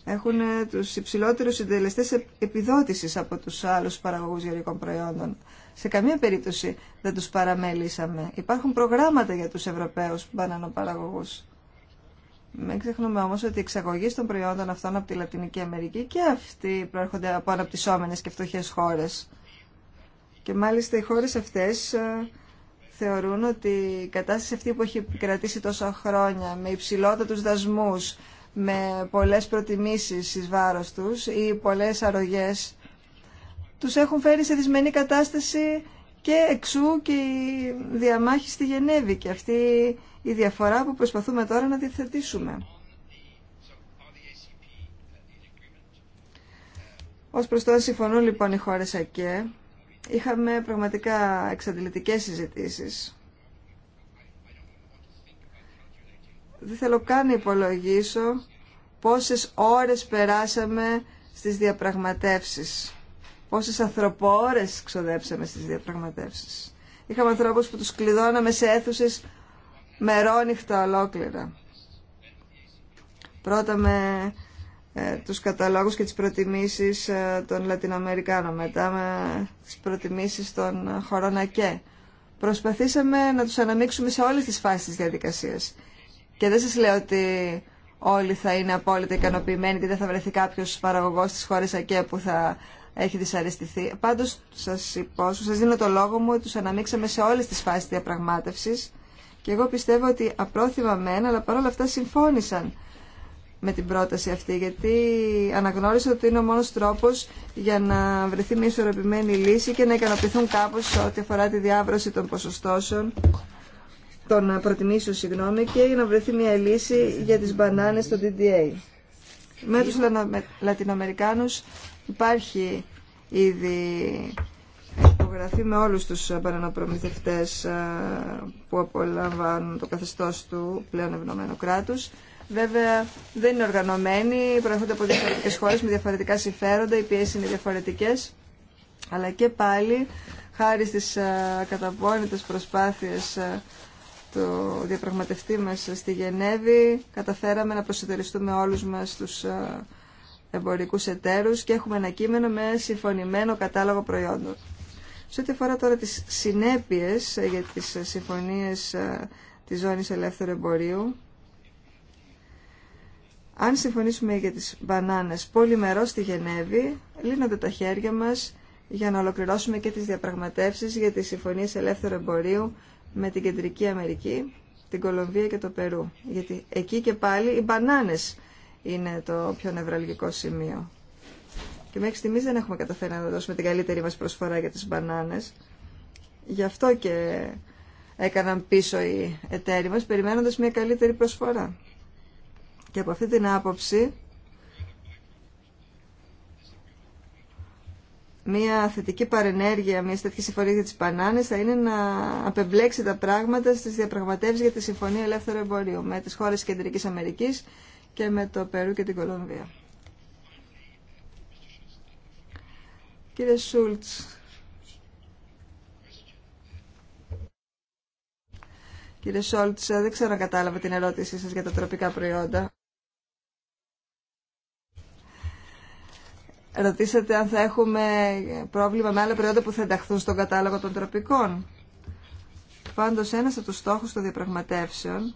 Έχουν ε, τους υψηλότερους συντελεστές επιδότησης από τους άλλους παραγωγούς γεωργικών προϊόντων σε καμία περίπτωση δεν τους παραμελήσαμε. Υπάρχουν προγράμματα για τους Ευρωπαίους μπανανοπαραγωγούς. Μην ξεχνούμε όμως ότι οι εξαγωγές των προϊόντων αυτών από τη Λατινική Αμερική και αυτοί προέρχονται από αναπτυσσόμενες και φτωχές χώρες. Και μάλιστα οι χώρες αυτές ε, θεωρούν ότι η κατάσταση αυτή που έχει κρατήσει τόσα χρόνια με υψηλότατους δασμούς, με πολλές προτιμήσεις εις βάρος τους ή πολλές αρρωγές τους έχουν φέρει σε δυσμενή κατάσταση και εξού και η διαμάχη στη Γενέβη και αυτή η διαφορά που προσπαθούμε τώρα να διευθετήσουμε. Ως προς τώρα συμφωνούν λοιπόν οι χώρες ΑΚΕ. Είχαμε πραγματικά εξαντλητικές συζητήσεις. Δεν θέλω καν να υπολογίσω πόσες ώρες περάσαμε στις διαπραγματεύσεις Πόσε ανθρωπόρε ξοδέψαμε στι διαπραγματεύσει. Είχαμε ανθρώπου που του κλειδώναμε σε αίθουσε μερόνυχτα ολόκληρα. Πρώτα με ε, τους καταλόγους και τις προτιμήσεις ε, των Λατινοαμερικάνων, μετά με τις προτιμήσεις των χωρών ΑΚΕ. Προσπαθήσαμε να τους αναμίξουμε σε όλες τις φάσεις της διαδικασίας. Και δεν σας λέω ότι όλοι θα είναι απόλυτα ικανοποιημένοι και δεν θα βρεθεί κάποιο παραγωγό τη χώρα ΑΚΕ που θα έχει δυσαρεστηθεί. Πάντω σα υπόσχω, σα δίνω το λόγο μου, του αναμίξαμε σε όλες τις φάσεις διαπραγμάτευση. και εγώ πιστεύω ότι απρόθυμα μένα, αλλά παρόλα αυτά συμφώνησαν με την πρόταση αυτή, γιατί αναγνώρισα ότι είναι ο μόνος τρόπος για να βρεθεί μια ισορροπημένη λύση και να ικανοποιηθούν κάπως ό,τι αφορά τη διάβρωση των ποσοστώσεων των προτιμήσεων συγγνώμη, και να βρεθεί μια λύση για τις μπανάνες στο DDA. Με τους Λατινοαμερικάνους Υπάρχει ήδη υπογραφή με όλους τους παρανοπρομηθευτές ε, που απολαμβάνουν το καθεστώς του πλέον ευνομένου κράτους. Βέβαια δεν είναι οργανωμένοι, προέρχονται από διαφορετικές χώρες με διαφορετικά συμφέροντα, οι πιέσεις είναι διαφορετικές, αλλά και πάλι χάρη στις ε, καταπώνητες προσπάθειες ε, του διαπραγματευτή μας στη Γενέβη καταφέραμε να προσυντεριστούμε όλους μας τους εμπορικούς εταίρους και έχουμε ένα κείμενο με συμφωνημένο κατάλογο προϊόντων. Σε ό,τι αφορά τώρα τις συνέπειες ε, για τις ε, συμφωνίες ε, της Ζώνης Ελεύθερου Εμπορίου, αν συμφωνήσουμε για τις μπανάνες πολυμερό στη Γενέβη, λύνονται τα χέρια μας για να ολοκληρώσουμε και τις διαπραγματεύσεις για τις συμφωνίες ελεύθερου εμπορίου με την Κεντρική Αμερική, την Κολομβία και το Περού. Γιατί εκεί και πάλι οι μπανάνες είναι το πιο νευραλγικό σημείο. Και μέχρι στιγμής δεν έχουμε καταφέρει να δώσουμε την καλύτερη μας προσφορά για τις μπανάνες. Γι' αυτό και έκαναν πίσω οι εταίροι μας, περιμένοντας μια καλύτερη προσφορά. Και από αυτή την άποψη, μια θετική παρενέργεια μια τέτοια συμφωνία για τις μπανάνες θα είναι να απεμπλέξει τα πράγματα στις διαπραγματεύσεις για τη Συμφωνία Ελεύθερου Εμπορίου με τι χώρε Κεντρικής Αμερικής και με το Περού και την Κολομβία. Κύριε Σούλτς, κύριε Σόλτς, δεν ξέρω αν κατάλαβα την ερώτησή σας για τα τροπικά προϊόντα. Ρωτήσατε αν θα έχουμε πρόβλημα με άλλα προϊόντα που θα ενταχθούν στον κατάλογο των τροπικών. Πάντως, ένας από τους στόχους των διαπραγματεύσεων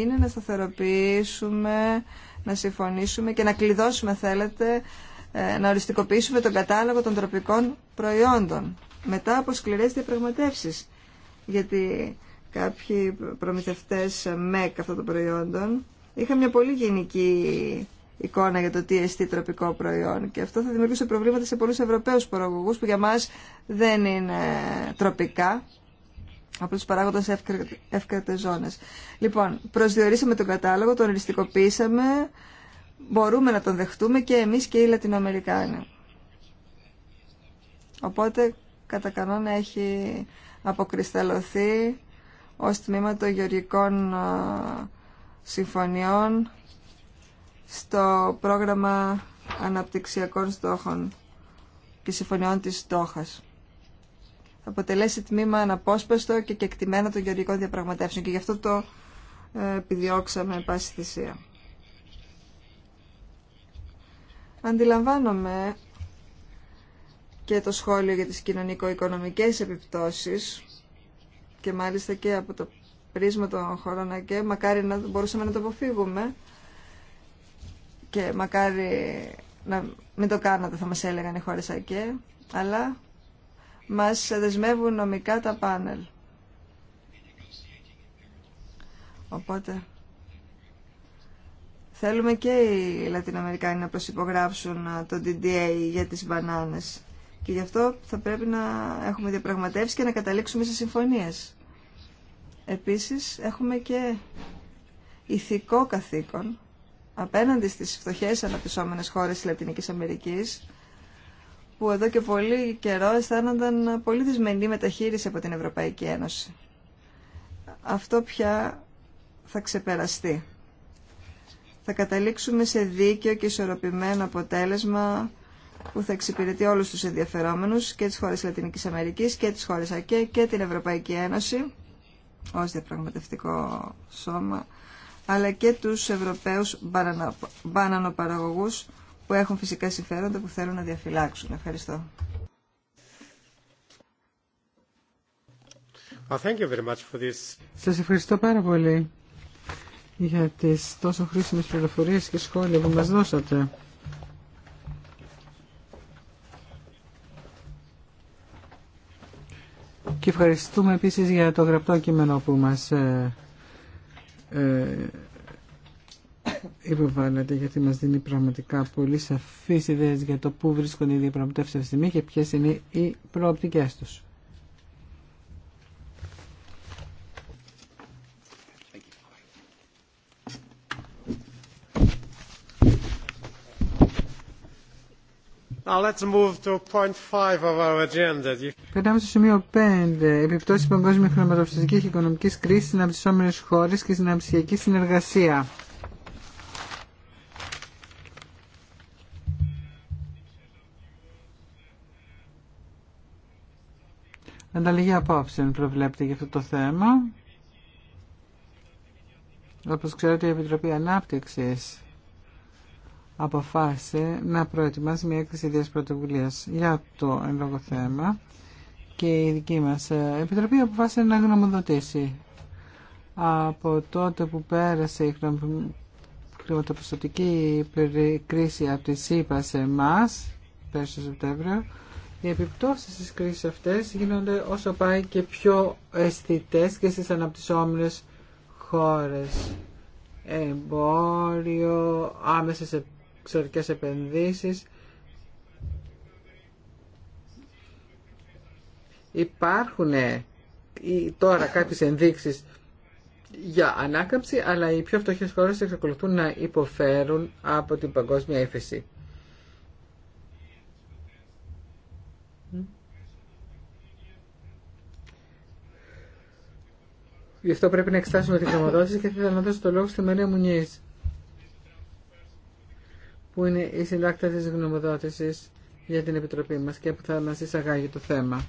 είναι να σταθεροποιήσουμε, να συμφωνήσουμε και να κλειδώσουμε, θέλετε, ε, να οριστικοποιήσουμε τον κατάλογο των τροπικών προϊόντων μετά από σκληρές διαπραγματεύσεις. Γιατί κάποιοι προμηθευτές ΜΕΚ αυτών των προϊόντων είχαν μια πολύ γενική εικόνα για το τι εστί τροπικό προϊόν και αυτό θα δημιουργήσει προβλήματα σε πολλούς Ευρωπαίους παραγωγούς που για μας δεν είναι τροπικά του παράγοντα εύκρατε ζώνε. Λοιπόν, προσδιορίσαμε τον κατάλογο, τον οριστικοποίησαμε, μπορούμε να τον δεχτούμε και εμεί και οι Λατινοαμερικάνοι. Οπότε, κατά κανόνα, έχει αποκρισταλωθεί ω τμήμα των γεωργικών συμφωνιών στο πρόγραμμα αναπτυξιακών στόχων και συμφωνιών της στόχας αποτελέσει τμήμα αναπόσπαστο και κεκτημένο των γεωργικών διαπραγματεύσεων και γι' αυτό το ε, επιδιώξαμε πάση θυσία. Αντιλαμβάνομαι και το σχόλιο για τις κοινωνικο-οικονομικές επιπτώσεις και μάλιστα και από το πρίσμα των χωρών και μακάρι να μπορούσαμε να το αποφύγουμε και μακάρι να μην το κάνατε θα μας έλεγαν οι χώρες ΑΚΕ αλλά μας δεσμεύουν νομικά τα πάνελ. Οπότε θέλουμε και οι Λατινοαμερικάνοι να προσυπογράψουν το DDA για τις μπανάνες. Και γι' αυτό θα πρέπει να έχουμε διαπραγματεύσει και να καταλήξουμε σε συμφωνίες. Επίσης έχουμε και ηθικό καθήκον απέναντι στις φτωχές αναπτυσσόμενες χώρες της Λατινικής Αμερικής που εδώ και πολύ καιρό αισθάνονταν πολύ δυσμενή μεταχείριση από την Ευρωπαϊκή Ένωση. Αυτό πια θα ξεπεραστεί. Θα καταλήξουμε σε δίκαιο και ισορροπημένο αποτέλεσμα που θα εξυπηρετεί όλους τους ενδιαφερόμενους και τις χώρες Λατινικής Αμερικής και τις χώρες ΑΚΕ και την Ευρωπαϊκή Ένωση ως διαπραγματευτικό σώμα αλλά και τους Ευρωπαίους μπανανοπαραγωγούς που έχουν φυσικά συμφέροντα που θέλουν να διαφυλάξουν. Ευχαριστώ. Thank Σας ευχαριστώ πάρα πολύ για τις τόσο χρήσιμες πληροφορίες και σχόλια που μας δώσατε. Και ευχαριστούμε επίσης για το γραπτό κείμενο που μας ε, ε, υποβάλλεται γιατί μας δίνει πραγματικά πολύ σαφείς ιδέες για το πού βρίσκονται οι διαπραγματεύσεις αυτή τη στιγμή και ποιες είναι οι προοπτικές τους. Περνάμε στο σημείο 5. Επιπτώσει παγκόσμια χρηματοπιστωτική και οικονομική κρίση στι αναπτυσσόμενε χώρε και στην αναπτυσσιακή συνεργασία. Ανταλλαγή απόψεων προβλέπεται για αυτό το θέμα. Όπως ξέρετε η Επιτροπή Ανάπτυξης αποφάσισε να προετοιμάσει μια έκθεση ιδίας πρωτοβουλίας για το εν λόγω θέμα και η δική μας Επιτροπή αποφάσισε να γνωμοδοτήσει. Από τότε που πέρασε η χρηματοπιστωτική κρίση από τη ΣΥΠΑ σε εμάς, πέρσι το Σεπτέμβριο, οι επιπτώσεις της κρίσης αυτές γίνονται όσο πάει και πιο αισθητέ και στις αναπτυσσόμενες χώρες. Εμπόριο, άμεσες εξωτερικές επενδύσεις. Υπάρχουν ε, τώρα κάποιες ενδείξεις για ανάκαμψη, αλλά οι πιο φτωχές χώρες εξακολουθούν να υποφέρουν από την παγκόσμια ύφεση. Γι' αυτό πρέπει να εξετάσουμε τη γνωμοδότηση και θα ήθελα να δώσω το λόγο στη Μαρία Μουνή. που είναι η συντάκτα τη γνωμοδότηση για την Επιτροπή μα και που θα μα εισαγάγει το θέμα.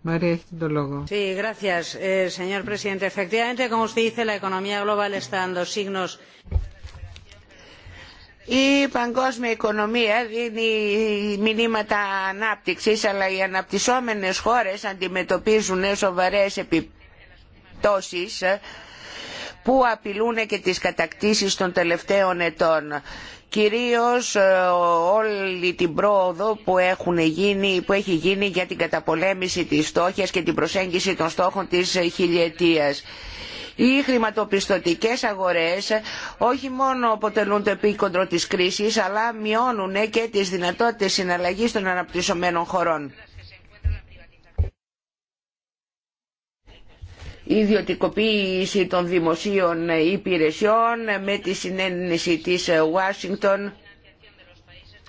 Μαρία, έχετε το λόγο. Eh, señor presidente. Efectivamente, como usted dice, la economía global está dando signos. Η παγκόσμια οικονομία δίνει μηνύματα ανάπτυξης, αλλά οι αναπτυσσόμενες χώρε αντιμετωπίζουν σοβαρέ επιπτώσεις περιπτώσεις ε, που απειλούν και τις κατακτήσεις των τελευταίων ετών. Κυρίως ε, όλη την πρόοδο που, έχουν γίνει, που έχει γίνει για την καταπολέμηση της στόχιας και την προσέγγιση των στόχων της χιλιετίας. Οι χρηματοπιστωτικές αγορές όχι μόνο αποτελούν το επίκοντρο της κρίσης, αλλά μειώνουν και τις δυνατότητες συναλλαγής των αναπτυσσομένων χωρών. ιδιωτικοποίηση των δημοσίων υπηρεσιών με τη συνένεση της Ουάσιγκτον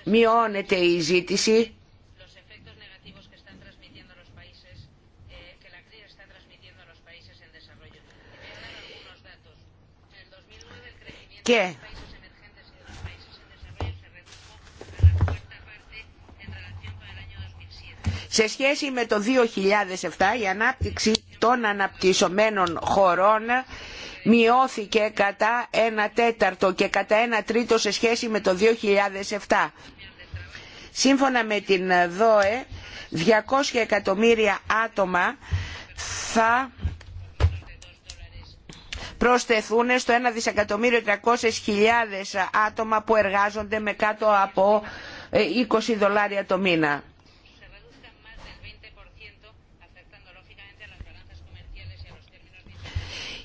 μειώνεται η ζήτηση και σε σχέση με το 2007 η ανάπτυξη των αναπτυσσομένων χωρών μειώθηκε κατά ένα τέταρτο και κατά ένα τρίτο σε σχέση με το 2007. Σύμφωνα με την ΔΟΕ, 200 εκατομμύρια άτομα θα προσθεθούν στο 1 δισεκατομμύριο 300.000 άτομα που εργάζονται με κάτω από 20 ε, δολάρια το μήνα.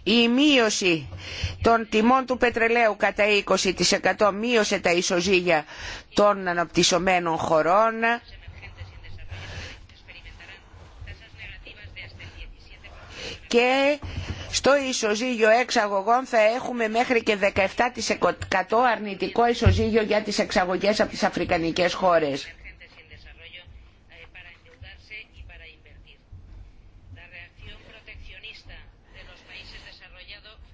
η μείωση των τιμών του πετρελαίου κατά 20% μείωσε τα ισοζύγια των αναπτυσσομένων χωρών και στο ισοζύγιο εξαγωγών θα έχουμε μέχρι και 17% αρνητικό ισοζύγιο για τις εξαγωγές από τις αφρικανικές χώρες.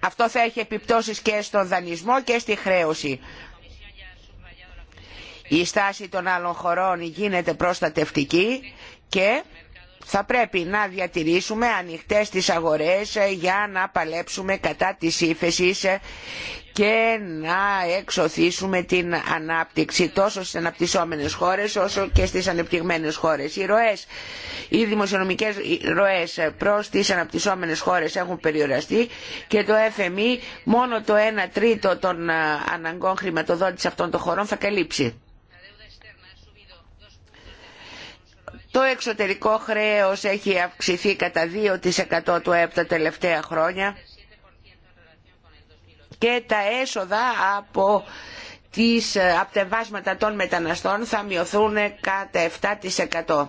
Αυτό θα έχει επιπτώσεις και στον δανεισμό και στη χρέωση. Η στάση των άλλων χωρών γίνεται προστατευτική και θα πρέπει να διατηρήσουμε ανοιχτές τις αγορές ε, για να παλέψουμε κατά της ύφεσης ε, και να εξωθήσουμε την ανάπτυξη τόσο στις αναπτυσσόμενες χώρες όσο και στις ανεπτυγμένες χώρες. Οι, ροές, οι δημοσιονομικές ροές προς τις αναπτυσσόμενες χώρες έχουν περιοραστεί και το FMI e, μόνο το 1 τρίτο των ε, αναγκών χρηματοδότηση αυτών των χωρών θα καλύψει. Το εξωτερικό χρέος έχει αυξηθεί κατά 2% του ΕΠ τα τελευταία χρόνια και τα έσοδα από τις απτεβάσματα των μεταναστών θα μειωθούν κατά 7%.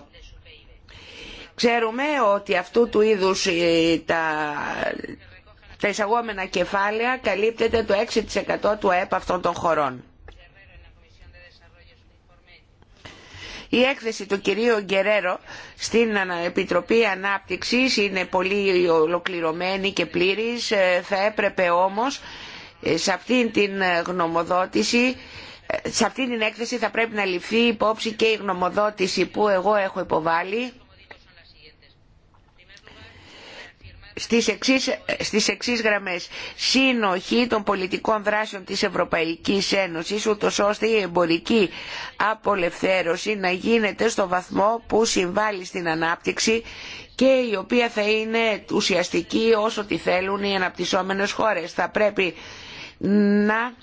Ξέρουμε ότι αυτού του είδους τα, τα εισαγόμενα κεφάλαια καλύπτεται το 6% του ΑΕΠ αυτών των χωρών. Η έκθεση του κυρίου Γκερέρο στην Επιτροπή Ανάπτυξης είναι πολύ ολοκληρωμένη και πλήρης. Ε, θα έπρεπε όμως ε, σε αυτήν την ε, γνωμοδότηση σε αυτήν την έκθεση θα πρέπει να ληφθεί υπόψη και η γνωμοδότηση που εγώ έχω υποβάλει στις εξής, στις γραμμές συνοχή των πολιτικών δράσεων της Ευρωπαϊκής Ένωσης ούτως ώστε η εμπορική απολευθέρωση να γίνεται στο βαθμό που συμβάλλει στην ανάπτυξη και η οποία θα είναι ουσιαστική όσο τη θέλουν οι αναπτυσσόμενες χώρες. Θα πρέπει να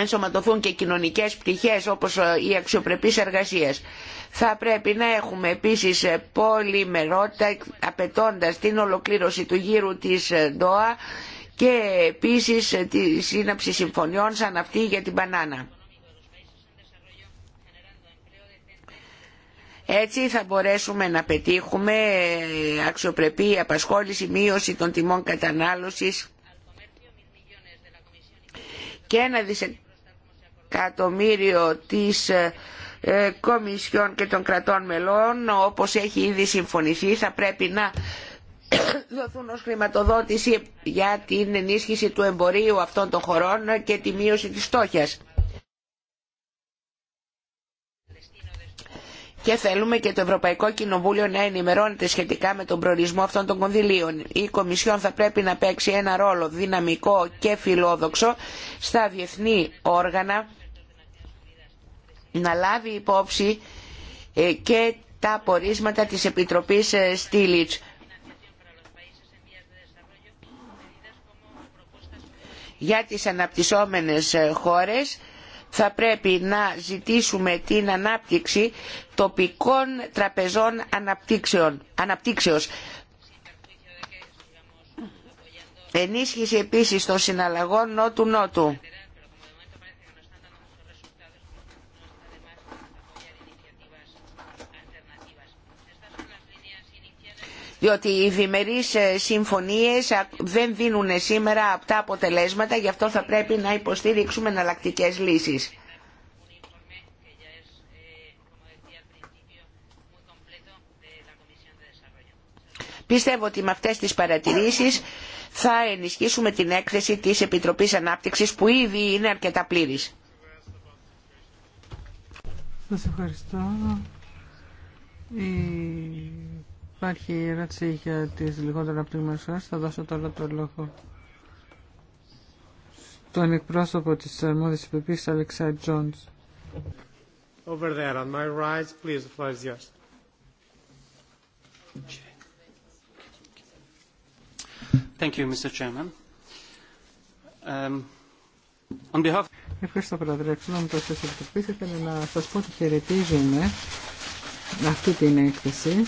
ενσωματωθούν και κοινωνικές πτυχές όπως ε, οι αξιοπρεπείς εργασίες. Θα πρέπει να έχουμε επίσης ε, πολυμερότητα απαιτώντα την ολοκλήρωση του γύρου της ε, ΔΟΑ και επίσης τη σύναψη συμφωνιών σαν αυτή για την μπανάνα. Έτσι θα μπορέσουμε να πετύχουμε αξιοπρεπή απασχόληση, μείωση των τιμών κατανάλωσης και ένα δισεκτήριο εκατομμύριο της ε, ε, Κομισιόν και των κρατών μελών όπως έχει ήδη συμφωνηθεί θα πρέπει να δοθούν ως χρηματοδότηση για την ενίσχυση του εμπορίου αυτών των χωρών και τη μείωση της στόχιας. Και θέλουμε και το Ευρωπαϊκό Κοινοβούλιο να ενημερώνεται σχετικά με τον προορισμό αυτών των κονδυλίων. Η Κομισιόν θα πρέπει να παίξει ένα ρόλο δυναμικό και φιλόδοξο στα διεθνή όργανα να λάβει υπόψη ε, και τα απορίσματα της Επιτροπής ε, Στήλιτς για τις αναπτυσσόμενες ε, χώρες θα πρέπει να ζητήσουμε την ανάπτυξη τοπικών τραπεζών αναπτύξεως. Ενίσχυση επίσης των συναλλαγών νότου-νότου. διότι οι διμερείς ε, συμφωνίες δεν δίνουν σήμερα αυτά αποτελέσματα, γι' αυτό θα πρέπει να υποστήριξουμε εναλλακτικέ λύσεις. Πιστεύω ότι με αυτές τις παρατηρήσεις θα ενισχύσουμε την έκθεση της Επιτροπής Ανάπτυξης που ήδη είναι αρκετά πλήρης. Σας ευχαριστώ. Υπάρχει ερώτηση για τις λιγότερο από Θα δώσω τώρα το λόγο στον εκπρόσωπο της αρμόδιας υπηρεσίας Αλεξάρ Τζόνς. Over there on my right, please, the floor is yours. Thank you, Mr. Chairman. Um, on behalf... Ευχαριστώ, Πρόεδρε. Εξονόμη το Επιτροπής. Ήθελα να σας πω ότι χαιρετίζουμε αυτή την έκθεση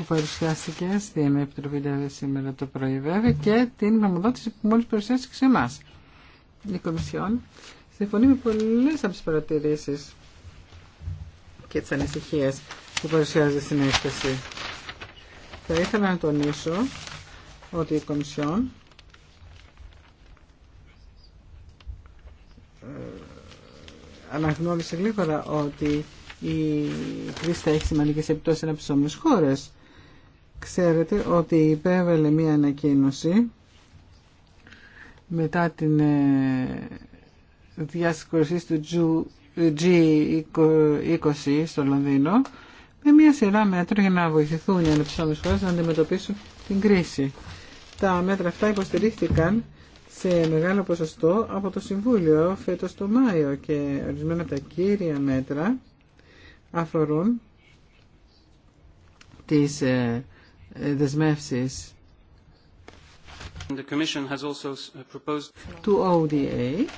που παρουσιάστηκε στην Επιτροπή σήμερα το πρωί βέβαια και την γνωμοδότηση που μόλις παρουσιάστηκε σε εμάς. Η Κομισιόν συμφωνεί με πολλές από τις παρατηρήσεις και τις ανησυχίες που παρουσιάζεται στην έκθεση. Θα ήθελα να τονίσω ότι η Κομισιόν ε, αναγνώρισε γλίγορα ότι η κρίση θα έχει σημαντικές επιπτώσεις σε αναπτυσσόμενες χώρες Ξέρετε ότι υπέβαλε μία ανακοίνωση μετά την ε, διασκορσή του G20 στο Λονδίνο με μία σειρά μέτρων για να βοηθηθούν οι αναπτυσσόμενες χώρες να αντιμετωπίσουν την κρίση. Τα μέτρα αυτά υποστηρίχθηκαν σε μεγάλο ποσοστό από το Συμβούλιο φέτος το Μάιο και ορισμένα τα κύρια μέτρα αφορούν τις ε, ε, δεσμεύσεις uh, του ODA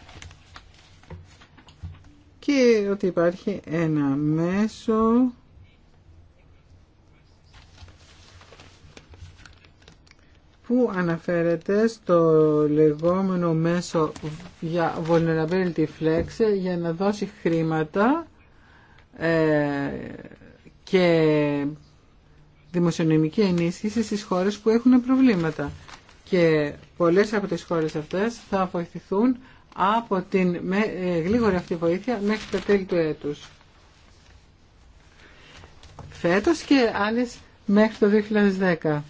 και ότι υπάρχει ένα μέσο που αναφέρεται στο λεγόμενο μέσο για vulnerability flex για να δώσει χρήματα ε, και δημοσιονομική ενίσχυση στις χώρες που έχουν προβλήματα. Και πολλές από τις χώρες αυτές θα βοηθηθούν από την ε, γλίγορη αυτή βοήθεια μέχρι το τέλη του έτους. Φέτος και άλλες μέχρι το 2010.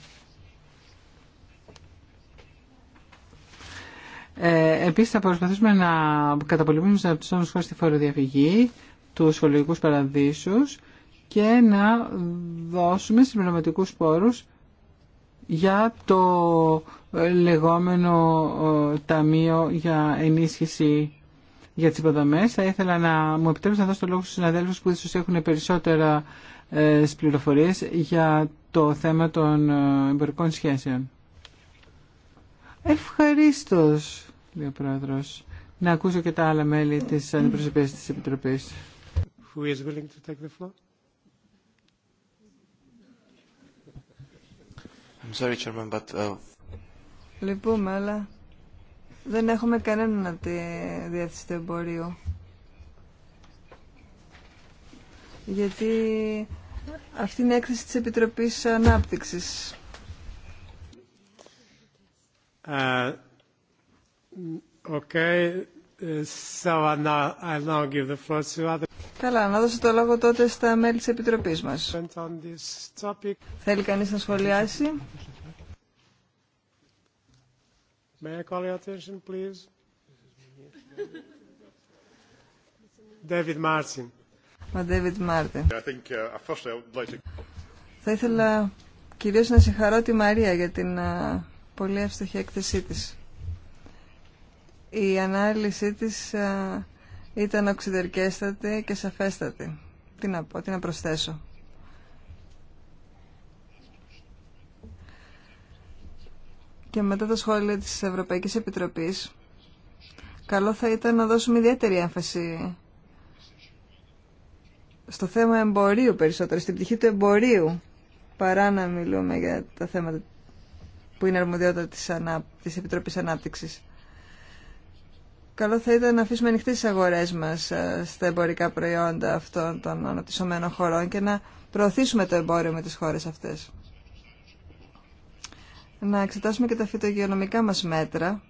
Ε, επίσης θα προσπαθήσουμε να καταπολεμήσουμε τους άλλους χώρες τη φοροδιαφυγή, τους φορολογικούς παραδείσους και να δώσουμε συμπληρωματικούς πόρους για το λεγόμενο ε, ταμείο για ενίσχυση για τις υποδομές. Θα ήθελα να μου επιτρέψετε να δώσω το λόγο στους συναδέλφους που ίσως έχουν περισσότερα ε, πληροφορίες για το θέμα των ε, εμπορικών σχέσεων. Ευχαριστώ λέει Πρόεδρος, να ακούσω και τα άλλα μέλη της Αντιπροσωπείας της Επιτροπής. Who is willing to take the floor? I'm sorry, Chairman, but, uh... Λυπούμε, αλλά δεν έχουμε κανέναν να τη διεύθυνση του εμπορίου. Γιατί αυτή είναι η έκθεση της Επιτροπής Ανάπτυξης. Uh, okay. Uh, so I'll now, I now give the floor to other... Καλά, να δώσω το λόγο τότε στα μέλη της Επιτροπής μας. Θέλει κανείς να σχολιάσει. May I call your attention, please? David Martin. Μα David Martin. I think, uh, first I would like to... Θα ήθελα κυρίως να συγχαρώ τη Μαρία για την uh, πολύ εύστοχη έκθεσή της. Η ανάλυση της uh, ήταν οξυδερκέστατη και σαφέστατη. Τι να πω, τι να προσθέσω. Και μετά τα σχόλια της Ευρωπαϊκής Επιτροπής, καλό θα ήταν να δώσουμε ιδιαίτερη έμφαση στο θέμα εμπορίου περισσότερο, στην πτυχή του εμπορίου, παρά να μιλούμε για τα θέματα που είναι αρμοδιότητα της, ανά... της Επιτροπής Ανάπτυξης καλό θα ήταν να αφήσουμε ανοιχτέ τι αγορέ μα ε, στα εμπορικά προϊόντα αυτών των αναπτυσσομένων χωρών και να προωθήσουμε το εμπόριο με τι χώρε αυτέ. Να εξετάσουμε και τα φυτογειονομικά μα μέτρα.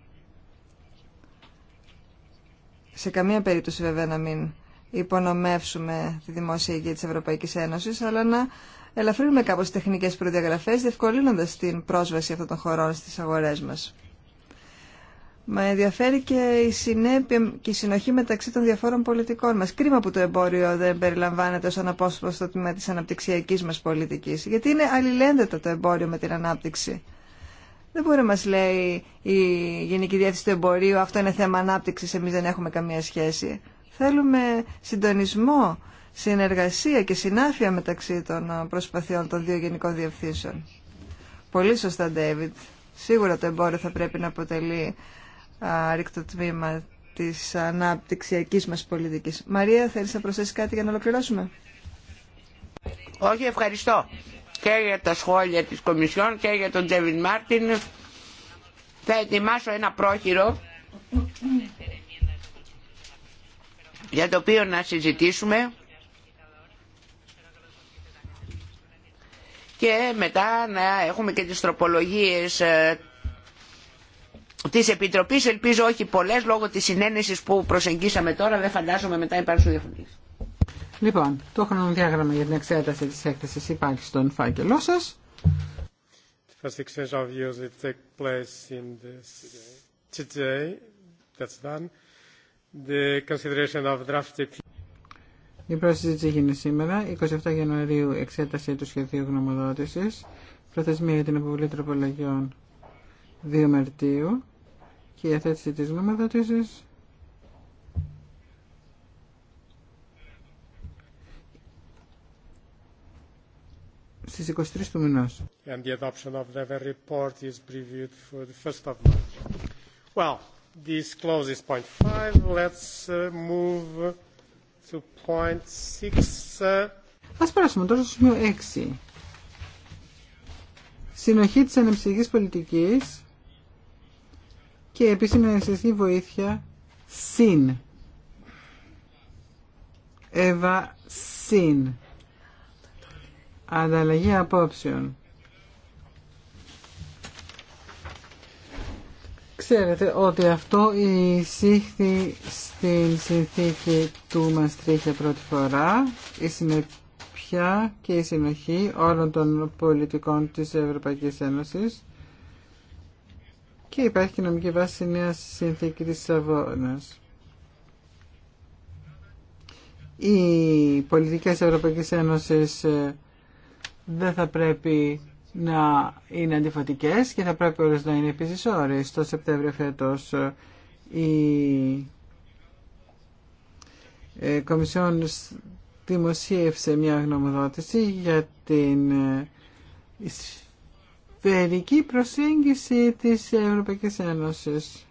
Σε καμία περίπτωση βέβαια να μην υπονομεύσουμε τη δημόσια υγεία της Ευρωπαϊκής Ένωσης, αλλά να ελαφρύνουμε κάπως τεχνικές προδιαγραφές, διευκολύνοντας την πρόσβαση αυτών των χωρών στις αγορές μας. Μα ενδιαφέρει και η συνέπεια και η συνοχή μεταξύ των διαφόρων πολιτικών μα Κρίμα που το εμπόριο δεν περιλαμβάνεται ω αναπόσπαστο στο τμήμα τη αναπτυξιακή μα πολιτική. Γιατί είναι αλληλένδετο το εμπόριο με την ανάπτυξη. Δεν μπορεί να μα λέει η Γενική Διεύθυνση του Εμπορίου αυτό είναι θέμα ανάπτυξη, εμεί δεν έχουμε καμία σχέση. Θέλουμε συντονισμό, συνεργασία και συνάφεια μεταξύ των προσπαθειών των δύο Γενικών Διευθύνσεων. Πολύ σωστά, Ντέιβιτ. Σίγουρα το εμπόριο θα πρέπει να αποτελεί ρηκτό τμήμα της αναπτυξιακής μας πολιτικής. Μαρία, θέλεις να προσθέσεις κάτι για να ολοκληρώσουμε. Όχι, ευχαριστώ. Και για τα σχόλια της Κομισιόν και για τον Τζέβιν Μάρτιν. Θα ετοιμάσω ένα πρόχειρο για το οποίο να συζητήσουμε και μετά να έχουμε και τις τροπολογίες ε, τη Επιτροπής, ελπίζω όχι πολλές, λόγω της συνένεση που προσεγγίσαμε τώρα, δεν φαντάζομαι μετά υπάρξουν διαφωνίε. Λοιπόν, το χρονοδιάγραμμα για την εξέταση της έκθεση υπάρχει στον φάκελό σας. Η πρώτη συζήτηση έγινε σήμερα, 27 Ιανουαρίου, εξέταση του σχεδίου γνωμοδότησης, προθεσμία για την αποβολή τροπολογιών 2 Μαρτίου, και η αθέτηση της γνωμοδότησης. στις 23 του μηνός. And Ας περάσουμε τώρα στο σημείο 6. Συνοχή της ανεψυχής πολιτικής και επίσημη αναισθητική βοήθεια συν. ΕΒΑ συν. Ανταλλαγή απόψεων. Ξέρετε ότι αυτό εισήχθη στην συνθήκη του Μαστρίχια πρώτη φορά, η συνεπιά και η συνοχή όλων των πολιτικών της Ευρωπαϊκής Ένωσης και υπάρχει και νομική βάση νέα συνθήκη της Σαββόνας. Οι πολιτικές Ευρωπαϊκής Ένωσης ε, δεν θα πρέπει να είναι αντιφατικές και θα πρέπει όλες να είναι επίσης ώρες. Το Σεπτέμβριο φέτος ε, η ε, Κομισιόν δημοσίευσε μια γνωμοδότηση για την σφαιρική προσέγγιση της Ευρωπαϊκής Ένωσης.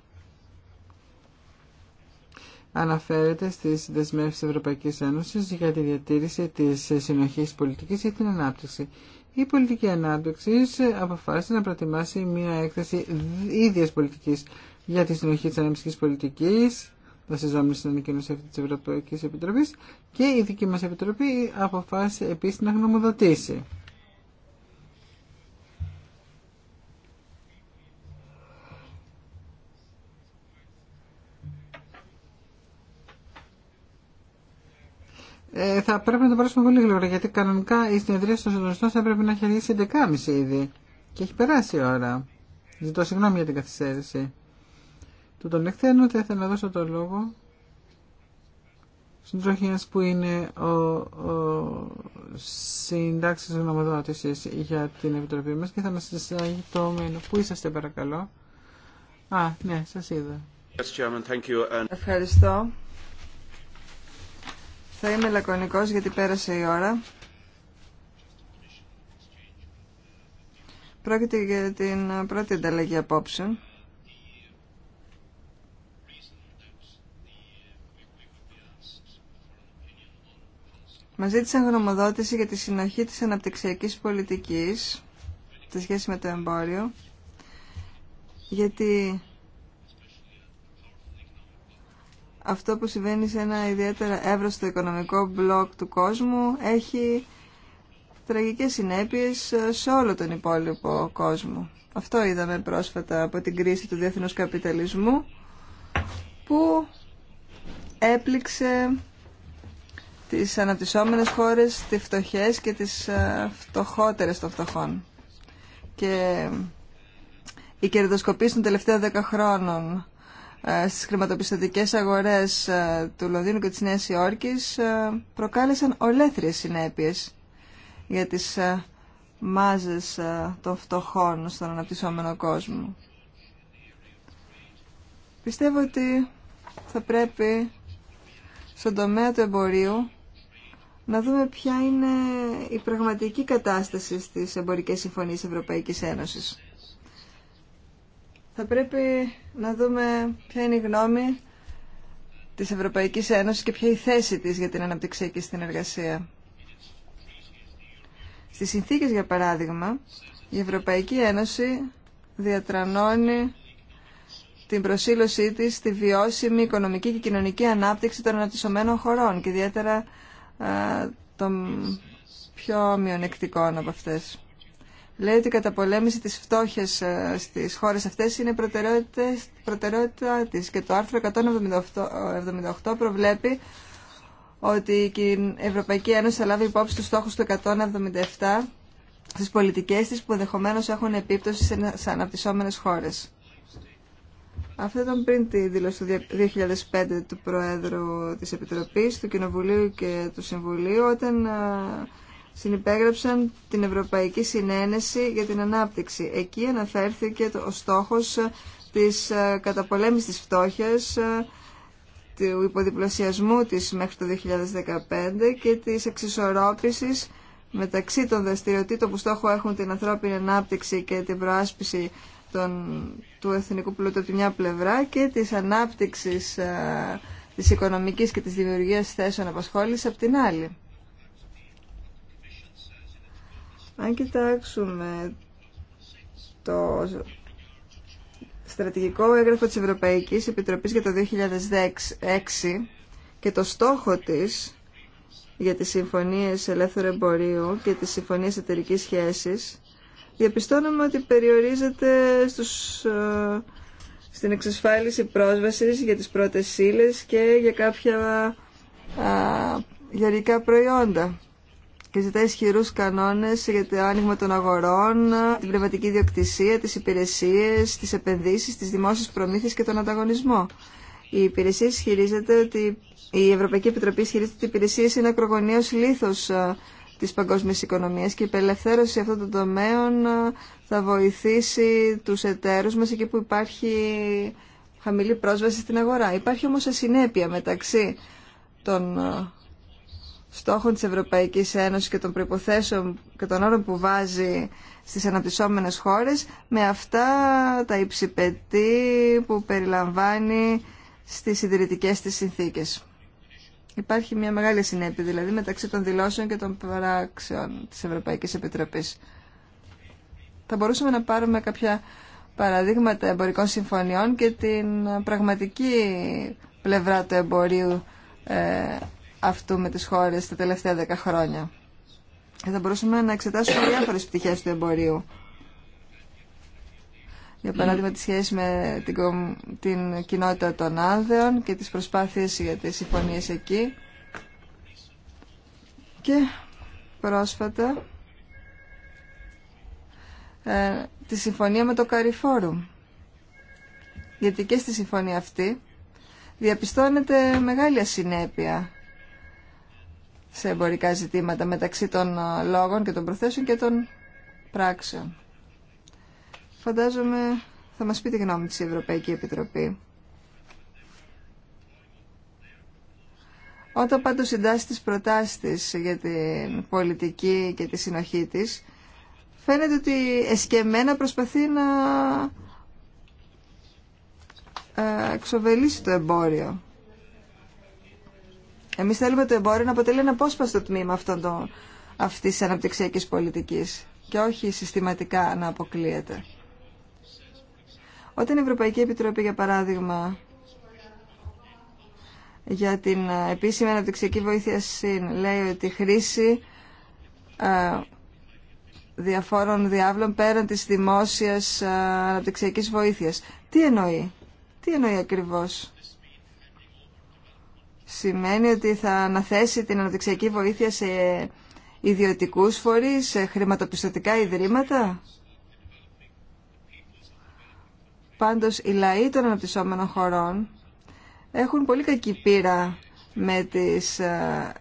Αναφέρεται στις δεσμεύσεις Ευρωπαϊκής Ένωσης για τη διατήρηση της συνοχής πολιτικής για την ανάπτυξη. Η πολιτική ανάπτυξη αποφάσισε να προετοιμάσει μια έκθεση ίδια πολιτικής για τη συνοχή της ανάπτυξης πολιτικής βασιζόμενη στην ανακοίνωση αυτή τη Ευρωπαϊκή Επιτροπή και η δική μα Επιτροπή αποφάσισε επίση να γνωμοδοτήσει. Ε, θα πρέπει να το περάσουμε πολύ γρήγορα γιατί κανονικά η συνεδρία των συντονιστών θα πρέπει να έχει αργήσει 11.30 ήδη και έχει περάσει η ώρα. Ζητώ συγγνώμη για την καθυστέρηση. Του τον εκθένω θα ήθελα να δώσω το λόγο στον τροχιά που είναι ο, ο συντάξει γνωμοδότηση για την Επιτροπή μα και θα μα συζητάει το μέλλον. Πού είσαστε παρακαλώ. Α, ναι, σα είδα. Ευχαριστώ. Θα είμαι λακωνικός γιατί πέρασε η ώρα. Πρόκειται για την πρώτη ανταλλαγή απόψεων. Μα ζήτησαν γνωμοδότηση για τη συνοχή της αναπτυξιακής πολιτικής, σε σχέση με το εμπόριο, γιατί αυτό που συμβαίνει σε ένα ιδιαίτερα εύρωστο οικονομικό μπλοκ του κόσμου έχει τραγικές συνέπειες σε όλο τον υπόλοιπο κόσμο. Αυτό είδαμε πρόσφατα από την κρίση του διεθνούς καπιταλισμού που έπληξε τις αναπτυσσόμενες χώρες, τις φτωχές και τις ε, φτωχότερες των φτωχών. Και η κερδοσκοπή των τελευταίων δέκα χρόνων ε, στις χρηματοπιστωτικές αγορές ε, του Λονδίνου και της Νέας Υόρκης ε, προκάλεσαν ολέθριες συνέπειες για τις μάζες των φτωχών στον αναπτυσσόμενο κόσμο. Πιστεύω ότι θα πρέπει στον τομέα του εμπορίου να δούμε ποια είναι η πραγματική κατάσταση στις εμπορικές συμφωνίες Ευρωπαϊκής Ένωσης θα πρέπει να δούμε ποια είναι η γνώμη της Ευρωπαϊκής Ένωσης και ποια η θέση της για την αναπτυξιακή συνεργασία. Στις συνθήκες, για παράδειγμα, η Ευρωπαϊκή Ένωση διατρανώνει την προσήλωσή της στη βιώσιμη οικονομική και κοινωνική ανάπτυξη των αναπτυσσομένων χωρών και ιδιαίτερα των πιο μειονεκτικών από αυτές λέει ότι η καταπολέμηση της φτώχειας ε, στις χώρες αυτές είναι προτεραιότητα της και το άρθρο 178 προβλέπει ότι η Ευρωπαϊκή Ένωση θα λάβει υπόψη του στόχου του 177 στις πολιτικές της που ενδεχομένω έχουν επίπτωση σε αναπτυσσόμενες χώρες. Αυτό ήταν πριν τη δήλωση του 2005 του Προέδρου της Επιτροπής, του Κοινοβουλίου και του Συμβουλίου, όταν ε, συνυπέγραψαν την Ευρωπαϊκή Συνένεση για την Ανάπτυξη. Εκεί αναφέρθηκε ο στόχος της ε, καταπολέμησης της φτώχειας, ε, του υποδιπλασιασμού της μέχρι το 2015 και της εξισορρόπησης μεταξύ των δραστηριοτήτων που στόχο έχουν την ανθρώπινη ανάπτυξη και την προάσπιση των, του εθνικού πλούτου από τη μια πλευρά και της ανάπτυξης α, ε, της οικονομικής και της δημιουργίας θέσεων απασχόλησης από την άλλη. Αν κοιτάξουμε το στρατηγικό έγγραφο της Ευρωπαϊκής Επιτροπής για το 2006 και το στόχο της για τις συμφωνίες ελεύθερου εμπορίου και τις συμφωνίες εταιρική σχέσης, διαπιστώνουμε ότι περιορίζεται στους, ε, στην εξασφάλιση πρόσβασης για τις πρώτες ύλες και για κάποια α, προϊόντα και ζητά ισχυρού κανόνε για το άνοιγμα των αγορών, την πνευματική διοκτησία, τι υπηρεσίε, τι επενδύσει, τι δημόσιε προμήθειε και τον ανταγωνισμό. Η υπηρεσία ισχυρίζεται ότι η Ευρωπαϊκή Επιτροπή ισχυρίζεται ότι οι υπηρεσίε είναι ακρογωνίω λίθο ε, τη παγκόσμια οικονομία και η απελευθέρωση αυτών των τομέων ε, θα βοηθήσει του εταίρου μα εκεί που υπάρχει χαμηλή πρόσβαση στην αγορά. Υπάρχει όμω ασυνέπεια μεταξύ των ε, στόχων της Ευρωπαϊκής Ένωσης και των προϋποθέσεων και των όρων που βάζει στις αναπτυσσόμενες χώρες με αυτά τα υψηπετή που περιλαμβάνει στις ιδρυτικές της συνθήκες. Υπάρχει μια μεγάλη συνέπεια δηλαδή μεταξύ των δηλώσεων και των παράξεων της Ευρωπαϊκής Επιτροπής. Θα μπορούσαμε να πάρουμε κάποια παραδείγματα εμπορικών συμφωνιών και την πραγματική πλευρά του εμπορίου ε, αυτού με τις χώρες τα τελευταία δέκα χρόνια. θα μπορούσαμε να εξετάσουμε διάφορες πτυχές του εμπορίου. Για παράδειγμα, τη σχέση με την, την κοινότητα των άδεων και τις προσπάθειες για τις συμφωνίες εκεί. Και πρόσφατα ε, τη συμφωνία με το Καριφόρουμ. Γιατί και στη συμφωνία αυτή διαπιστώνεται μεγάλη ασυνέπεια σε εμπορικά ζητήματα μεταξύ των ε, λόγων και των προθέσεων και των πράξεων. Φαντάζομαι θα μας πει τη γνώμη της Ευρωπαϊκή Επιτροπή. Όταν πάντως συντάσσει τις προτάσεις της για την πολιτική και τη συνοχή της, φαίνεται ότι εσκεμμένα προσπαθεί να ε, εξοβελήσει το εμπόριο. Εμείς θέλουμε το εμπόριο να αποτελεί ένα απόσπαστο τμήμα αυτών των, αυτής της αναπτυξιακής πολιτικής και όχι συστηματικά να αποκλείεται. Όταν η Ευρωπαϊκή Επιτροπή, για παράδειγμα, για την ε, επίσημη αναπτυξιακή βοήθεια ΣΥΝ λέει ότι η χρήση ε, διαφόρων διάβλων πέραν της δημόσιας ε, αναπτυξιακής βοήθειας. Τι εννοεί, τι εννοεί ακριβώς σημαίνει ότι θα αναθέσει την αναπτυξιακή βοήθεια σε ιδιωτικούς φορείς, σε χρηματοπιστωτικά ιδρύματα. Πάντως, οι λαοί των αναπτυσσόμενων χωρών έχουν πολύ κακή πείρα με τις ε,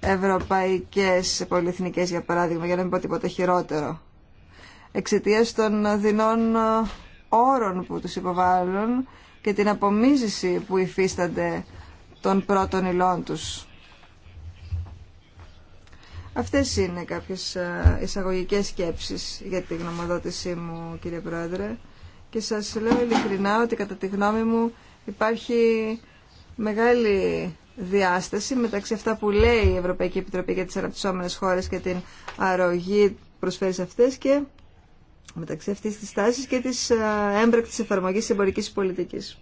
ευρωπαϊκές πολυεθνικές, για παράδειγμα, για να μην πω τίποτα χειρότερο. Εξαιτίας των δεινών ε, όρων που τους υποβάλλουν και την απομίζηση που υφίστανται των πρώτων υλών τους. Αυτές είναι κάποιες ε, εισαγωγικές σκέψεις για τη γνωμοδότησή μου, κύριε Πρόεδρε. Και σας λέω ειλικρινά ότι κατά τη γνώμη μου υπάρχει μεγάλη διάσταση μεταξύ αυτά που λέει η Ευρωπαϊκή Επιτροπή για τις αναπτυσσόμενες χώρες και την αρρωγή προσφέρει σε αυτές και μεταξύ αυτής της τάσης και της ε, έμπρακτης εφαρμογής εμπορικής πολιτικής.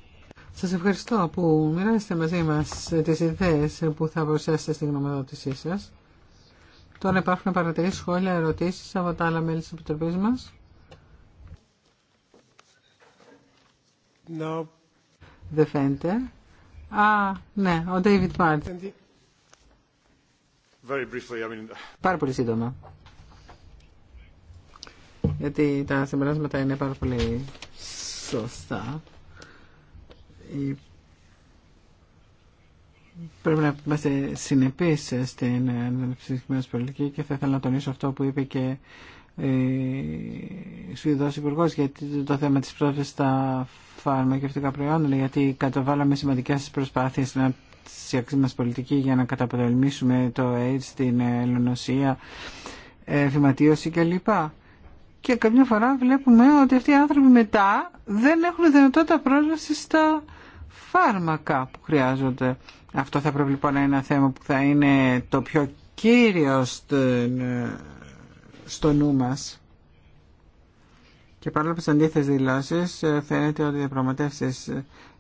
Σας ευχαριστώ που μοιράζεστε μαζί μας τις ιδέες που θα προσθέσετε στην γνωμοδότησή σας. Τώρα υπάρχουν παρατηρήσεις, σχόλια, ερωτήσεις από τα άλλα μέλη της Επιτροπής μας. No. Δεν φαίνεται. Α, ναι, ο David Μάρτιν. Πάρα πολύ σύντομα. Γιατί τα συμπεράσματα είναι πάρα πολύ σωστά πρέπει να είμαστε συνεπείς στην μα πολιτική και θα ήθελα να τονίσω αυτό που είπε και η ε, Σουηδός υπουργό για το θέμα της πρόσβασης στα φαρμακευτικά προϊόντα γιατί καταβάλαμε σημαντικές προσπάθειες στην αναψυχημένη μα πολιτική για να καταπολεμήσουμε το AIDS, την ελληνοσία, φυματίωση ε, κλπ. Και καμιά φορά βλέπουμε ότι αυτοί οι άνθρωποι μετά δεν έχουν δυνατότητα πρόσβαση στα φάρμακα που χρειάζονται. Αυτό θα πρέπει λοιπόν να είναι ένα θέμα που θα είναι το πιο κύριο στο νου μας. Και παρόλο που στις αντίθετες δηλώσεις ε, φαίνεται ότι οι διαπραγματεύσεις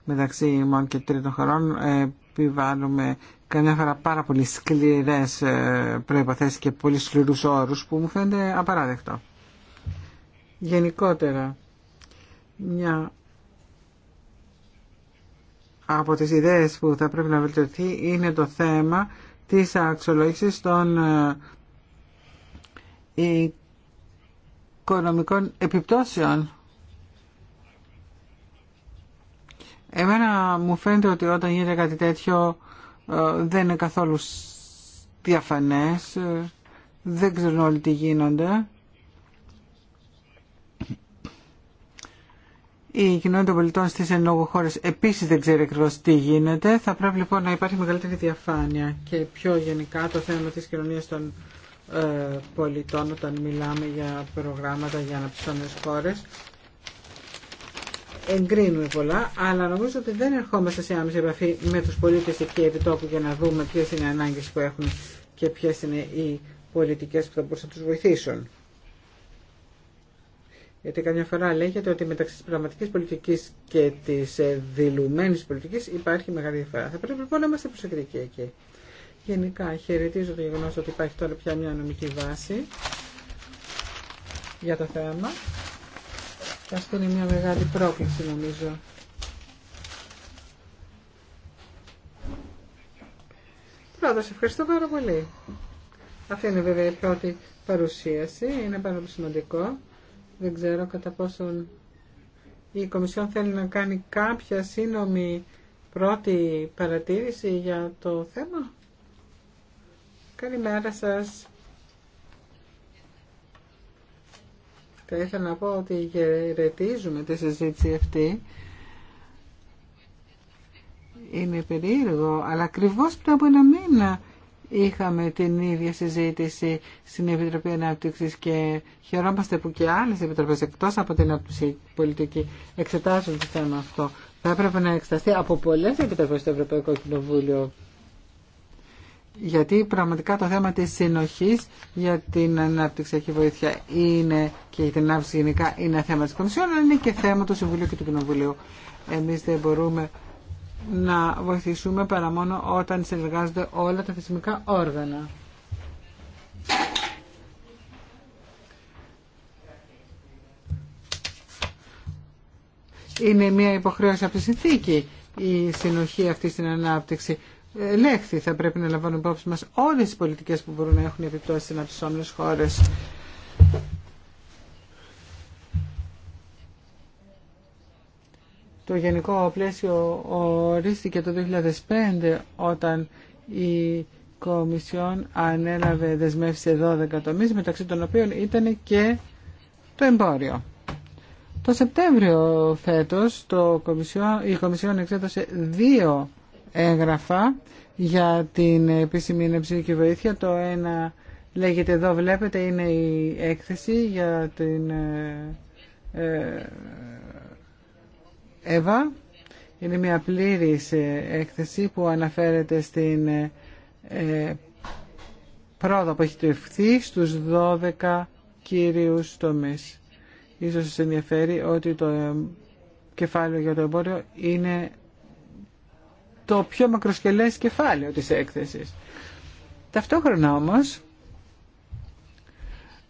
μεταξύ ημών και τρίτων χωρών ε, επιβάλλουμε καμιά φορά πάρα πολύ σκληρές ε, προϋποθέσεις και πολύ σκληρούς όρους που μου φαίνεται απαράδεκτο. Γενικότερα, μια από τις ιδέες που θα πρέπει να βελτιωθεί είναι το θέμα της αξιολόγησης των ε, οικονομικών επιπτώσεων. Εμένα μου φαίνεται ότι όταν γίνεται κάτι τέτοιο ε, δεν είναι καθόλου διαφανές, ε, δεν ξέρουν όλοι τι γίνονται η κοινότητα των πολιτών στι εν λόγω χώρες επίσης δεν ξέρει ακριβώ τι γίνεται. Θα πρέπει λοιπόν να υπάρχει μεγαλύτερη διαφάνεια και πιο γενικά το θέμα τη κοινωνία των ε, πολιτών όταν μιλάμε για προγράμματα για αναπτυσσόμενες χώρε, Εγκρίνουμε πολλά, αλλά νομίζω ότι δεν ερχόμαστε σε άμεση επαφή με του πολίτε εκεί τόπου για να δούμε ποιε είναι οι ανάγκε που έχουν και ποιε είναι οι πολιτικέ που θα μπορούσαν να του βοηθήσουν γιατί καμιά φορά λέγεται ότι μεταξύ τη πραγματική πολιτική και της ε, δηλουμένης πολιτική υπάρχει μεγάλη διαφορά. Θα πρέπει λοιπόν να είμαστε προσεκτικοί εκεί. Γενικά χαιρετίζω το γεγονό ότι υπάρχει τώρα πια μια νομική βάση για το θέμα και αυτό είναι μια μεγάλη πρόκληση νομίζω. Πρόεδρος, ευχαριστώ πάρα πολύ. Αυτή είναι βέβαια η πρώτη παρουσίαση, είναι πάρα πολύ σημαντικό. Δεν ξέρω κατά πόσον η Κομισιόν θέλει να κάνει κάποια σύνομη πρώτη παρατήρηση για το θέμα. Καλημέρα σας. Θα ήθελα να πω ότι γερετίζουμε τη συζήτηση αυτή. Είναι περίεργο, αλλά ακριβώ πριν από ένα μήνα Είχαμε την ίδια συζήτηση στην Επιτροπή Ανάπτυξη και χαιρόμαστε που και άλλε επιτροπέ εκτό από την ανάπτυξη πολιτική εξετάζουν το θέμα αυτό. Θα έπρεπε να εξεταστεί από πολλέ επιτροπέ στο Ευρωπαϊκό Κοινοβούλιο. Γιατί πραγματικά το θέμα τη συνοχή για την ανάπτυξη και βοήθεια είναι και για την ανάπτυξη γενικά είναι θέμα τη Κομισιόν, αλλά είναι και θέμα του Συμβουλίου και του Κοινοβουλίου. Εμεί δεν μπορούμε να βοηθήσουμε παρά μόνο όταν συνεργάζονται όλα τα θεσμικά όργανα. Είναι μια υποχρέωση από τη συνθήκη η συνοχή αυτή στην ανάπτυξη. Λέχθη θα πρέπει να λαμβάνουν υπόψη μας όλες τις πολιτικές που μπορούν να έχουν επιπτώσει στις αναπτυσσόμενες χώρες Το γενικό πλαίσιο ορίστηκε το 2005 όταν η Κομισιόν ανέλαβε δεσμεύσει σε 12 τομεί μεταξύ των οποίων ήταν και το εμπόριο. Το Σεπτέμβριο φέτος το η Κομισιόν εξέδωσε δύο έγγραφα για την επίσημη ενεψυχική βοήθεια. Το ένα λέγεται εδώ βλέπετε είναι η έκθεση για την ε, ε ΕΒΑ. Είναι μια πλήρης ε, έκθεση που αναφέρεται στην ε, ε πρόοδο που έχει τριφθεί στους 12 κύριους τομείς. Ίσως σας ενδιαφέρει ότι το ε, κεφάλαιο για το εμπόριο είναι το πιο μακροσκελές κεφάλαιο της έκθεσης. Ταυτόχρονα όμως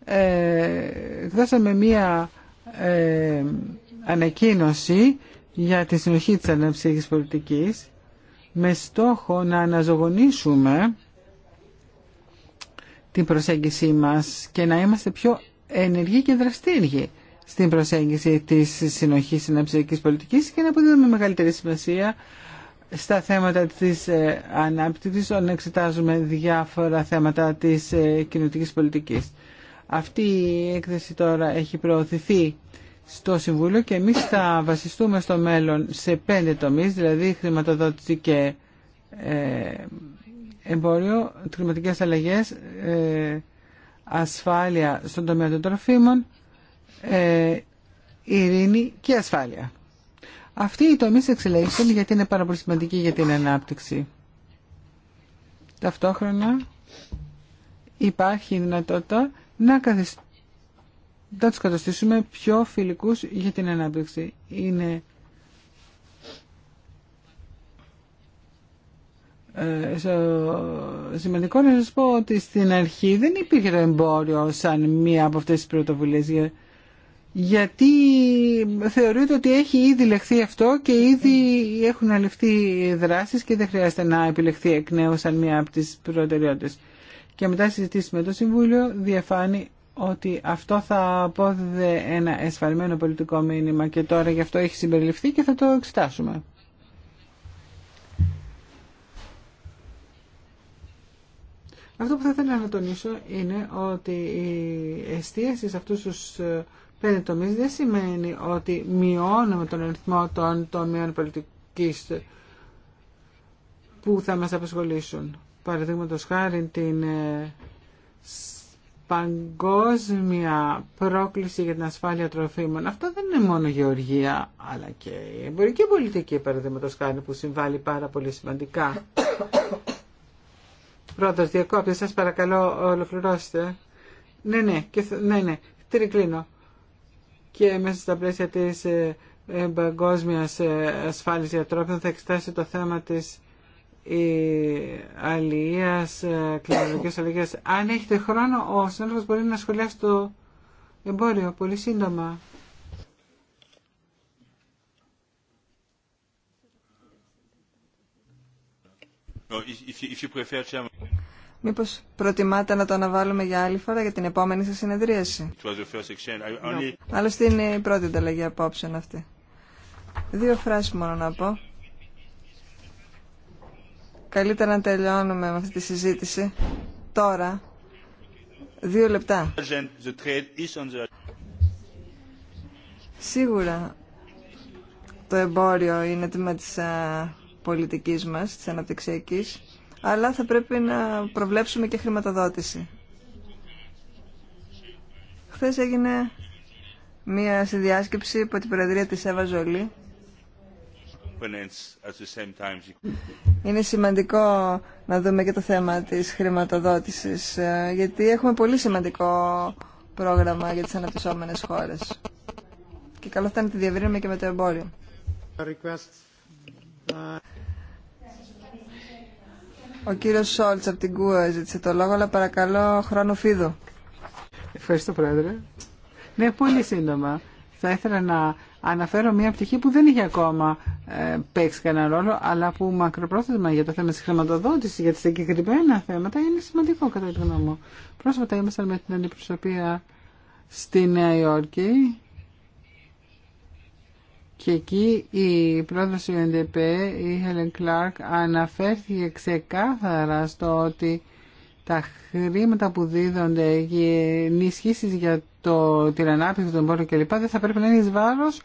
ε, δώσαμε μία ε, ανακοίνωση για τη συνοχή της αναψυχής πολιτικής με στόχο να αναζωογονήσουμε την προσέγγιση μας και να είμαστε πιο ενεργοί και δραστήριοι στην προσέγγιση της συνοχής αναψυχικής πολιτικής και να αποδίδουμε μεγαλύτερη σημασία στα θέματα της ε, ανάπτυξης όταν εξετάζουμε διάφορα θέματα της ε, κοινωνικής πολιτικής. Αυτή η έκθεση τώρα έχει προωθηθεί στο Συμβούλιο και εμείς θα βασιστούμε στο μέλλον σε πέντε τομείς, δηλαδή χρηματοδότηση και ε, εμπόριο, κλιματικές αλλαγές, ε, ασφάλεια στον τομέα των τροφίμων, ε, ειρήνη και ασφάλεια. Αυτοί οι τομείς εξελέγησαν γιατί είναι πάρα πολύ σημαντικοί για την ανάπτυξη. Ταυτόχρονα υπάρχει η δυνατότητα να καθιστούν θα τους καταστήσουμε πιο φιλικούς για την ανάπτυξη. Είναι ε, σημαντικό να σας πω ότι στην αρχή δεν υπήρχε το εμπόριο σαν μία από αυτές τις πρωτοβουλίες γιατί θεωρείται ότι έχει ήδη λεχθεί αυτό και ήδη έχουν αληφθεί δράσεις και δεν χρειάζεται να επιλεχθεί εκ νέου σαν μία από τις προτεραιότητες. Και μετά συζητήσουμε το Συμβούλιο διαφάνει ότι αυτό θα απόδιδε ένα εσφαλμένο πολιτικό μήνυμα και τώρα γι' αυτό έχει συμπεριληφθεί και θα το εξετάσουμε. Αυτό που θα ήθελα να τονίσω είναι ότι η εστίαση σε αυτούς τους ε, πέντε τομείς δεν σημαίνει ότι μειώνουμε τον αριθμό των τομείων πολιτικής που θα μας απασχολήσουν. Παραδείγματος χάρη την ε, παγκόσμια πρόκληση για την ασφάλεια τροφίμων. Αυτό δεν είναι μόνο γεωργία, αλλά και η εμπορική πολιτική, παραδείγματο χάρη, που συμβάλλει πάρα πολύ σημαντικά. Πρώτο, διακόπτε, σα παρακαλώ, ολοκληρώστε. Ναι, ναι, και, ναι, ναι, τρικλίνω. Και μέσα στα πλαίσια τη ε, ε, παγκόσμια ε, ασφάλεια για θα εξετάσει το θέμα τη αλληλείας, κλιματικές αλλαγές. Αν έχετε χρόνο, ο συνάδελφος μπορεί να σχολιάσει το εμπόριο πολύ σύντομα. Μήπως προτιμάτε να το αναβάλουμε για άλλη φορά για την επόμενη σας συνεδρίαση. Άλλωστε είναι η πρώτη ανταλλαγή απόψεων αυτή. Δύο φράσεις μόνο να πω. Καλύτερα να τελειώνουμε με αυτή τη συζήτηση. Τώρα, δύο λεπτά. Σίγουρα το εμπόριο είναι τμήμα της ε, πολιτικής μας, της αναπτυξιακής, αλλά θα πρέπει να προβλέψουμε και χρηματοδότηση. Χθες έγινε μία συνδιάσκεψη υπό την Προεδρία της Εύα Ζολή είναι σημαντικό να δούμε και το θέμα της χρηματοδότησης, ε, γιατί έχουμε πολύ σημαντικό πρόγραμμα για τις αναπτυσσόμενες χώρες. Και καλό θα είναι να τη διαβρύνουμε και με το εμπόριο. Ο κύριος Σόλτς από την ΚΟΕ ζήτησε το λόγο, αλλά παρακαλώ χρόνο φίδου. Ευχαριστώ, Πρόεδρε. Ναι, πολύ σύντομα. Θα ήθελα να αναφέρω μια πτυχή που δεν είχε ακόμα ε, παίξει κανένα ρόλο, αλλά που μακροπρόθεσμα για το θέμα τη χρηματοδότηση για τα συγκεκριμένα θέματα, είναι σημαντικό κατά τη γνώμη μου. Πρόσφατα ήμασταν με την αντιπροσωπεία στη Νέα Υόρκη και εκεί η πρόεδρος του ΕΝΤΠ, η Helen Clark, αναφέρθηκε ξεκάθαρα στο ότι τα χρήματα που δίδονται οι ενισχύσει για το, την ανάπτυξη των πόρων κλπ. δεν θα πρέπει να είναι εις βάρος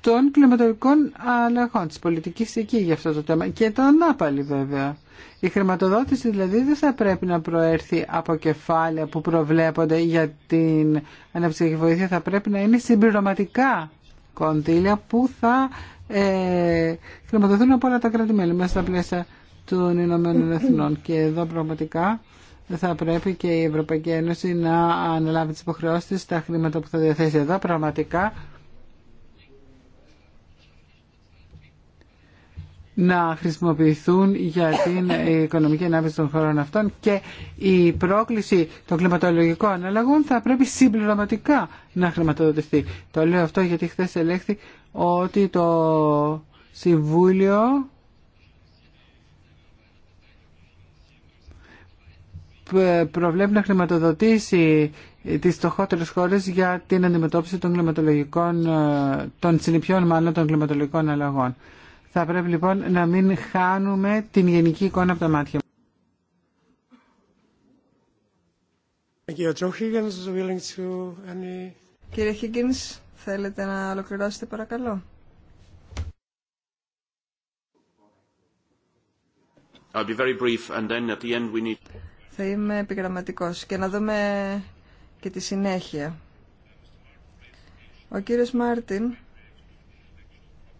των κλιματολογικών αλλαγών, τη πολιτικής εκεί για αυτό το θέμα και το ανάπαλι, βέβαια. Η χρηματοδότηση δηλαδή δεν θα πρέπει να προέρθει από κεφάλαια που προβλέπονται για την και βοήθεια, θα πρέπει να είναι συμπληρωματικά κονδύλια που θα ε, χρηματοδοτούν από όλα τα κρατη μέσα στα πλαίσια των Ηνωμένων Εθνών. Και εδώ πραγματικά θα πρέπει και η Ευρωπαϊκή Ένωση να αναλάβει τις υποχρεώσεις της στα χρήματα που θα διαθέσει εδώ πραγματικά να χρησιμοποιηθούν για την οικονομική ανάπτυξη των χωρών αυτών και η πρόκληση των κλιματολογικών ανάλογων θα πρέπει συμπληρωματικά να χρηματοδοτηθεί. Το λέω αυτό γιατί χθε ελέγχθη ότι το Συμβούλιο Ε, προβλέπει να χρηματοδοτήσει τις στοχότερες χώρες για την αντιμετώπιση των κλιματολογικών, ε, των συνεπιών μάλλον των κλιματολογικών αλλαγών. Θα πρέπει λοιπόν να μην χάνουμε την γενική εικόνα από τα μάτια. Κύριε Higgins, θέλετε να ολοκληρώσετε παρακαλώ. I'll be very brief and then at the end θα είμαι επιγραμματικός και να δούμε και τη συνέχεια. Ο κύριος Μάρτιν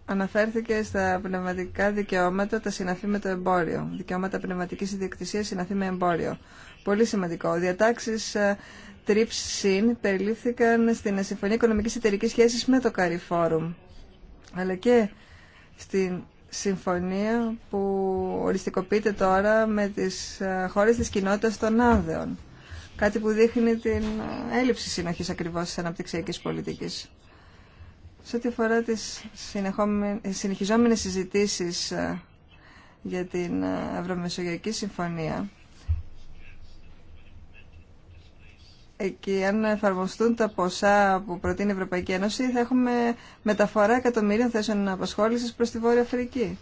αναφέρθηκε στα πνευματικά δικαιώματα τα συναφή με το εμπόριο. Δικαιώματα πνευματικής ιδιοκτησίας συναφή με εμπόριο. Πολύ σημαντικό. Διατάξεις ε, TRIPS SYN περιλήφθηκαν στην Συμφωνία Οικονομικής Εταιρική Σχέσης με το CARIFORUM αλλά και στην συμφωνία που οριστικοποιείται τώρα με τις ε, χώρες της κοινότητας των άδεων, Κάτι που δείχνει την ε, έλλειψη συνοχής ακριβώς της αναπτυξιακής πολιτικής. Σε ό,τι αφορά τις ε, συνεχιζόμενες συζητήσεις για την Ευρωμεσογειακή Συμφωνία, εκεί αν εφαρμοστούν τα ποσά που προτείνει η Ευρωπαϊκή Ένωση θα έχουμε μεταφορά εκατομμυρίων θέσεων απασχόληση προ τη Βόρεια Αφρική.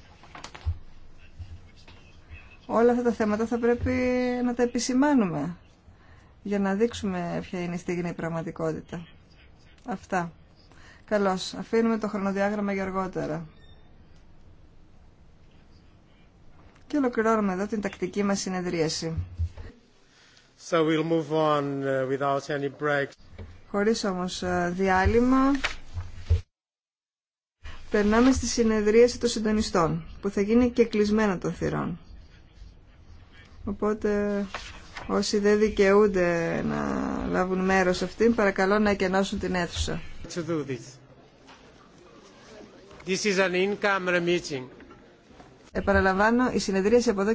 Όλα αυτά τα θέματα θα πρέπει να τα επισημάνουμε για να δείξουμε ποια είναι η στιγμή πραγματικότητα. Αυτά. Καλώς. Αφήνουμε το χρονοδιάγραμμα για αργότερα. Και ολοκληρώνουμε εδώ την τακτική μας συνεδρίαση. So we'll uh, Χωρίς όμως ε, διάλειμμα, περνάμε στη συνεδρίαση των συντονιστών, που θα γίνει και κλεισμένα των θυρών. Οπότε όσοι δεν δικαιούνται να λάβουν μέρος αυτήν, παρακαλώ να εκενώσουν την αίθουσα. To Επαναλαμβάνω, η συνεδρίαση από εδώ και